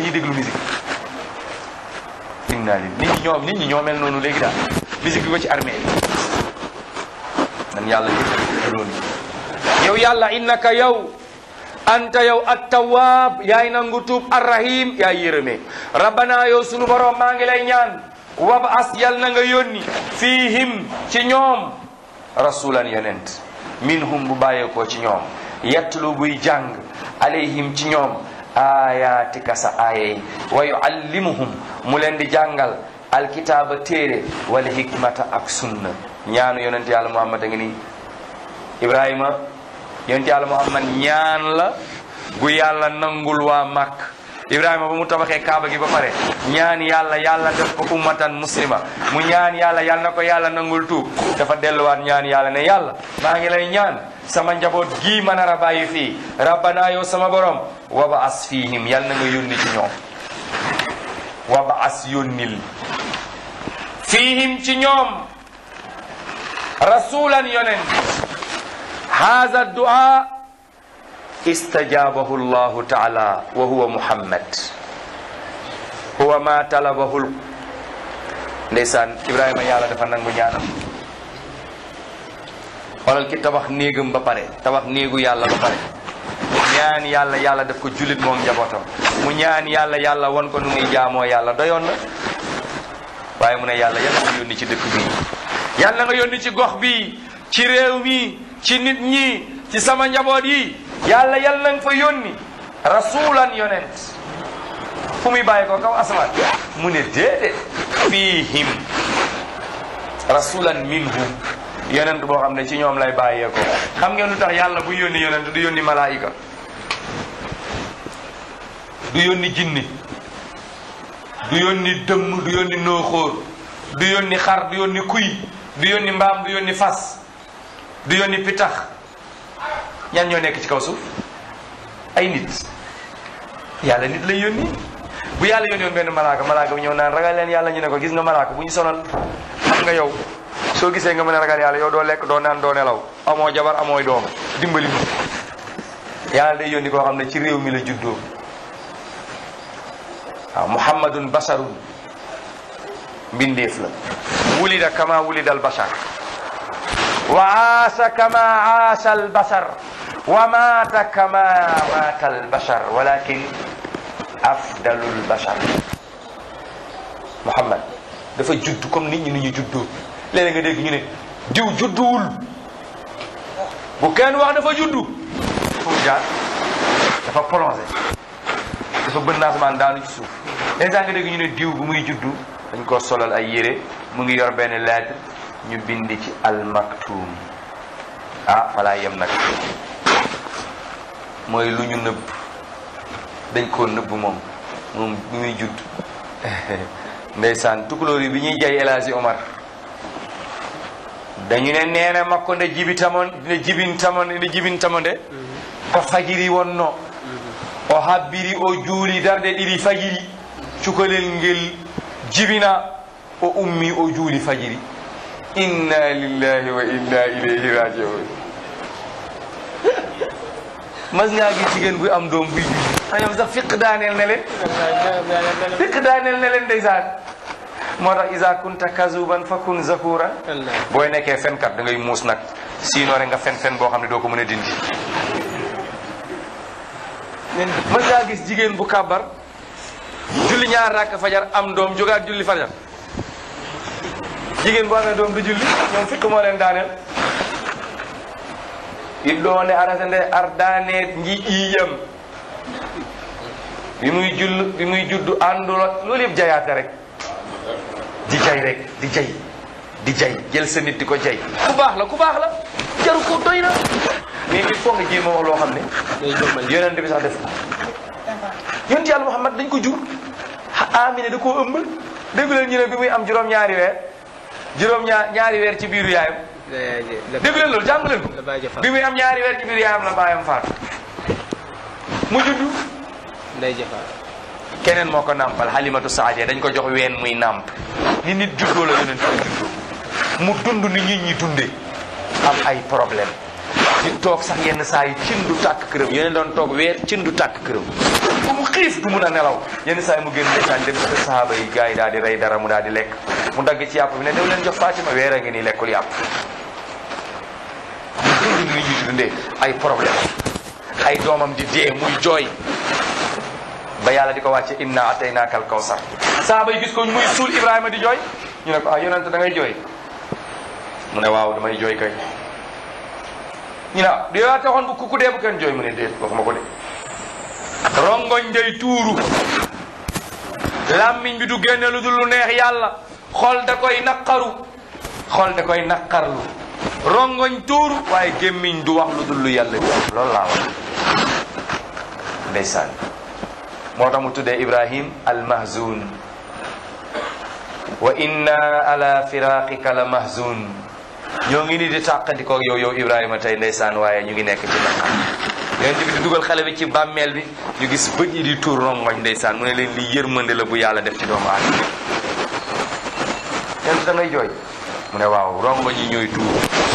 naa leen nit ñi ñoo nit noonu léegi daal musique bi ko ci armée yi nan yàlla yëpp loolu anta yow attawaab yaay nangu tuub arrahim yaay yërëme rabbana yow sunu borom maa ngi lay ñaan wab as yal na nga yónni fiihim ci ñoom rasulan yonent minhum bu bàyyeekoo ci ñoom yatlu buy jàng alayhim ci ñoom ayatika sa aayey wa yuallimuhum mu leen di jàngal alkitaaba téere wala hikmata ak sunna ñaanu yonent yàlla muhammad a ngi ni ibrahima yonent yàlla Muhammad ñaan la gu yàlla nangul waa màkk Ibrahima ba mu tabaxee kaaba gi ba pare ñaan yàlla yàlla def ko ummatan muslima mu ñaan yàlla yàlla ko yàlla nangul tuub dafa delluwaat ñaan yàlla ne yàlla maa ngi lay ñaan sama njaboot gii ma fii rabbana yow sama borom wa ba as fiihim yàlla na nga yónni ci ñoom wa ba as yónnil fiihim ci ñoom rasulan yonen haza dua istajabahu llahu taala wa huwa muhammad huwa ma talabahul ndeysaan ibrahima yàlla dafa nangu ñaanam xoolal ki tabax néegam ba tabax néegu yàlla ba pare ñaan yàlla yàlla daf ko jullit moom njabootam mu ñaan yàlla yàlla wan ko nu muy jaamoo yàlla doyoon na waaye mu ne yàlla yàlla nga ci dëkk bii yàlla nga yónni ci gox bii ci réew mi ci nit ñi ci sama njaboot yi yàlla yàlla nga fa yónni rasulan yonent fu muy bàyyi ko kaw asamaan mu ne déedéet fihim rasulan minhum yonent boo xam ne ci ñoom lay bàyyee xam ngeen lu tax yàlla bu yónni yonent du yónni malaayika du yónni jinni du yónni dëmm du yónni nooxóor du yónni xar du yónni kuy du yónni mbaam du yónni fas du yónni pitax ñan ñoo nekk ci kaw suuf ay nit yàlla nit lay yónni bu yàlla yónni benn malaaka malaaka bi ñëw naan ragal leen yàlla ñu ne ko gis nga malaaka bu ñu sonal xam nga yow soo gisee nga mën a ragal yàlla yow doo lekk doo naan doo nelaw amoo jabar amooy doom dimbali mu yàlla day yónni koo xam ne ci réew mi la juddoo waaw muhammadun basarun mbindeef la wulida kama wulidal basar waa aasa kama aasa albasar wa maata kama maata albasar walakin afdalu albasar Muhammad dafa judd comme nit ñi ni ñu juddoo léeg nga dégg ñu ne diw judduwul bu kenn wax dafa juddu fu mu dafa prolongé dafa bën na asamaan daanu ci suuf léeg-léeg nga dégg ñu ne diw bu muy juddu dañ koo solal ay yére mu ngi yor benn lettre ñu bind ci almaktuum ah falaa nag mooy lu ñu nëbb dañ koo nëbb moom moom bi judd ndeysaan tukulóor yi bi ñuy jay El Hadji dañu ne nee na makko nde jibi tamon nde jibin tamon nde jibin tamonde ko fajiri wonno o habbiri o juuli darde ɗiɗi fajiri cukalel ngel jibina o ummi o juuli fajiri inna lillahi wa inna ilayhi rajiun mas ngaa gis jigéen bu am doom buy julli a ah, ñoom sax fiq daaneel na leen fiq daaneel na leen ndeysaan moo tax isa kunta kazuban fa kun zakura booy nekkee fenkat da muus nag sinon nga fen fen boo xam ne doo ko mën a dindi mas ngaa gis jigéen bu kàbbar julli ñaar rakk fajar am doom jógaat julli fajar jigéen boo amee doom du julli ñoom fiq moo leen daaneel iddoone arasande ar daaneet nji iyam bi muy jul bi muy juddu àndul ak loolu yëpp jayaate rek di jay rek di jay di jay jël sa nit di ko jay ku baax la ku baax la jaru ko doy na mais il faut nga jéem a loo xam ne yonent bi sax def ko yonent yàlla Muhammad dañ ko jur Amina da koo ëmb dégg leen ñu ne bi muy am juróom-ñaari weer juróom ñaar ñaari weer ci biiru yaayam. dégg leen loolu jàng bi muy am ñaari weer ci biiru yaayam la baayam faatu. mu juddu. keneen moo ko nàmpal Halimatu Saadiya dañ ko jox ween muy nàmp ni nit juddoo la yonent bi juddoo mu dund ni nit ñi dundee am ay problème di toog sax yenn saa yi tàkk këram yeneen doon toog weer cin du tàkk këram bu mu xiif du mun a nelaw yenn saa mu génn ndeysaan dem sa sahaaba yi yi daal di rey dara mu daal di lekk mu dagg ci yàpp bi ne dem leen jox Fatima weer a ay problème ay doomam di dee muy jooy ba yàlla di ko wàcce inna ataynaaka al kawsar sahaaba yi gis ko muy suul Ibrahima di jooy ñu ne ko ah yonente da ngay jooy mu ne waaw damay jooy kay ñu ne ah di yaa taxoon bu kuku dee bu kenn jooy mu ne déet rongoñ day tuuru làmmiñ bi du génne lu dul lu neex yàlla xol da koy naqaru xol da koy naqarlu rongoñ tuuru waaye gémmiñ du wax lu dul lu yàlla lool laa wax ndeysaan moo tax mu tuddee ibrahim al mahzun wa inna ala firaqika la mahzun ñoo ngi nii di tàqandikoo yow yow Ibrahima tey ndeysaan waaye ñu ngi nekk ci naqar yonent bi di ci bàmmeel bi ñu gis bët di tuur rongoñ ndeysaan ne leen li yërmande la bu yàlla def ci doomu aadama kenn ne waaw rongoñ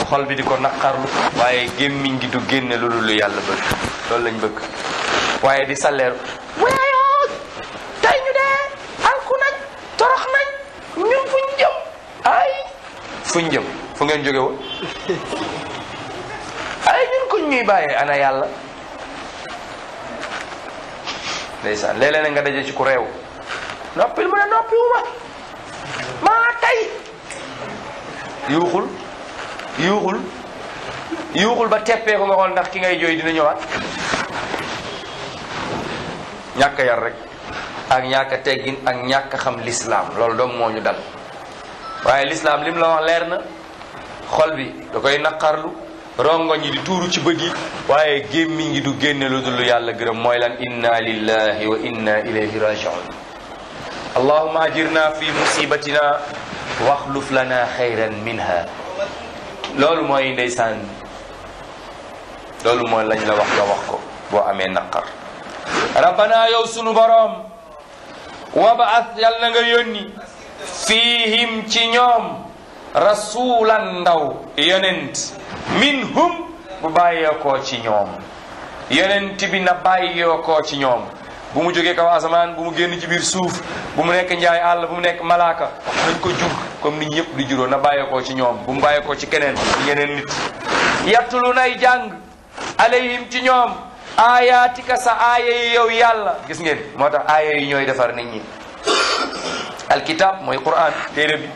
xol bi di ko naqarlu waaye gémmiñ gi du génne lu lu yàlla bëgg loolu lañ bëgg waaye di salleer weeyoo tey ñu dee alku torox nañ ñun fuñ jëm ay fuñ jëm fu ngeen jóge woon ay ñun kuñ ñuy bàyyee ana yàlla ndeysaan léeg-léeg nga daje ci ku réew noppil noppiwuma maa tay yuuxul yuuxul yuuxul ba teppee ko nga ndax ki ngay jooy dina ñëwaat ñàkk yar rek ak ñàkk teggin ak ñàkk xam lislaam loolu doom moo ñu dal waaye lislaam lim la wax leer na xol bi da naqarlu rongoñ yi di tuuru ci bët waaye gémmiñ gi du génne lu dul yàlla gërëm mooy lan inna lillahi wa inna ilayhi rajiun allahuma ajirna fi musibatina waxluf lana xayran minha loolu mooy ndeysaan loolu mooy lañ la wax nga wax ko boo amee naqar rabbana yow sunu boroom wabaas yàlla na nga yónni ci ñoom rasulan ndaw yonent minhum bu bàyyeekoo ci ñoom yonent bi na bàyyeekoo ci ñoom bu mu jógee kaw asamaan bu mu génn ci biir suuf bu mu nekk njaay àll bu mu nekk malaaka nañ ko jur comme nit ñëpp di juroo na bàyyeekoo ci ñoom bu mu bàyyeekoo ci keneen yeneen nit yattulu nay jàng alayhim ci ñoom aayaatika sa aaya yi yow yàlla gis ngeen moo tax aaya yi ñooy defar nit ñi mooy quran téere bi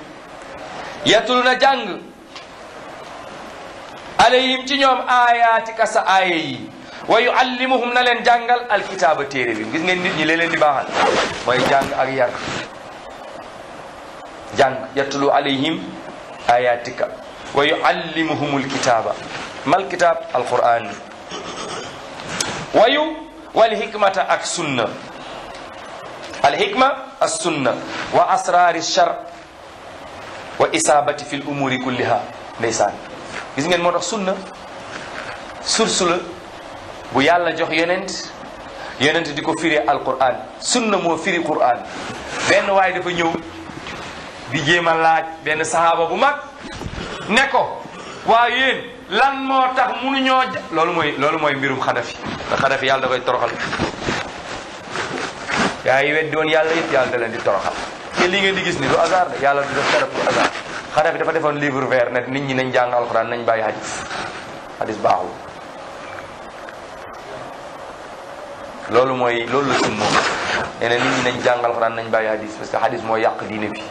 yatul na jàng alayhim ci ñoom aayaatika sa aaya yi wa yuallimuhum na leen jàngal alkitaaba téere bi gis ngeen nit ñi leen di baaxal mooy jàng ak yar jàng yatlu alayhim ayatika wa yuallimuhum alkitaaba mal kitaab alquran wayu wal hikmata ak sunna alhikma as sunna wa asraari shar wa isaabati fil umuri kulliha ndeysaan gis ngeen moo tax sunna bu yàlla jox yonent yonent di ko firi alquran sunna moo firi quran benn waaye dafa ñëw di jéem a laaj benn sahaaba bu mag ne ko waa yéen lan moo tax munuñoo ja loolu mooy loolu mooy mbirum xadafi te xadafi yàlla da koy toroxal yaa yi weddi woon yàlla yëpp yàlla da di toroxal te li ngeen di gis ni du hasard yàlla du def dara pour xare bi dafa defoon livre vert nag nit ñi nañ jàng alxuraan nañ bàyyi hadis hadis baaxul loolu mooy loolu la sun moom nit ñi nañ jàng alxuraan nañ bàyyi hadis parce que hadis mooy yàq diine bi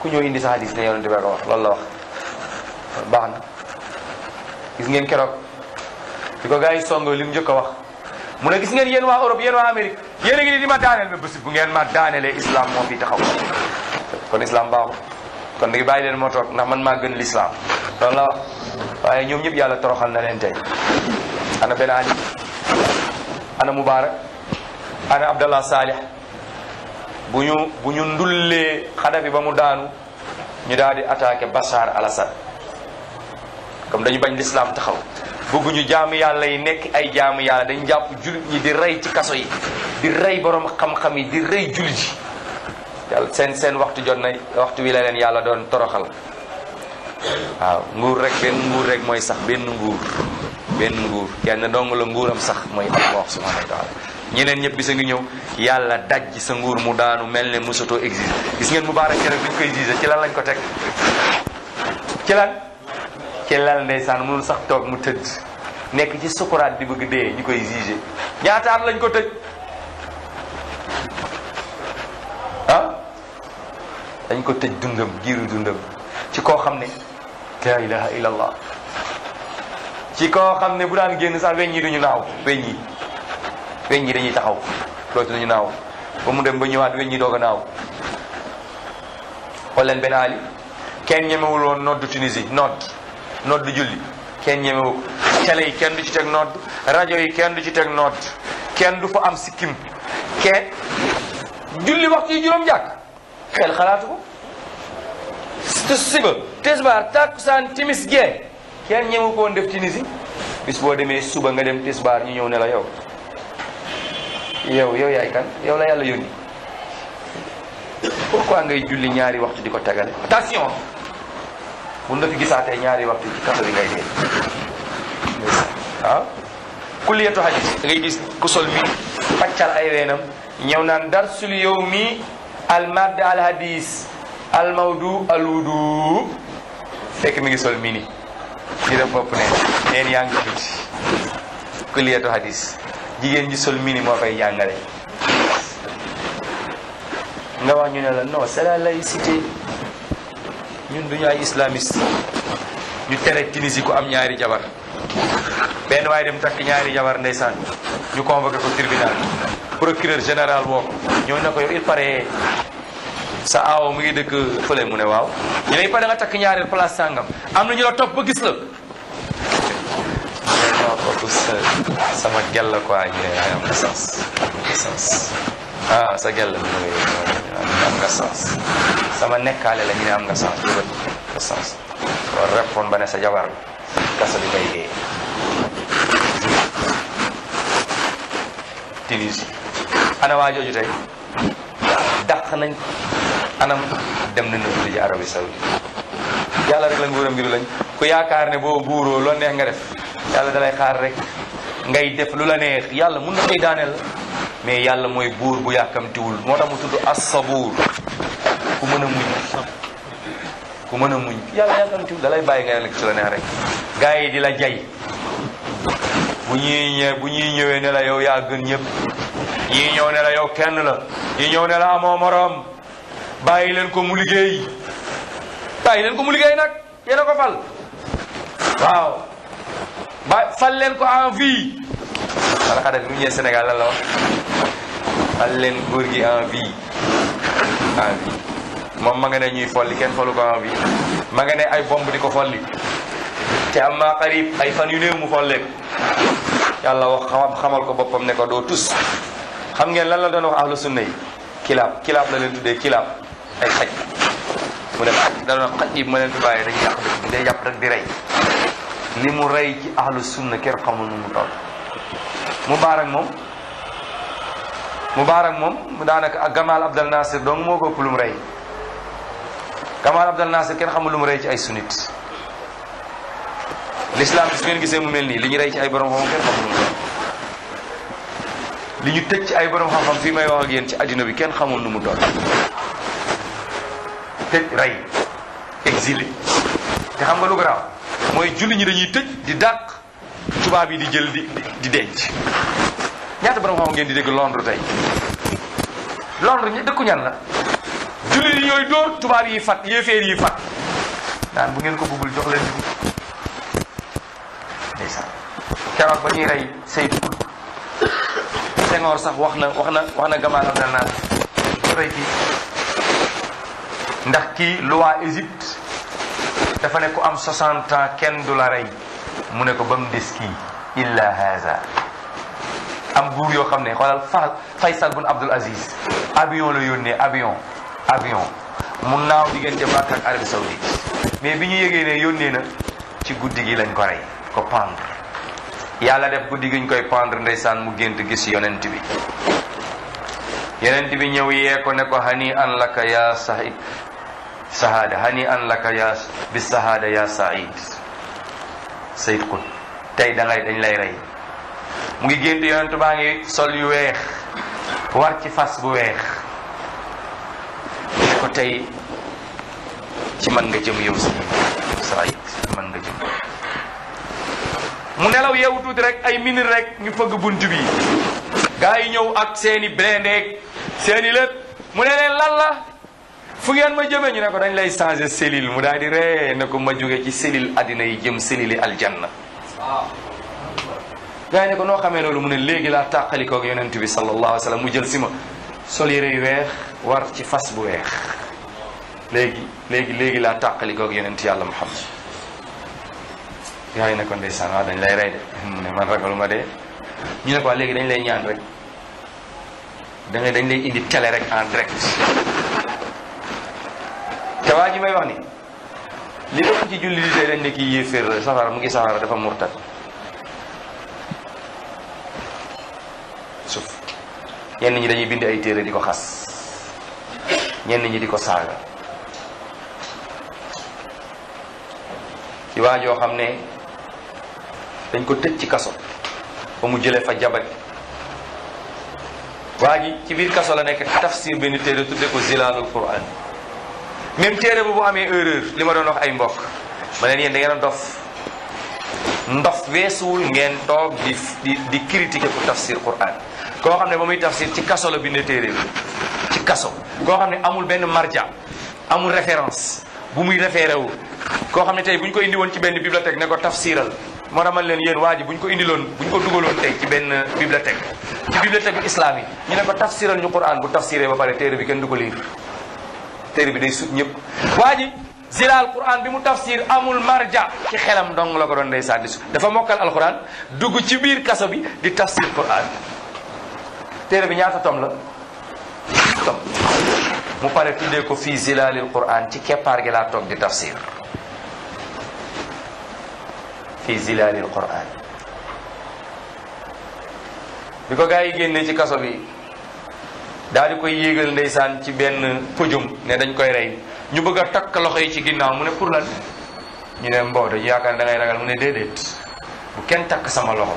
ku ñëw indi sa hadis ne yonente bi ko wax loolu la wax baax na gis ngeen keroog di ko gars yi songo li mu njëkk wax mu ne gis ngeen yéen waa Europe yéen waa Amérique yéen a ngi di ma daaneel mais bés bu ngeen ma daanelee islam moo fi taxaw kon islam baaxul kon léegi bàyyi leen moo ndax man maa gën lislaam loolu waaye ñoom ñëpp yàlla toroxal na leen tey ana Ben Ali ana Moubarak ana Abdallah Salih bu ñu bu ñu ndullee Xadafi ba mu daanu ñu daal di attaqué Bachar al-Assad comme dañu bañ lislaam taxaw bëgguñu jaamu yàlla yi nekk ay jaamu yàlla dañu jàpp jullit ñi di rey ci kaso yi di rey borom xam-xam yi di rey jullit yi yàlla seen seen waxtu jot na waxtu wi la leen yàlla doon toroxal waaw nguur rek benn nguur rek mooy sax benn nguur benn nguur kenn dong la nguuram sax mooy wax subhanahu wa taala ñeneen ñëpp sa ngi ñëw yàlla daj sa nguur mu daanu mel ne mosutoo exige gis ngeen Moubarak keroog bi ñu koy gisee ci lan lañ ko teg ci lan ci lal ndeysaan mënul sax toog mu tëdd nekk ci sukuraat di bëgg dee ñu koy jugé ñaata at lañ ko tëj dañ ko tëj dundam giiru dundam ci koo xam ne la ilaha illallah ci koo xam ne bu daan génn sax weñ yi duñu naaw weñ yi weñ yi dañuy taxaw dootu duñu naaw ba mu dem ba ñëwaat weñ yi doog a naaw xool leen Ben Ali kenn ñemewul woon noddu Tunisie nodd noddu julli kenn ñemewu télé yi kenn du ci teg nodd rajo yi kenn du ci teg nodd kenn du fa am sikkim kenn julli waxtu yi juróom jàkk xel xalaatu ko te suba tisbaar takkusaan timis gee kenn ñëwu koon def Tunisie bis boo demee suba nga dem tisbaar ñu ñëw ne la yow yow yow yaay kan yow la yàlla yónni pourquoi ngay julli ñaari waxtu di ko tegale attention mun la fi gisaatee ñaari waxtu ci kaso ngay dee waaw ah? kulliyatu hadis da ngay gis ku sol paccal ay weenam ñëw naan darsul yow mii almadd alhadis almawdu alwudu fekk mi ngi sol mini juróom bopp ne neen yaa ngi hadis jigéen ji sol mini moo koy jàngale nga wax ñu ne la non c'est la laïcité ñun duñu ay islamiste ñu tere Tunisie ku am ñaari jabar benn waaye dem takk ñaari jabar ndeysaan ñu convoqué ko tribunal procureur général boo ñëw ne ko yow il paraît sa aaw mu ngi dëkk fële mu ne waaw ñu ne il paraît nga takk ñaareel place sàngam am na ñu la topp ba gis la sama gel la am nga sens am nga sens ne am nga sens sama nekkaale la ne am nga sens bu nga ba ne sa jabar la kasa dee ana waa jooju tey dàq nañ anam dem na nëbbu ji Arabie Saoudite yàlla rek la nguuram ngiru lañ ku yaakaar ne boo nguuroo loo neex nga def yàlla dalay xaar rek ngay def lu la neex yàlla mun na koy daaneel mais yàlla mooy buur bu yàkkamtiwul moo tax mu tudd as ku mën a muñ ku mën a muñ yàlla yàkkamtiwul dalay bàyyi nga nekk ci la rek gars yi di la jay bu ñuy bu ñuy ñëwee ne la yow yaa gën ñëpp ñii ñëw ne yow kenn la ñii ñëw ne la amoo moroom bàyyi leen ko mu liggéey bàyyi leen ko mu liggéey nag yéen ko fal waaw ba fal ko en vie wala xarit bu ñëwee Sénégal lan la wax fal leen góor moom ma nga ne ñuy folli kenn falu ko en vie ma nga ay bomb di ko folli te am maa xarib ay fan yu néew mu folleeku yàlla wax xamal ko boppam ne ko doo tus xam ngeen lan la doon wax ahlu sunna yi kilaab kilaab la leen tuddee kilaab ay xaj mu ne da doon xaj yi ma leen fi bàyyi dañuy yàq bi di rey li mu rey ci ahlu sunna kenn xamul nu mu toll mu baarak moom mu moom mu daanaka ak Gamal Abdel Nasir donc moo ko ëpp lu mu rey Gamal Abdel Nasir kenn xamul lu mu rey ci ay sunnit l'islam su ngeen gisee mu mel nii li ñu rey ci ay borom xam kenn ñu tëj ci ay borom xam-xam fii ci adduna bi kenn xamul nu mu doon tëj rey exilé te xam nga lu garaaw mooy julli ñi dañuy tëj di dàq tubaab yi di jël di di denc ñaata borom xam ngeen di dégg Londres tey Londres ñi dëkku ñan la julli yi yooyu tubaab yi fat yéeféer yi fat naan bu ngeen ko bëggul jox leen keroog ba ñuy rey Seydou Senghor sax wax na wax na wax na Gamal Abdel Nasser rey kii ndax kii loi Égypte dafa ne ku am 60 ans kenn du la rey mu ne ko ba mu des kii illa haza am buur yoo xam ne xoolal fa Faysal bun Abdul Aziz avion la yónnee avion avion mu naaw diggante Makka ak Arabie Saoudite mais bi ñu yëgee yónnee na ci guddi gi lañ ko rey ko pendre yàlla def guddi guñ ñu koy pendre ndeysaan mu gént gis yonent bi yonent bi ñëw yee ko ne ko hani an laka ya said sahaada hani an laka ya bi sahaada ya said sayd xut tey da dañ lay rey mu ngi gént yonent baa ngi sol yu weex war ci fas bu weex ne ko tey ci man nga jëm yow said said man nga jëm mu nelaw yeewu tuuti rek ay minit rek ñu fëgg bunt bi gaa yi ñëw ak seeni blendeeg seeni lépp mu ne leen lan la fu ngeen ma jëmee ñu ne dañ lay changé cellule mu daal di ree ko ma jóge ci cellule addina yi jëm cellule aljanna gaa yi ne ko noo xamee loolu mu ne léegi laa tàqalikoog yonent bi sallallahu alayhi wa mu jël si sol yére yu weex war ci fas bu weex léegi léegi léegi laa tàqalikoog yonent yàlla muhammad yooyu ne ko ndeysaan waaw dañ lay rey de mu ne man ragaluma de ñu ne ko léegi dañ lay ñaan rek da nga dañ lay indi télé rek en direct te waa ji may wax ni li doon ci julli di tey dañ ne kii yéeféer la safara mu ngi safara dafa murtat suuf ñenn ñi dañuy bind ay téere di ko xas ñenn ñi di ko saaga ci waajoo xam ne dañ ko tëj ci kaso ba mu jëlee fa jabar waa ji ci biir kaso la nekk tafsir benn téere tudde ko zilalul quran même téere bu bu amee erreur li ma doon wax ay mbokk ma ne nii da ngeen a ndof ndof weesuwul ngeen toog di di di critiquer ku tafsir quran koo xam ne ba muy tafsir ci kaso la binde téere bi ci kaso koo xam ne amul benn marja amul référence bu muy référé wu koo xam ne tey bu ñu ko indi woon ci benn bibliothèque ne ko tafsiral ma ramal leen yéen waa bu ñu ko indiloon bu ñu ko dugaloon tey ci benn bibliothèque ci bibliothèque islaam yi ñu ne ko tafsiral ñu Qur'an bu tafsiree ba pare téere bi kenn du ko liir téere bi day sut ñëpp waa ji zilaal Qur'an bi mu tafsir amul marja ci xelam dong la ko doon day sàddi sut dafa mokkal alquran dugg ci biir kaso bi di tafsir Qur'an téere bi ñaata tom la tom mu pare tuddee ko fii zilaalil Qur'an ci keppaar gi laa toog di tafsir fi zilalil quran bi ko gaa yi génnee ci kaso bi daal di koy yéegal ndeysaan ci benn pëjum ne dañ koy rey ñu bëgg a takk loxo yi ci ginnaaw mu ne pour lan ñu ne mboo dañu yaakaar ne da ragal mu ne déedéet bu kenn takk sama loxo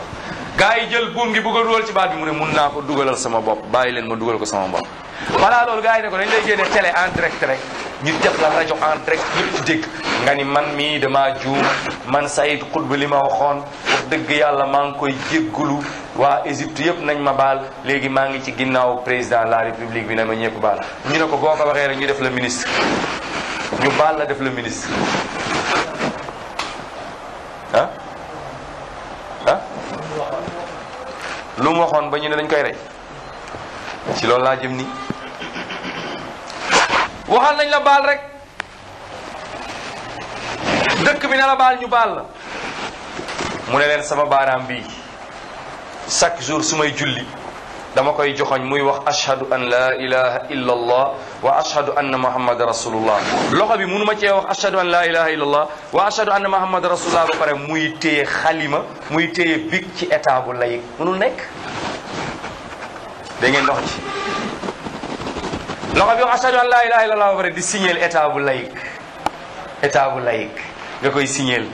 gaa yi jël buum gi bëgg a dugal ci baat bi mu ne mun naa ko dugalal sama bopp bàyyi leen ma dugal ko sama bopp voilà loolu gaa yi ne ko dañ lay génne télé en direct rek ñu def la rajo en direct ñëpp dégg nga ni man mii dama juum man Saïd Xutba li ma waxoon wax dëgg yàlla maa ngi koy jéggulu waa Égypte yëpp nañ ma baal léegi maa ngi ci ginnaaw président la république bi na ma ñëpp baal ñu ne ko boo ko waxee rek ñu def la ministre ñu baal la def la ministre ah lum waxoon ba ñu ne dañ koy rey ci loolu laa jëm nii waxal nañ la baal rek dëkk bi na la baal ñu baal la mu ne leen sama baaraam bi chaque jour su may julli dama koy joxoñ muy wax ashhadu an la ilaha wa ashhadu anna muhammadan rasulullah loxo bi mënu ma cee wax ashhadu an la ilaha illa wa ashhadu anna muhammadan rasulullah ba pare muy téye xalima muy téye big ci état bu layik mënul nekk da ngeen dox loxo bi wax ashhadu an la ilaha illa ba pare di signeel état bu layik état nga koy signeel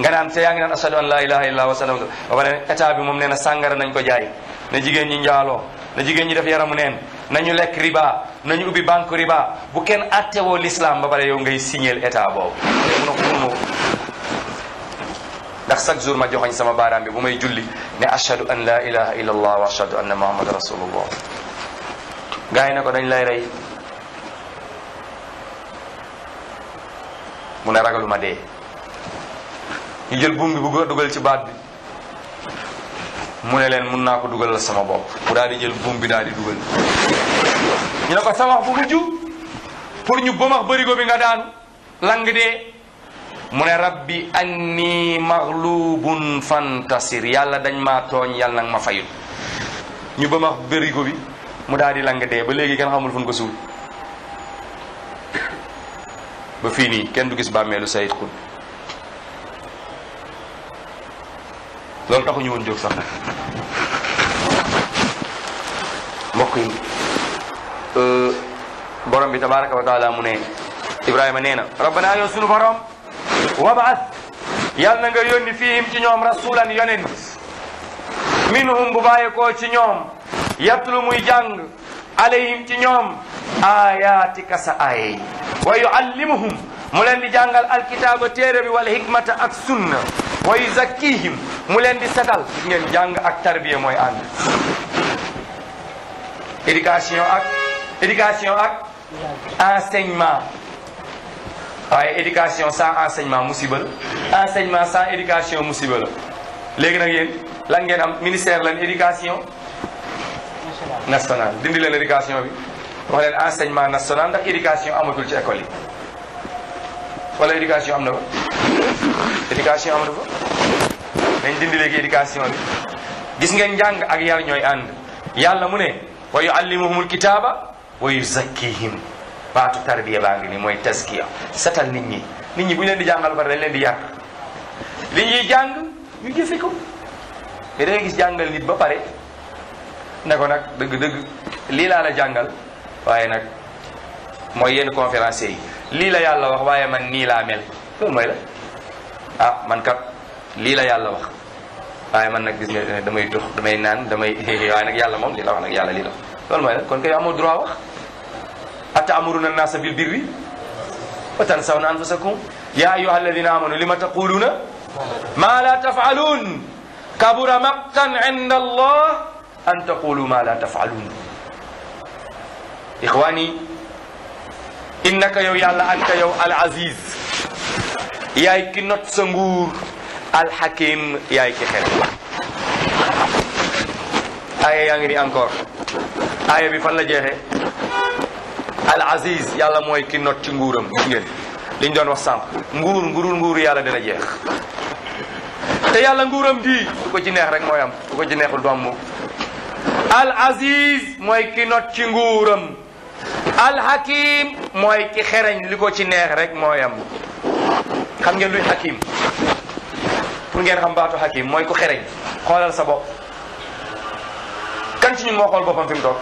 nga naan te yaa ngi naan ashhadu an la ilaha illa allah wa pare état bi moom nee na sàngara nañ ko jaay na jigéen ñi njaaloo na jigéen ñi def yaramu neen nañu lekk riba nañu ubbi bank riba bu kenn attewoo l'islam ba pare yow ngay signeel état boobu ndax chaque jour ma joxoñ sama baaraam bi bu may julli ne ashhadu an la ilaha illa wa ashhadu anna muhammadan rasulullah gars yi ne dañ lay rey mu ne ragaluma dee ñu jël buum bi bu góor dugal ci baat bi mu ne leen mun naa ko dugal sama bopp mu daal di jël buum bi daadi di dugal ñu ne ko sa wax bu mujj pour ñu bëmax bërigo bi nga daan lang dee mu ne rabbi anni maghlubun fantasir yàlla dañ maa tooñ yàlla nag ma fayul ñu ba bërigo bi mu daal di lang dee ba léegi kenn xamul fu ñu ko suul ba fii nii kenn du gis bàmmeelu Sayid Qutb loolu taxuñu woon jóg sax mbokk yi euh, borom bi tabaraka wa taala mu ne ibrahima nee na rabbana yow sunu borom wabaat yàlla na nga yónni fiihim ci ñoom rasulan yonent minhum bu bàyyeekoo ci ñoom yatlu muy jàng alayhim ci ñoom ayatika sa aaye yi wa yuallimuhum mu leen di jàngal alkitaaba téere bi wala hikmata ak sunna wa yuzakkihim mu leen di setal ngeen jàng ak tarbiya mooy ànd éducation ak éducation ak enseignement waaye éducation sans enseignement musiba la enseignement sans éducation musiba la léegi nag yéen ngeen am ministère lan éducation nationale dindi leen éducation bi wax leen enseignement national ndax éducation amatul ci école yi wala éducation am na fa éducation am na fa nañ dindi léegi éducation bi gis ngeen njàng ak yar ñooy ànd yàlla mu ne wa yuallimuhumul kitaaba wa yuzakkihim baatu tarbiya baa ngi ni mooy taskiya setal nit ñi nit ñi bu ñu leen di jàngal pare dañ leen yar li ñuy jàng ñu jëfe ko mais da ngay gis jàngal nit ba pare ne ko nag dëgg-dëgg lii laa la jàngal waaye nag mooy yenn conférencier yi lii la yàlla wax waaye man nii laa mel loolu mooy la ah man kat lii la yàlla wax waaye man nag gis nga eh, damay tux damay naan damay waaye nag yàlla moom lii la wax nag yàlla lii la wax loolu mooy la kon kay amoo droit wax ata amuruna naasa bil birri wa tansawna anfusakum ya ayyuha alladina amanu lima taquluna ma la tafalun kabura maqtan inda allah an taqulu ma la tafalun ixwani innaka yow yàlla anta yow al aziz yaay ki not sa nguur al hakim yaay ki xel aaya yaa ngi ni encore aaya bi fan la jeexee al aziz yàlla mooy ki not ci nguuram gis ngeen liñ doon wax sànq nguur nguurul nguur yàlla de dina jeex te yàlla nguuram di ku ko ci rek mooy am ku ko ci neexul du am mu al aziz mooy ki not ci nguuram alxakim mooy ki xereñ li ko ci neex rek mooy am xam ngeen luy xakim pour ngeen xam baatu xakim mooy ku xereñ xoolal sa bopp kan ci ñun moo xool boppam fi mu toog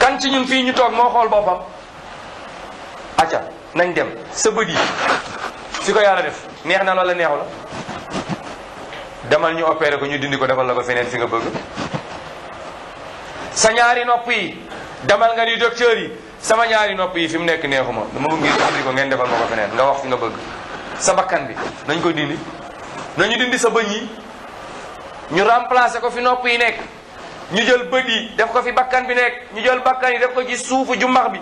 kan ci ñun fii ñu toog moo xool boppam acca nañ dem sa bët yi si ko yàlla def neex na la neexu la demal ñu opéré ko ñu dindi ko defal la ko feneen fi nga bëgg sa ñaari nopp yi demal nga ni docteur yi sama ñaari nopp yi fi mu nekk neexuma dama bëgg ngeen andi ko ngeen defal ma ko feneen nga wax fi nga bëgg sa bakkan bi nañ ko dindi nañu dindi sa bëñ yi ñu remplacer ko fi nopp yi nekk ñu jël bët yi def ko fi bakkan bi nekk ñu jël bakkan yi def ko ci suufu jumbax bi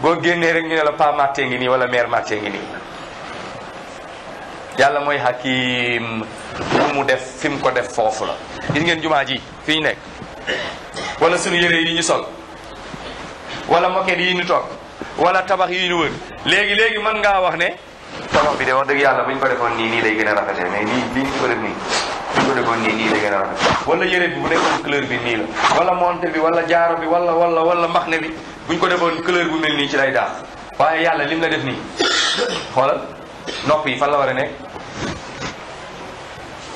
boo génnee rek ñu ne la pa mattee ngi nii wala meer mattee ngi nii yàlla mooy hakim lu mu def fi mu ko def foofu la gis ngeen jumaa ji fi ñu nekk wala sunu yére yi ñu sol wala moket yi ñu toog wala tabax yi ñu wër léegi léegi mën ngaa wax ne tabax bi de wax dëgg yàlla bu ñu ko nii nii lay gën a rafetee mais nii bii def nii bu ñu ko defoon nii nii wala yére bi mu nekkoon couleur bi nii la wala monté bi wala jaaro bi wala wala wala mbaxne bi bu ñu ko defoon couleur bu mel nii ci lay daax waaye yàlla lim la def nii xoolal nopp yi fan la war a nekk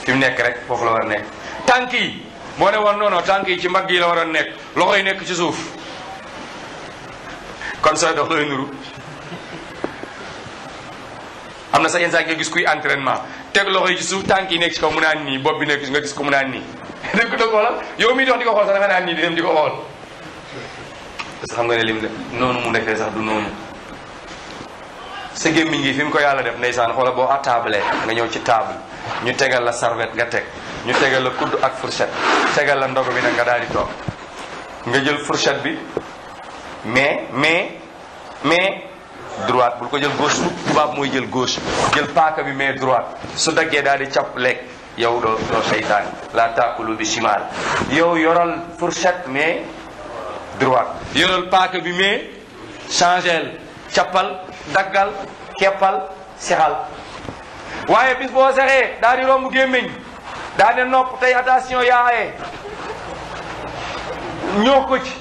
fi mu nekk rek foofu la war a nekk tànk yi boo ne woon tànk yi ci mbagg yi la war a nekk loxo nekk ci suuf kon sooy dox looy nuru am na sax yenn gis kuy entraînement teg loxo ci suuf tànk yi nekk ci mu naan nii bopp bi nekk nga gis ko mu naan nii dégg nga ko xoolal yow miy xam nga ne noonu mu nekkee sax du noonu sa gémmiñ gi fi mu ko yàlla def ndeysaan xoola boo attablé nga ñëw ci table ñu tegal la serviette nga teg ñu tegal la kudd ak fourchette tegal la ndogo bi nag nga daal di toog nga jël fourchette bi mais mais mais droite bul ko jël gauche mooy jël gauche jël paaka bi mais droite su daggee daal di cap lekk yow doo doo seytaan la taakulu bi simaal yow yoral fourchette mais droite yoral paaka bi mais changel cappal daggal keppal sexal waaye bis boo sexee daal di romb gémmiñ daa ne nopp tey attention yaaye ñoo ko ci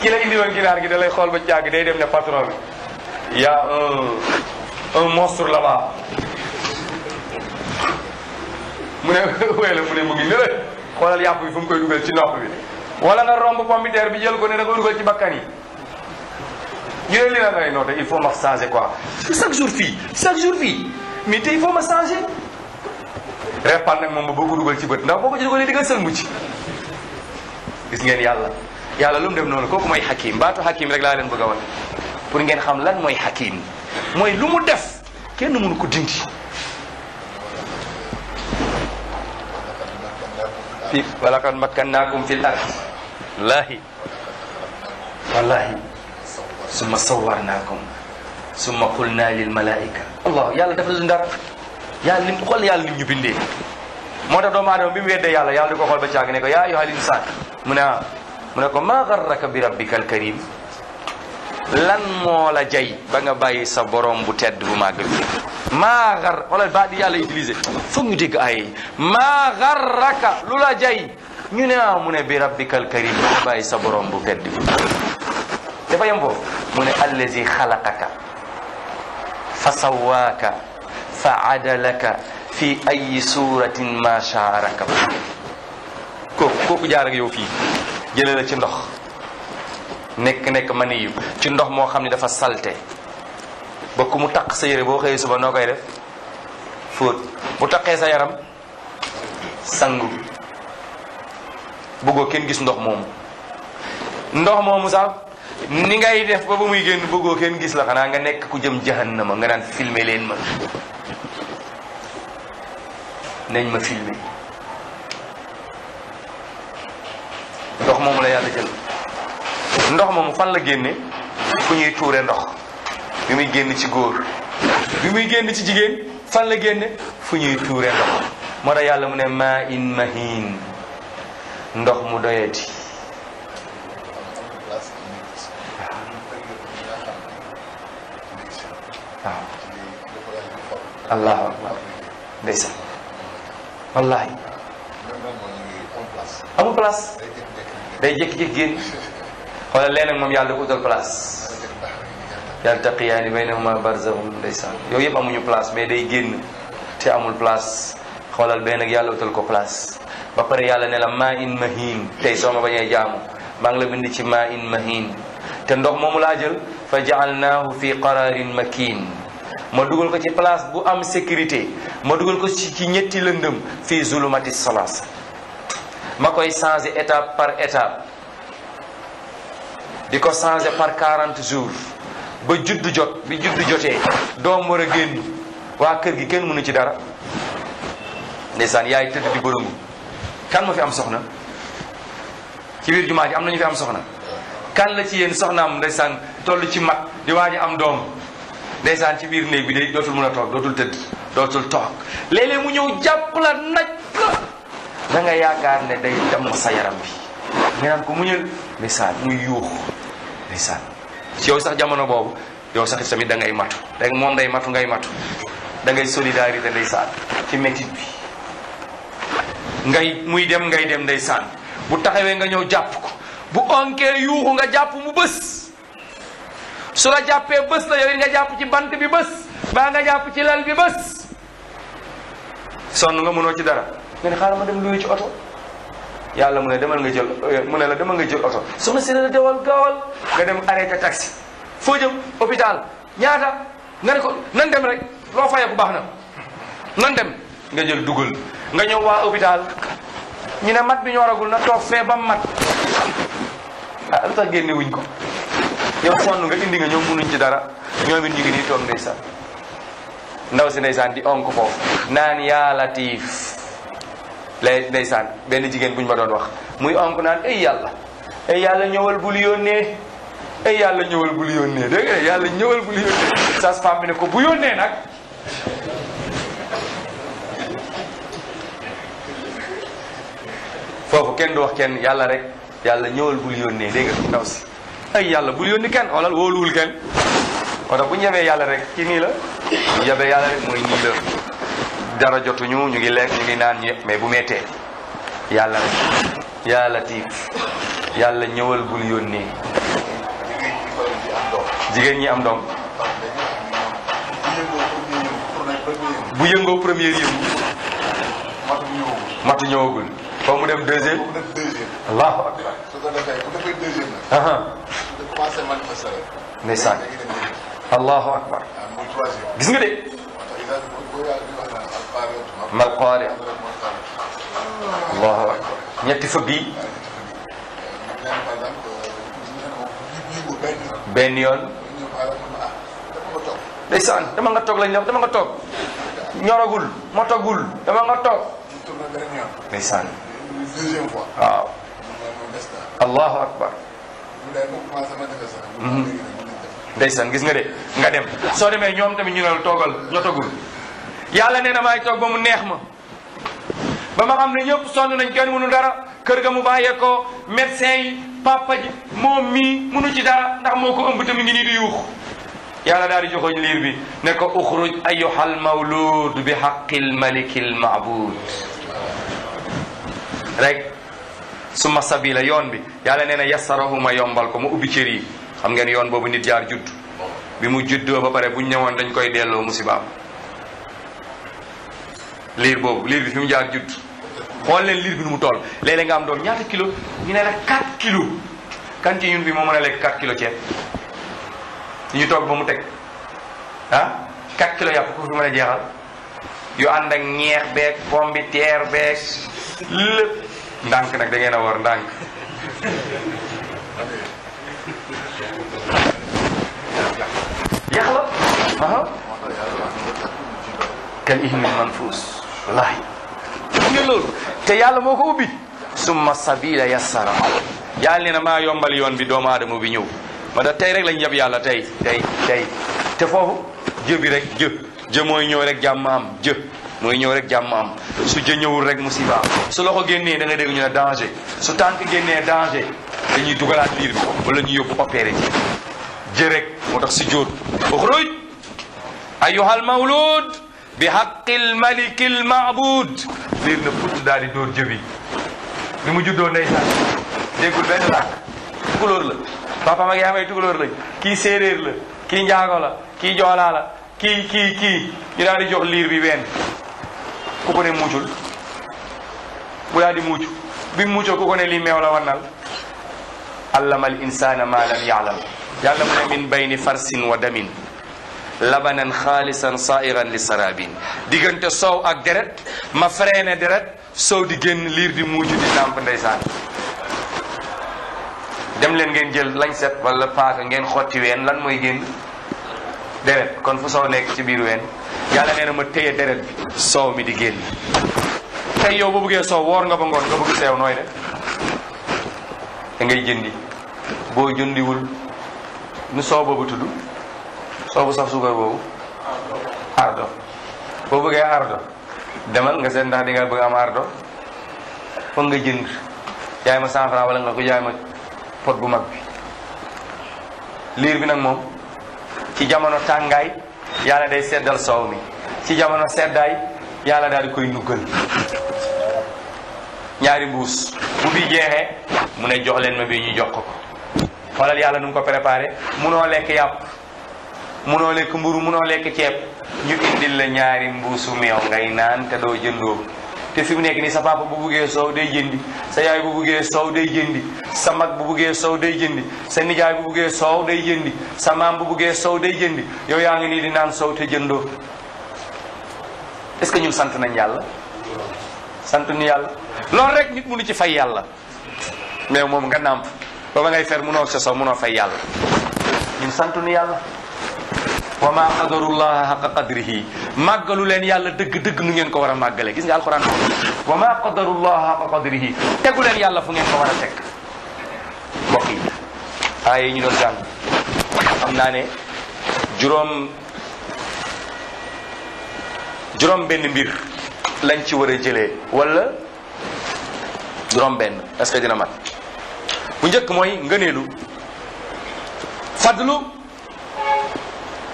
ki la indi woon ginaar gi da xool ba jàgg day dem ne patron bi y'a un euh, un monstre mu ne wéyla mu ne mu ngi xoolal yàpp bi fu mu koy dugal ci nopp bi wala nga romb pomme de bi jël ko ne da dugal ci bakkan yi ñu ne li la ngay noté il faut ma changer quoi chaque jour fii chaque jour fii mais te il faut ma changer. repas moom ba boo ko ci bët ndax boo ko ci dugalee di nga sël mucc gis ngeen yàlla yàlla lu mu dem noonu ko moy xakim baatu xakim rek laa leen bëgg wan pour ngeen xam lan mooy xakim mooy lu mu def kenn mënu ko dindi. fi walaqad makkannaakum fil ard. summa sawarnaakum summa qulna lil malaika allah yàlla dafa lu ndar yàlla lim xool yàlla lim ñu bindee moo tax doomu aadama bi mu weddee yàlla yàlla di ko xool ba caag ne ko yaa ayyuhal insaan mu ne ah mu ne ko maa garraka bi rabbikal karim lan moo la jay ba nga bàyyi sa borom bu tedd bu màgg bi maa gar di yàlla ay garraka lu la jay ñu ne ah mu ne bi rabbikal karim ba sa borom bu tedd dafa yem mu ne allazi xalaqaka fa sawaaka fa adalaka fi ayi suratin ma shaa rakab kooku kooku jaar yow fii jëlee la ci ndox nekk-nekk man niyu ci ndox moo xam ne dafa salte ba ku mu taq sa yére boo xëyee suba noo koy def fóot bu taqee sa yaram sangu bëggoo kenn gis ndox moomu ndox moomu sax ni ngay def ba ba muy génn bëggoo kenn gis la xanaa nga nekk ku jëm jahannama nga naan filmer leen ma nañ ma filmer ndox moom la yàlla jël fan la génne fu ñuy tuure ndox bi muy génn ci góor bi muy génn ci jigéen fan la génne fu ñuy tuure ndox moo tax yàlla mu ne maa in mahin ndox mu doyati waaw allahu akbar ndeysaan wallahi amul place day jékki-jékki génn xoolal leen ak moom yàlla ko utal place yaltaqiyaani baynahuma barzaxum ndeysaan yooyu yëpp amuñu place mais day génn te amul place xoolal benn ak yàlla utal ko place ba pare yàlla ne la maa in mahin tey soo ma bañee jaamu maa ngi la bind ci maa in mahin te ndox moomu laa jël fa jaalnaahu fi qararin makin ma dugal ko ci place bu am sécurité ma dugal ko ci ci ñetti lëndëm fii zulumati salaas ma koy changé étape par étape di ko changé par 40 jours ba judd jot bi judd jotee doom war a génn waa kër gi kenn mënu ci dara ndeysaan yaay tëdd di bërëngu kan ma fi am soxna ci biir jumaa ji am nañu fi am soxna kan la ci yéen soxnaam ndeysaan toll ci mag di waaj am doom ndeysaan ci biir néeg bi day dootul mën a toog dootul tëdd dootul toog léeg mu ñëw jàpp la naj la yaakaar ne day dem sa yaram bi nga ko mu ndeysaan muy yuux ndeysaan yow sax jamono boobu yow sax tamit da ngay matu rek moom day matu ngay matu ngay solidarité ndeysaan ci métit bi ngay muy dem ngay dem ndeysaan bu taxawee nga ñëw jàpp ko bu onkee yuuxu nga jàpp mu bës su la jàppee bës la yow it nga jàpp ci bant bi bés baa nga jàpp ci lal bi bés sonn nga mënoo ci dara nga ne xaaral ma dem luyu ci oto yàlla mu ne demal nga jël euh, mu ne la demal nga jël oto su ma si la dewal nga dem arrêté taxi foo jëm hôpital ñaata nga ne ko nan dem rek loo fayee bu baax na nan dem nga jël duggal nga ñëw waa hôpital ñu ne mat bi ñoragul na toog fee ba mat ah lu tax génne wuñ ko yow sonn nga indi nga ñoom mënuñ ci dara ñoom it ñu ngi nii toog ndeysaan ndaw si ndeysaan di onk foofu naan yaa latiif lay ndeysaan benn jigéen bu buñ ma doon wax muy onk naan ay yàlla ay yàlla ñëwal bul yónnee ay yàlla ñëwal bul yónnee yàlla ñëwal bul sas femme ne ko bu yónnee nag foofu kenn du wax kenn yàlla rek yàlla ñëwal bul yónnee dégg nga ndaw si ay yàlla bul yónni kenn xoolal wóoluwul kenn moo bu ñu yebee yàlla rek ci nii la bu yebee yàlla rek mooy nii la dara jotuñu ñu ngi lekk ñu ngi naan ñu mais bu mettee yàlla rek yàlla tiif yàlla ñëwal bul nii jigéen ñi am doom bu yëngoo première yëngu matu ñëwagul foo mu dem deuxième allahu akbar su ko defee akbar. gis nga de. mal qaari'a. akbar ñetti fëgg yi. benn yoon. ndeysaan dama nga toog lañ la dama nga toog. ñoragul motagul dama nga toog. ndeysaan. waaw. allahu akbar mm-hmm. ndeysaan gis nga nga dem soo demee ñoom tamit ñu ne la toogal jotagul yàlla nee na maay toog ba mu neex ma ba ma xam ne ñëpp sonn nañ kenn mënu dara kër ga mu bàyyeekoo médecin yi papa ji moom mii mënu ci dara ndax moo ko ëmb tamit ngi nii yuux yàlla daal di joxoñ liir bi ne ko uxruj ayyuhal mawlud bi haqqil malikil ma'bud su suma sabila yoon bi yàlla nee na yassarahuma yombal ko mu ubbi cër yi xam ngeen yoon boobu nit jaar judd bi mu juddoo ba pare bu ñu ñëwoon dañ koy delloo musibaam liir boobu liir bi fi mu jaar judd xool leen liir bi nu mu toll léeg-léeg nga am doom ñaata kilo ñu ne la 4 kilo kan ñun bi moom mën a lekk 4 kilo ceeb ñu toog ba mu teg ah 4 kilo yàpp ko fi mën a jeexal yu ànd ak ñeex beeg pomme teer beeg lépp ndànk nag da ngeen a war ndànk yax la aha kal ihmil wallahi mu ngi loolu te yàlla moo ko ubbi summa sabila yassara yàlla nee na maa yombal yoon bi doomu aadama bi ñëw ma tey rek lañ yab yàlla tey tey tey te foofu jë bi rek jë jë mooy ñëw rek jàmm am jë mooy ñëw rek jàmm am su jë ñëwul rek musiba su loxo génnee da nga dégg ñu ne danger su tànk génnee danger dañuy dugalaat biir bi wala ñu yóbbu opéré ji jërek moo tax si jóot uxruj ayyuhal mawlud bi haqqil malikil maabud liir na put daal di dóor jëbi bi mu juddoo ndeysaan déggul benn làkk tukulóor la papaam ak yaayam ay tukulóor lañ kii séeréer la kii njaago la kii joolaa la kii kii kii ñu daal di jox liir bi ween ku ko ne muucul mu daal di bi muucoo ku ko ne lii meew la wannal allama al insana ma lam yaalam yàlla mu ne min bayni farsin wa damin labanan xaalisan sairan li sarabin diggante soow ak deret ma freiné deret soow di génn liir di muucu di nàmp ndeysaan dem leen ngeen jël lañ set wala paaka ngeen xotti ween lan moy génn deret kon fu soow nekk ci biiru ween yàlla nee na ma téye deret bi soow mi di génn tey yow ba bëggee soow woor nga ba ngoon nga bëgg seew nooy def da ngay jëndi boo jëndiwul nu soow boobu tudd soow bu saf suukar boobu ardo boo bëggee ardo demal nga seet ndax dinga bëgg am ardo foog nga jënd jaay ma cent franc nga ko jaay ma pot bu mag bi liir bi nag moom ci jamono tàngaay yàlla day seddal soow mi ci jamono seddaay yàlla daal di koy nuggal ñaari mbuus bu bi jeexee mu ne jox leen ma bi ñu jox ko xoolal yàlla nu ko préparé munoo lekk yàpp munoo lekk mburu munoo lekk ceeb ñu indil la ñaari mbuusu meew ngay naan te doo jëndoo te fi mu nekk nii sa papa bu buggee soow day jëndi sa yaay bu buggee soow day jëndi sa mag bu buggee soow day jëndi sa nijaay bu buggee soow day jëndi sa maam bu buggee soow day jëndi yow yaa ngi nii di naan soow te jëndoo est-ce que ñun sant nañ yàlla sant ñu yàlla loolu rek nit mënu ci fay yàlla mais moom nga nàmp ba ba ngay fer munoo sa soow munoo fay yàlla ñun sant ñu yàlla wa ma qadarullaha haqa qadrihi màggalu leen yàlla dëgg-dëgg nu ngeen ko war a màggale gis nga alxuraan wa ma qadarullaha haqa qadrihi tegu leen yàlla fu ngeen aaya yi ñu doon jàng xam naa ne juróom juróom benn mbir lañ ci war a jëlee wala juróom benn est dina mat bu njëkk mooy ngëneelu fadlu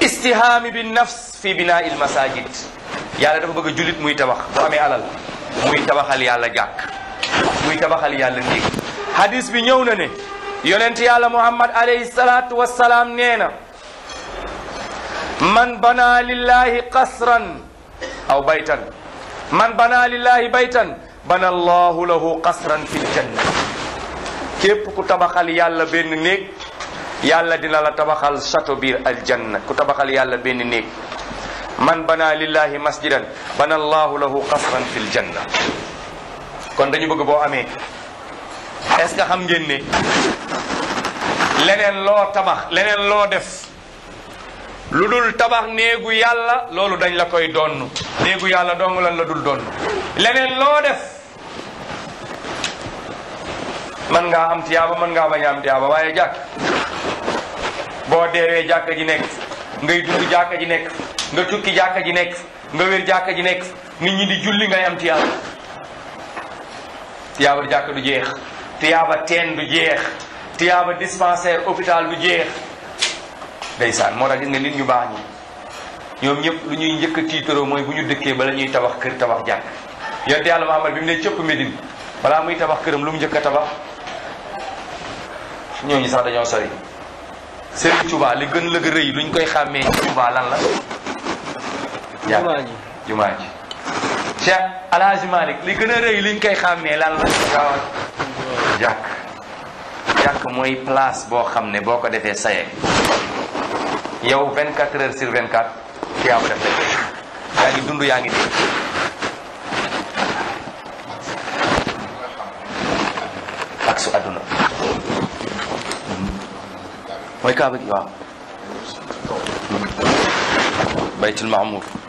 istihaami bi nafs fi binaa il masajid yàlla dafa bëgg jullit muy tabax bu amee alal muy tabaxal yàlla jàkk muy tabaxal yàlla néeg hadis bi ñëw na ne yonent yàlla muhammad alayhi salaatu wassalaam nee na man banaa lillahi qasran aw baytan man banaa lillahi baytan bana allahu lahu qasran fil janna képp ku tabaxal yàlla benn néeg yàlla dina la tabaxal château biir aljanna ku tabaxal yàlla benn néeg man banaa lillahi masjidan bana allahu lahu qasran fil janna kon dañu bëgg boo amee est-ce que xam ngeen ne leneen loo tabax leneen loo def lu dul tabax néegu yàlla loolu dañ la koy doon nu néegu yàlla dong lañ la dul doon leneen loo def mën ngaa am tiyaaba mën ngaa bañ a am tiyaaba waaye jàkk boo deewee jàkka ji nekk ngay dund jàkka ji nekk nga tukki jàkka ji nekk nga wér jàkka ji nekk nit ñi di julli ngay am tiyaaba tiyaaba di jàkka du jeex tiyaaba teen du jeex tiyaaba dispensaire hôpital du jeex ndeysaan moo tax gis nga nit ñu baax ñi ñoom ñëpp lu ñuy njëkk a tiitaroo mooy bu ñu dëkkee bala ñuy tabax kër tabax jàkk yonte yàlla Muhammad bi mu ne cëpp balaa muy tabax këram lu mu njëkk a tabax sax dañoo sori Serigne Touba li gën luñ koy xàmmee Touba lan la jàkk jumaa ji Cheikh li gën a rëy liñ koy xàmmee lan la jàkk jàkk mooy place boo xam ne boo ko defee saye yow 24 heures sur 24 tiyaaba def lay yaa ngi dund yaa ngi dee ak su àdduna mooy kaaba gi waaw baytul mahmur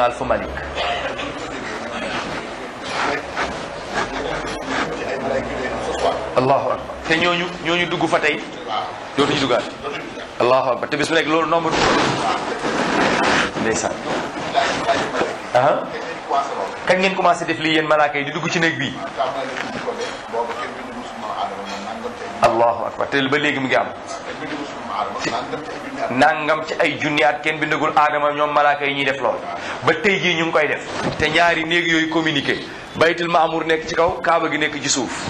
Ibnu Alfu Malik allahu akbar te ñooñu ñooñu dugg fa tey dootuñu duggaat allahu akbar te bis bu nekk loolu nombre ndeysaan aha kañ ngeen commencé def lii yéen malaaka yi di dugg ci néeg bi allahu akbar te ba léegi mu ngi am nangam ci ay junniyaat kenn bindagul aadama ñoom malaaka yi ñuy def lool ba tey jii ñu ngi koy def te ñaari néeg yooyu communiqué baytul maamur nekk ci kaw kaaba gi nekk ci suuf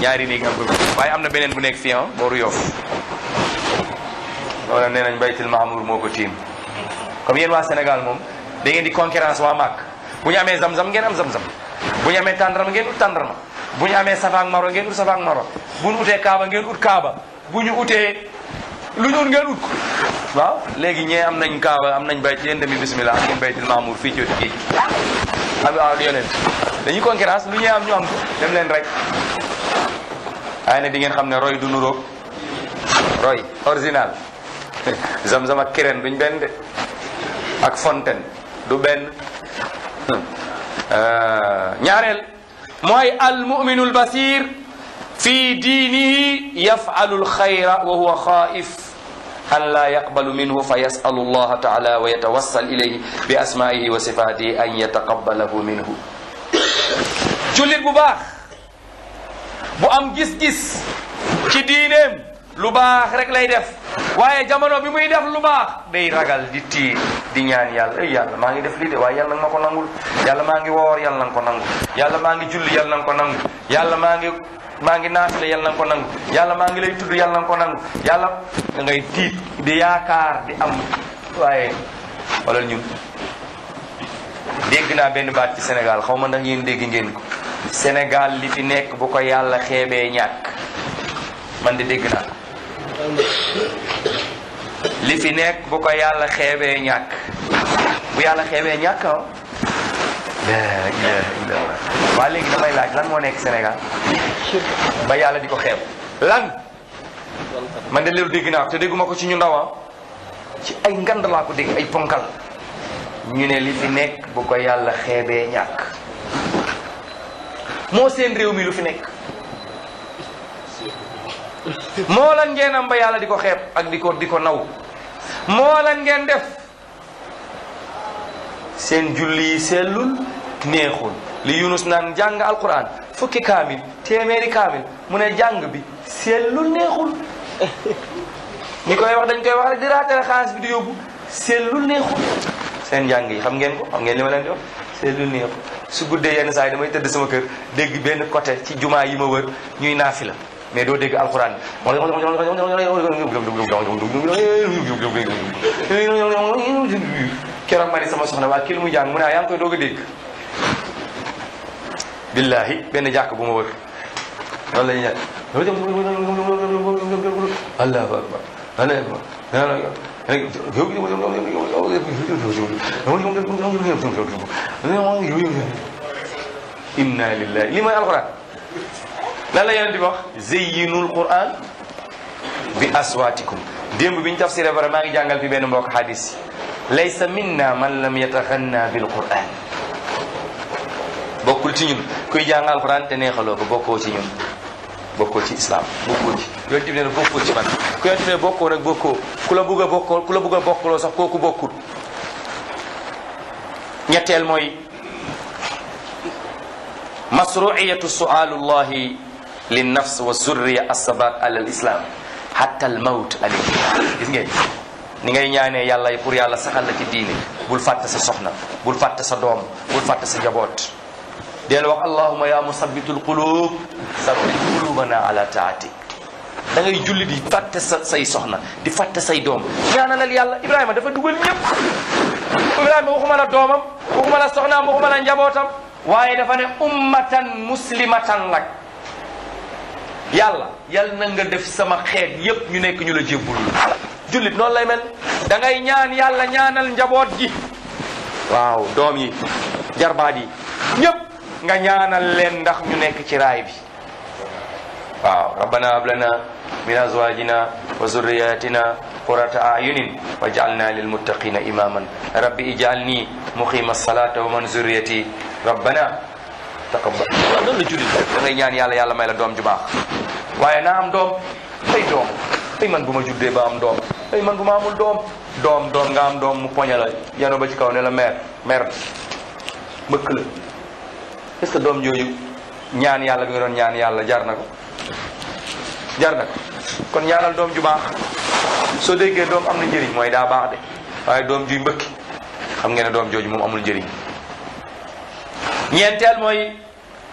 ñaari néeg am communiqué waaye am na beneen bu nekk fii ah booru Yoff loola nee nañ baytul maamur moo ko tiim comme yéen waa Sénégal moom da di concurrence waa Màkk bu ñu amee zam-zam ngeen am zam-zam bu ñu amee tàndarma ngeen ut tàndarma bu ñu amee safa maro ngeen ut safa ak maro bu ñu utee kaaba ngeen ut kaaba bu ñu utee lu waaw léegi ñee am nañ kaaba am nañ bayt yéen demi bismillah am nañ baytul maamour fii ci wetu géej am waaw yoneen dañuy concurrence lu ñee am ñu am ko leen rek waaye ne di ngeen xam ne roy du nuroog roy original zam-zam ak kireen duñ benn de ak fontaine du benn euh, ñaareel mooy al muminul fi diinihi yafalu lxayra wa huwa an laa yaqbalu minhu fa yasalu allaha taala wa yatawassal ilayhi bi asmaihi wa sifaatihi an yataqabbalahu minhu jullit bu baax bu am gis-gis ci diineem lu baax rek lay def waaye jamono bi muy def lu baax day ragal di tiir di ñaan yàlla ay maa ngi def lii de waaye yàlla nanga ma ko nangul yàlla maa ngi woor yàlla nanga ko nangul yàlla maa ngi julli yàlla nanga ko nangul yàlla maa ngi maa ngi naafila yàlla na nga ko nangu yàlla maa ngi lay tudd yàlla nga ko nangu yàlla nga ngay tiit di yaakaar di am waaye wala ñun dégg naa benn baat ci Sénégal xaw ma ndax yéen dégg ngeen ko Sénégal li fi nekk bu ko yàlla xeebee ñàkk dégg li fi nekk bu ko yàlla xeebee ñàkk bu yàlla xeebee ñàkk ah. waa léegi damay laaj lan moo nekk Sénégal ba yàlla di ko xeeb lan man de léegi dégg naa te dégguma ko ci ñu ndawa ah. ci ay ngand dégg ay ponkal ñu ne li fi nekk bu ko yàlla xeebee ñàkk moo seen réew mi lu fi nekk moo lan ngeen ba yàlla di ko xeeb ak di ko di ko naw moo lan ngeen def seen julli yi sellul neexul li Yunus naan jàng alquran fukki kaamil téeméeri kaamil mu ne jàng bi seetlu neexul ñi koy wax dañ koy wax rek di raatale xaalis bi di yóbbu seetlu neexul seen jàng yi xam ngeen ko xam ngeen li ma leen di wax seetlu neexul su guddee yenn saa yi damay tëdd sama kër dégg benn côté ci jumaa yi ma wër ñuy naafila mais doo dégg alxuraan bi keroog ma ne sama soxna waa kii lu muy jàng mu ne yaa ngi koy doog a billahi benn jàkk bu ma wër loolu la ñuy ñaan allahu akbar allahu akbar inna lillahi li mooy alquran lan la yonent bi wax zeyyinul quran bi aswatikum démb bi ñu tafsiré bara maa ngi jàngal fi benn mbokk hadis laysa minna man lam yataxanna bil quran bokkul ci ñun kuy jàng ko bokkoo ci ñun bokkoo ci islam bokkoo ci yonent bi nee na bokkoo ci man ku yonent bi ne bokkoo nag bokkoo ku la bugg a bokkoo ku bugg a bokkaloo kooku bokkul ñetteel mooy masruiyatu sualullahi linnafs wa zurriya assabat ala al islam hatta al mawt alayhi gis ngeen ni ngay ñaanee yàlla pour yàlla saxal la ci diine bul fàtte sa soxna bul fàtte sa doom bul fàtte sa njaboot del wax allahuma ya musabbitul qulub sabbit qulubana ala taatik da ngay julli di fàtte say soxna di fàtte say doom ñaanalal yàlla ibrahima dafa dugal ñëpp ibrahima waxuma la doomam waxuma la soxnaam waxuma njabootam waaye dafa ne ummatan muslimatan lak yàlla yal na nga def sama xeet yépp ñu nekk ñu la jébbulu jullit noonu lay mel dangay ngay ñaan yàlla ñaanal njaboot ji waaw doom yi jarbaat nga ñaanal leen ndax ñu nekk ci raay bi waaw rabbana ablana min azwajina wa zurriyatina qurata ayunin waj'alna lilmuttaqina imaman rabbi ij'alni muqima salata wa man zurriyati rabbana taqabbal waaw loolu la jullit da ngay ñaan yàlla yàlla may doom ju baax waaye am doom ay doom ay man bu ma juddee ba am doom ay man bu ma amul doom doom doom nga am doom mu poñe la yano ba ci kaw ne la mère mère est que doom jooju ñaan yàlla bi ñaan yàlla jar na kon ñaanal doom ju baax soo déggee doom am na njëriñ mooy daa baax de waaye doom juy mbëkki xam ngeen ne doom jooju moom amul njëriñ ñeenteel mooy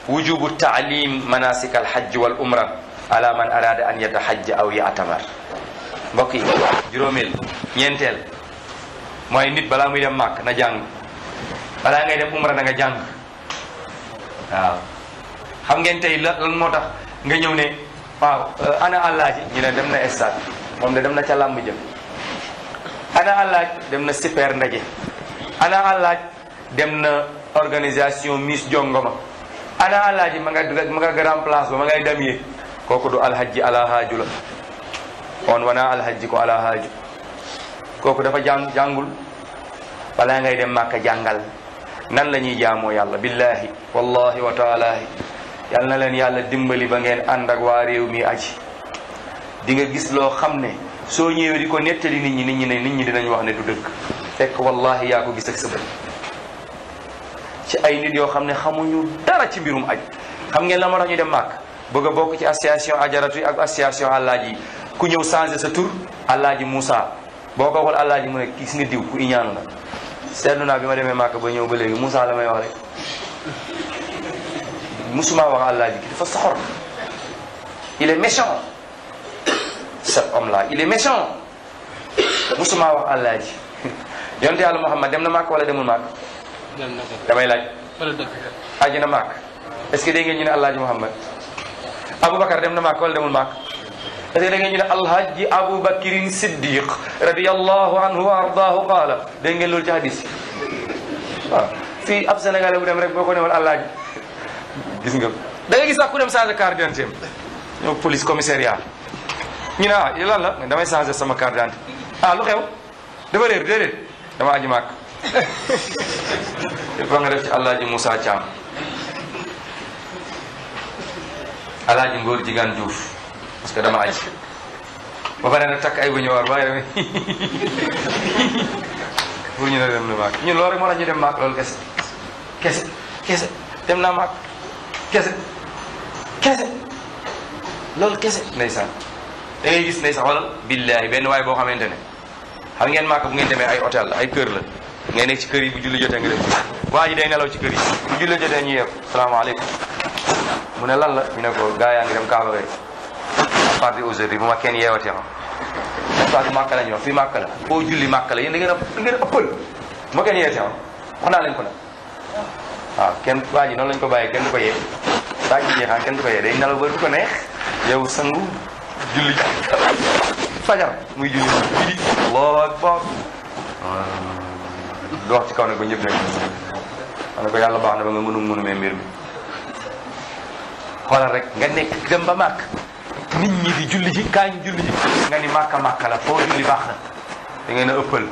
wujubu taalim manasik alhajj wal umra ala man arada an yatahajja aw yaatamar mbokk yi juróomeel ñeenteel mooy nit balaa muy dem màkk na jàng balaa ngay dem umra na nga jàng waaw xam ngeen tey la lan moo tax nga ñëw ne waaw euh, ana àllaaji ñu ne dem na stade moom de dem na ca làmb jëm ana àllaaj dem na super ndaje ana àllaaj dem na organisation Miss Jongoma ana àllaaji ma nga ma nga grand place ba ma ngay dem yi kooku du alhajji alahaaju la on wana alhajji ko alahaaju kooku dafa jàng jàngul balaa ngay dem màkka jàngal nan la ñuy jaamoo yàlla billahi wallahi wa taalahi yal na leen yàlla dimbali ba ngeen ànd ak waa réew mi aji di nga gis loo xam ne soo ñëwee di ko nettali nit ñi nit ñi ne nit ñi dinañ wax ne du dëkk fekk wallahi yaa ko gis ak sa bët ci ay nit yoo xam ne xamuñu dara ci mbirum aj xam ngeen la moo tax ñu dem màkk bëgg a bokk ci association ajaratu ak association àllaaji ku ñëw changé sa tur àllaaji Moussa boo ko waxul àllaaji mu ne gis nga diw ku iñaanu la seetlu naa bi ma demee Màkka ba ñëw ba léegi Moussa la may wax rek musuma wax àllaaji gi dafa soxor il est méchant cet homme là il est méchant musuma wax àllaaji yonte yàlla Muhammad dem na Màkka wala demul Màkka damay laaj aji na Màkka est-ce que dégg ngeen ñu ne àllaaji Muhammad Aboubacar dem na Màkka wala demul Màkka dégg ngeen ñu ne alhaji aboubakirin siddiq radiallahu anhu wa ardaahu qaala dégg ngeen loolu ci hadis waaw fii ab sénégalais bu dem rek boo ko newal alhaji gis nga da nga gis sax ku dem changé carte d'identité police commissariat ñu ne ah la damay changé sama carte d'identité ah lu xew dafa dama ci alhaji Moussa Thiam alhaji Ngor parce que dama aj ba pare nag takk ay bu ñu war waaye rek pour ñu ne dem na maag ñun loolu rek moo tax ñu dem maag loolu kese kese kese dem naa maag kese kese loolu kese ndeysaan da ngay gis ndeysaan xoolal billaahi benn waay boo xamante ne xam ngeen maag bu ngeen demee ay hôtel la ay kër la ngay nekk ci kër yi bu julli jotee nga dem waa ji day nelaw ci kër yi bu julli jotee ñu yeew salaamaaleykum mu ne lan la ñu ne ko gaa yaa ngi dem kaaba rek fardi aujourd'hui bu ma kenn yeewatee ah. ma fardi màkka la ñuy wax fii màkka julli màkka la yéen da ngeen a da ngeen kenn yeewatee ma ah, wax naa leen ko nag ah, kenn waa ji noonu lañ ko bàyyee kenn du ko yee saa ji jeexaan kenn du ko yee day nelaw ba du ko neex yow sangu julli fajar muy julli julli allahu akbar du wax ci kaw nag ba ñëpp ne ko yàlla baax na ba nga mënum mënumee mbir mi xoolal rek nga nekk dem ba nit ñi di julli ji kaay ñu julli ji nga ni màkka màkka la foo julli baax na da ngeen a ëppal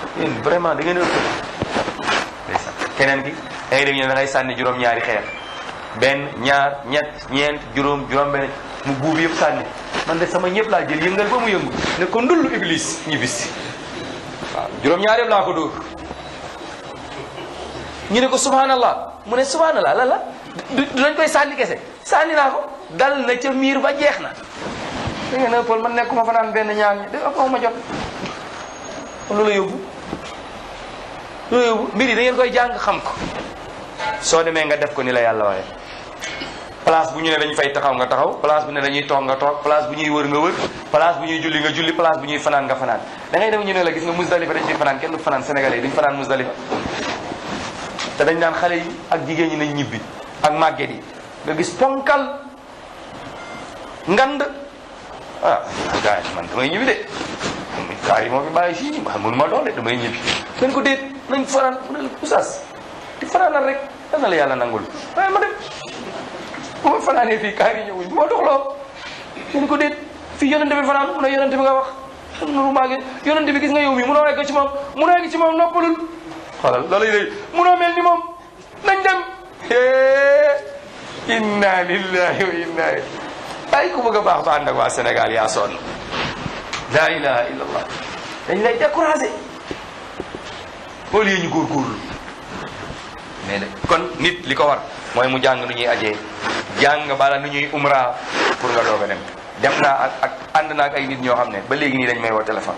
da ngeen a ëppal ndeysaan keneen gi da dem ñe da sànni juróom-ñaari xeer benn ñaar ñett ñeent juróom juróom benn mu guub yëpp sànni man de sama ñëpp laa jël yëngal ba mu yëngu ne ko ndullu iblis ñu waaw juróom-ñaar yëpp laa ko dóor ñu ne ko subhanallah mu ne subhanallah la la du dañ koy sànni kese sànni naa ko dal na ca miir ba jeex na da ngeen ëppal man nekkuma fanaan benn ñaar ñi da ëppoo ma jot lu la yóbbu lu la yóbbu da ngeen koy jàng xam ko soo demee nga def ko ni la yàlla waaye place bu ñu ne dañu fay taxaw nga taxaw place bu ne dañuy toog nga toog place bu ñuy wër nga wër place bu ñuy julli nga julli place bu ñuy fanaan nga fanaan da ngay ñu ne la gis nga Musdalifa dañ fi fanaan kenn du fanaan sénégalais yi duñ fanaan Musdalifa te dañ naan xale yi ak jigéen ñi nañ ñibbi ak màgget yi ngand ah gars yi man damay ñibbi de gars yi moo fi bàyyi fii man mënuma doon de damay ñibbi ko déet nañ fanaan mu ne oustaz di fanaanal rek dana la yàlla nangul waaye ma dem bu ma fanaanee fii kaay bi ñëwuñ bu ma doxloo ko déet fii yonente bi fanaan mu ne yonente bi nga wax nuru maa ngi yonente bi gis nga yow mi munoo egg ci moom munoo egg ci moom noppalul xoolal loolu lay munoo mel ni moom nañ dem inna lillahi wa inna a baax te ànd ak waa dañ lay découragé au lieu ñu góorgóorlu kon nit li ko war mooy mu jàng nu ñuy aje jàng bala nu ñuy umra pour nga doog a dem dem naa ak ak ànd naa ak ay nit ñoo xam ne ba léegi nii dañ may woo téléphone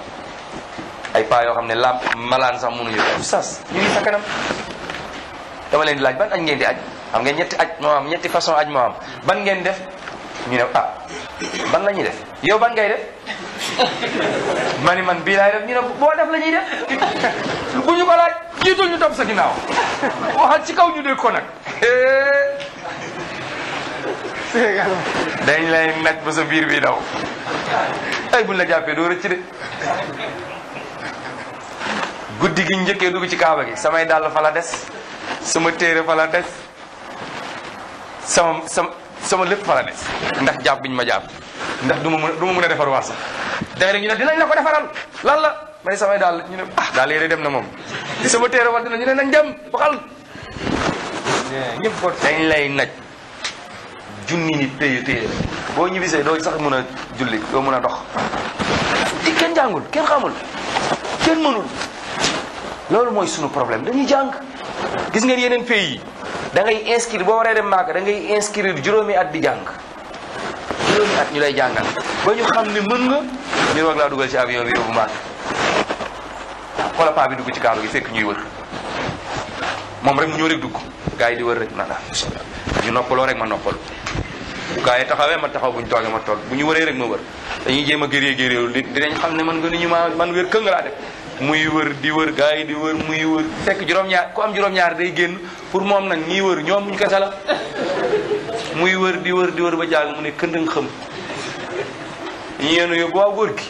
ay paa yoo xam ne lam malaan sax mënuñu ko sas ñu kanam dama leen laaj ban aj ngeen di aj xam ngeen ñetti aj moo ñetti façon aj moo ban ngeen def ñu ne ah ban la ñuy def yow ban ngay def ma man bii laay def ñu ne boo def la def bu ñu ko laaj ñu topp sa ginnaaw waxal ci kaw ñu dégg ko nag dañ lay naj ba sa biir bi daw ay buñ la jàppee doo rëcc de guddi gi njëkkee dugg ci kaaba gi samay dàll fa la des sama téere fa des sama sama sama lépp fa la des ndax jàpp biñ ma jàpp ndax du ma mën du ma a defar waat sax dayre ñu ne dinañ la ko defaral lan la may samay daal ñu ne ah daal yére dem na moom sama téere war dina ñu ne nañ dem waxal ñëpp ko dañ lay na junni nit téye téye boo ñibbisee doo sax mën a julli doo mën a dox di kenn jàngul kenn xamul kenn mënul loolu mooy sunu problème dañuy jàng gis ngeen yeneen pays yi dangay ngay inscrire boo waree dem Màkka da ngay inscrire juróomi at di jàng juróomi at ñu lay jàngal ba ñu xam ne mën nga ñu war laa dugal bi dugg ci kaalu gi fekk ñuy wër rek mu ñëw dugg gars yi di wër rek na la ñu noppaloo rek ma noppalu bu gars taxawee ma taxaw bu ñu toogee ma toog bu ñu wëree rek ma wër dañuy jéem a gëree gëree lu dinañ xam ne man nga ni ñu ma man wér këng laa def muy wër di wër gars yi di wër muy wër fekk juróom-ñaar ku am juróom-ñaar day génn pour moom nag ñiy wër ñoom muñ kese la muy wër di wër di wër ba jàng mu ne këndëng xam ñeenu yóbbu waa góor gi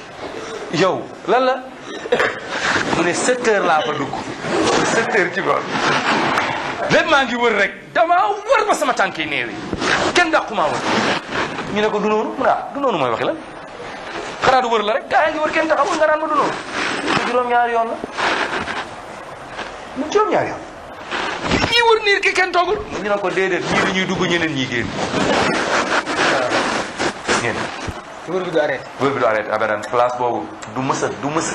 yow lan la mu ne sept heures laa fa dugg sept heures ci bool lépp maa ngi wër rek damaa wër ba sama tànk yi néew yi kenn dàqu maa wër ñu ne ko du noonu mu ne ah, du noonu mooy waxi la xanaa du la rek gaa yaa ngi wër kenn taxawul nga naan ma du loolu juróom-ñaari yoon la lu juróom-ñaari yoon ñii wër niir ki kenn toogul ñu ne ko déedéet ñii dañuy dugg ñeneen ñi génn génn wër bi du arrêté wër bi du arrêté abadan boobu du mësa du mësa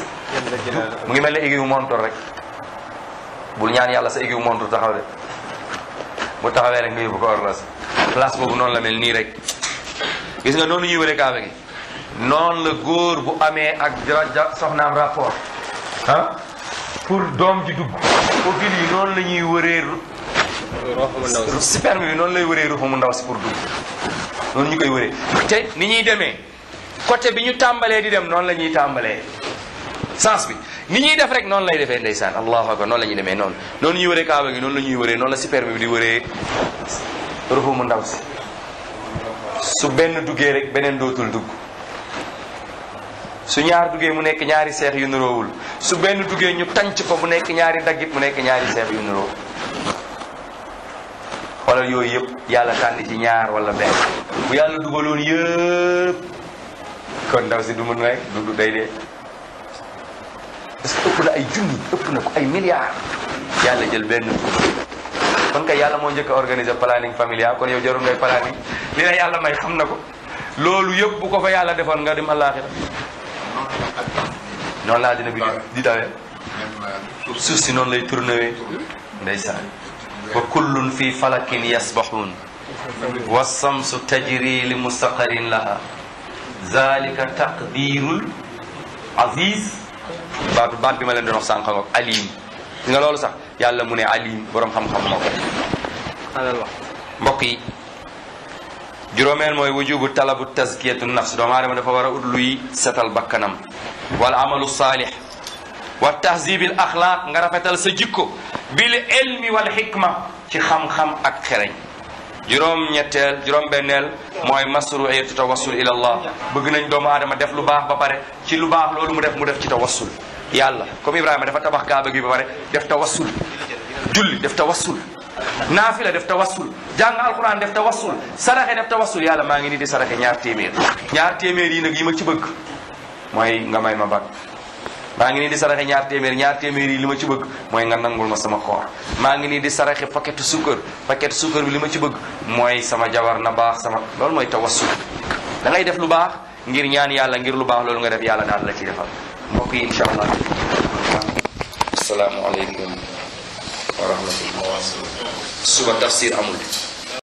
mu ngi mel ne aiguille rek bul ñaan yàlla sa aiguille montor taxaw de bu boobu noonu la mel nii rek gis nga noonu ñuy wëre kaabe gi noonu la góor bu amee ak ja soxnaam rapport ah pour doom ji dugg ovule yi noonu la ñuy wëree sperme bi noonu lay wëree ruuxu mu ndaw si pour dugg noonu ñu koy wëree te ni ñuy demee côté bi ñu tàmbalee di dem noonu la ñuy tàmbalee sens bi ni ñuy def rek noonu lay defee ndeysaan allahu akbar noonu la ñuy demee noonu noonu ñuy wëree kaaba gi noonu la ñuy wëree noonu la sperme bi di wëree ruuxu mu ndaw si su benn duggee rek beneen dootul dugg su ñaar duggee mu nekk ñaari seex yu nuroowul su benn duggee ñu tànc ko mu nekk ñaari daggit mu nekk ñaari seex yu nuroo xoolal yooyu yëpp yàlla tànn ci ñaar wala benn bu yàlla dugaloon yëpp kon ndaw si du mën rek du day dee parce ay junni ëpp na ko ay milliards yàlla jël benn kon kay yàlla moo njëkk a organiser planning familial kon yow jarul ngay planning li la yàlla may xam na ko loolu yëpp bu ko fa yàlla defoon nga dem àllaaxira noonu la àddina bi di dawee euh, suuf si noonu lay tournewee hmm? ndeysaan wa kullun fi falakin yasbaxuun wa samsu tajri li mustaqarin laha zalika taqdirul aziz baat baat bi ma leen doon wax sànq ngoog alim nga loolu sax yàlla mu ne alim boroom xam-xam moo ko mbokk yi juróomeel mooy wujubu talabu tazkiyatu nafs doomu aadama dafa war a ut luy setal bakkanam wal amalu saalix wa tahzibil axlaaq nga rafetal sa jikko bil ilmi wal xikma ci xam ak xereñ juróom ñetteel juróom benneel mooy masruiyatu tawassul ila allah bëgg nañ doomu aadama def lu baax ba pare ci lu baax loolu mu def mu def ci tawassul yàlla comme ibrahima dafa tabax kaaba gi ba pare def tawassul julli def tawassul naafila def tawassul jàng alquran def tawassul saraxe def tawassul yàlla maa ngi nii di saraxe ñaar téeméer ñaar téeméer yi nag yi ma ci bëgg mooy nga may ma bag maa ngi nii di saraxe ñaar téeméer ñaar téeméer yi li ma ci bëgg mooy nga nangul ma sama koor maa ngi nii di saraxe paquetu suukar paquetu suukar bi li ma ci bëgg mooy sama jabar na baax sama loolu mooy tawassul da ngay def lu baax ngir ñaan yàlla ngir lu baax loolu nga def yàlla daal la ci defal mbokk yi wa rahmatullah suba tafsir amul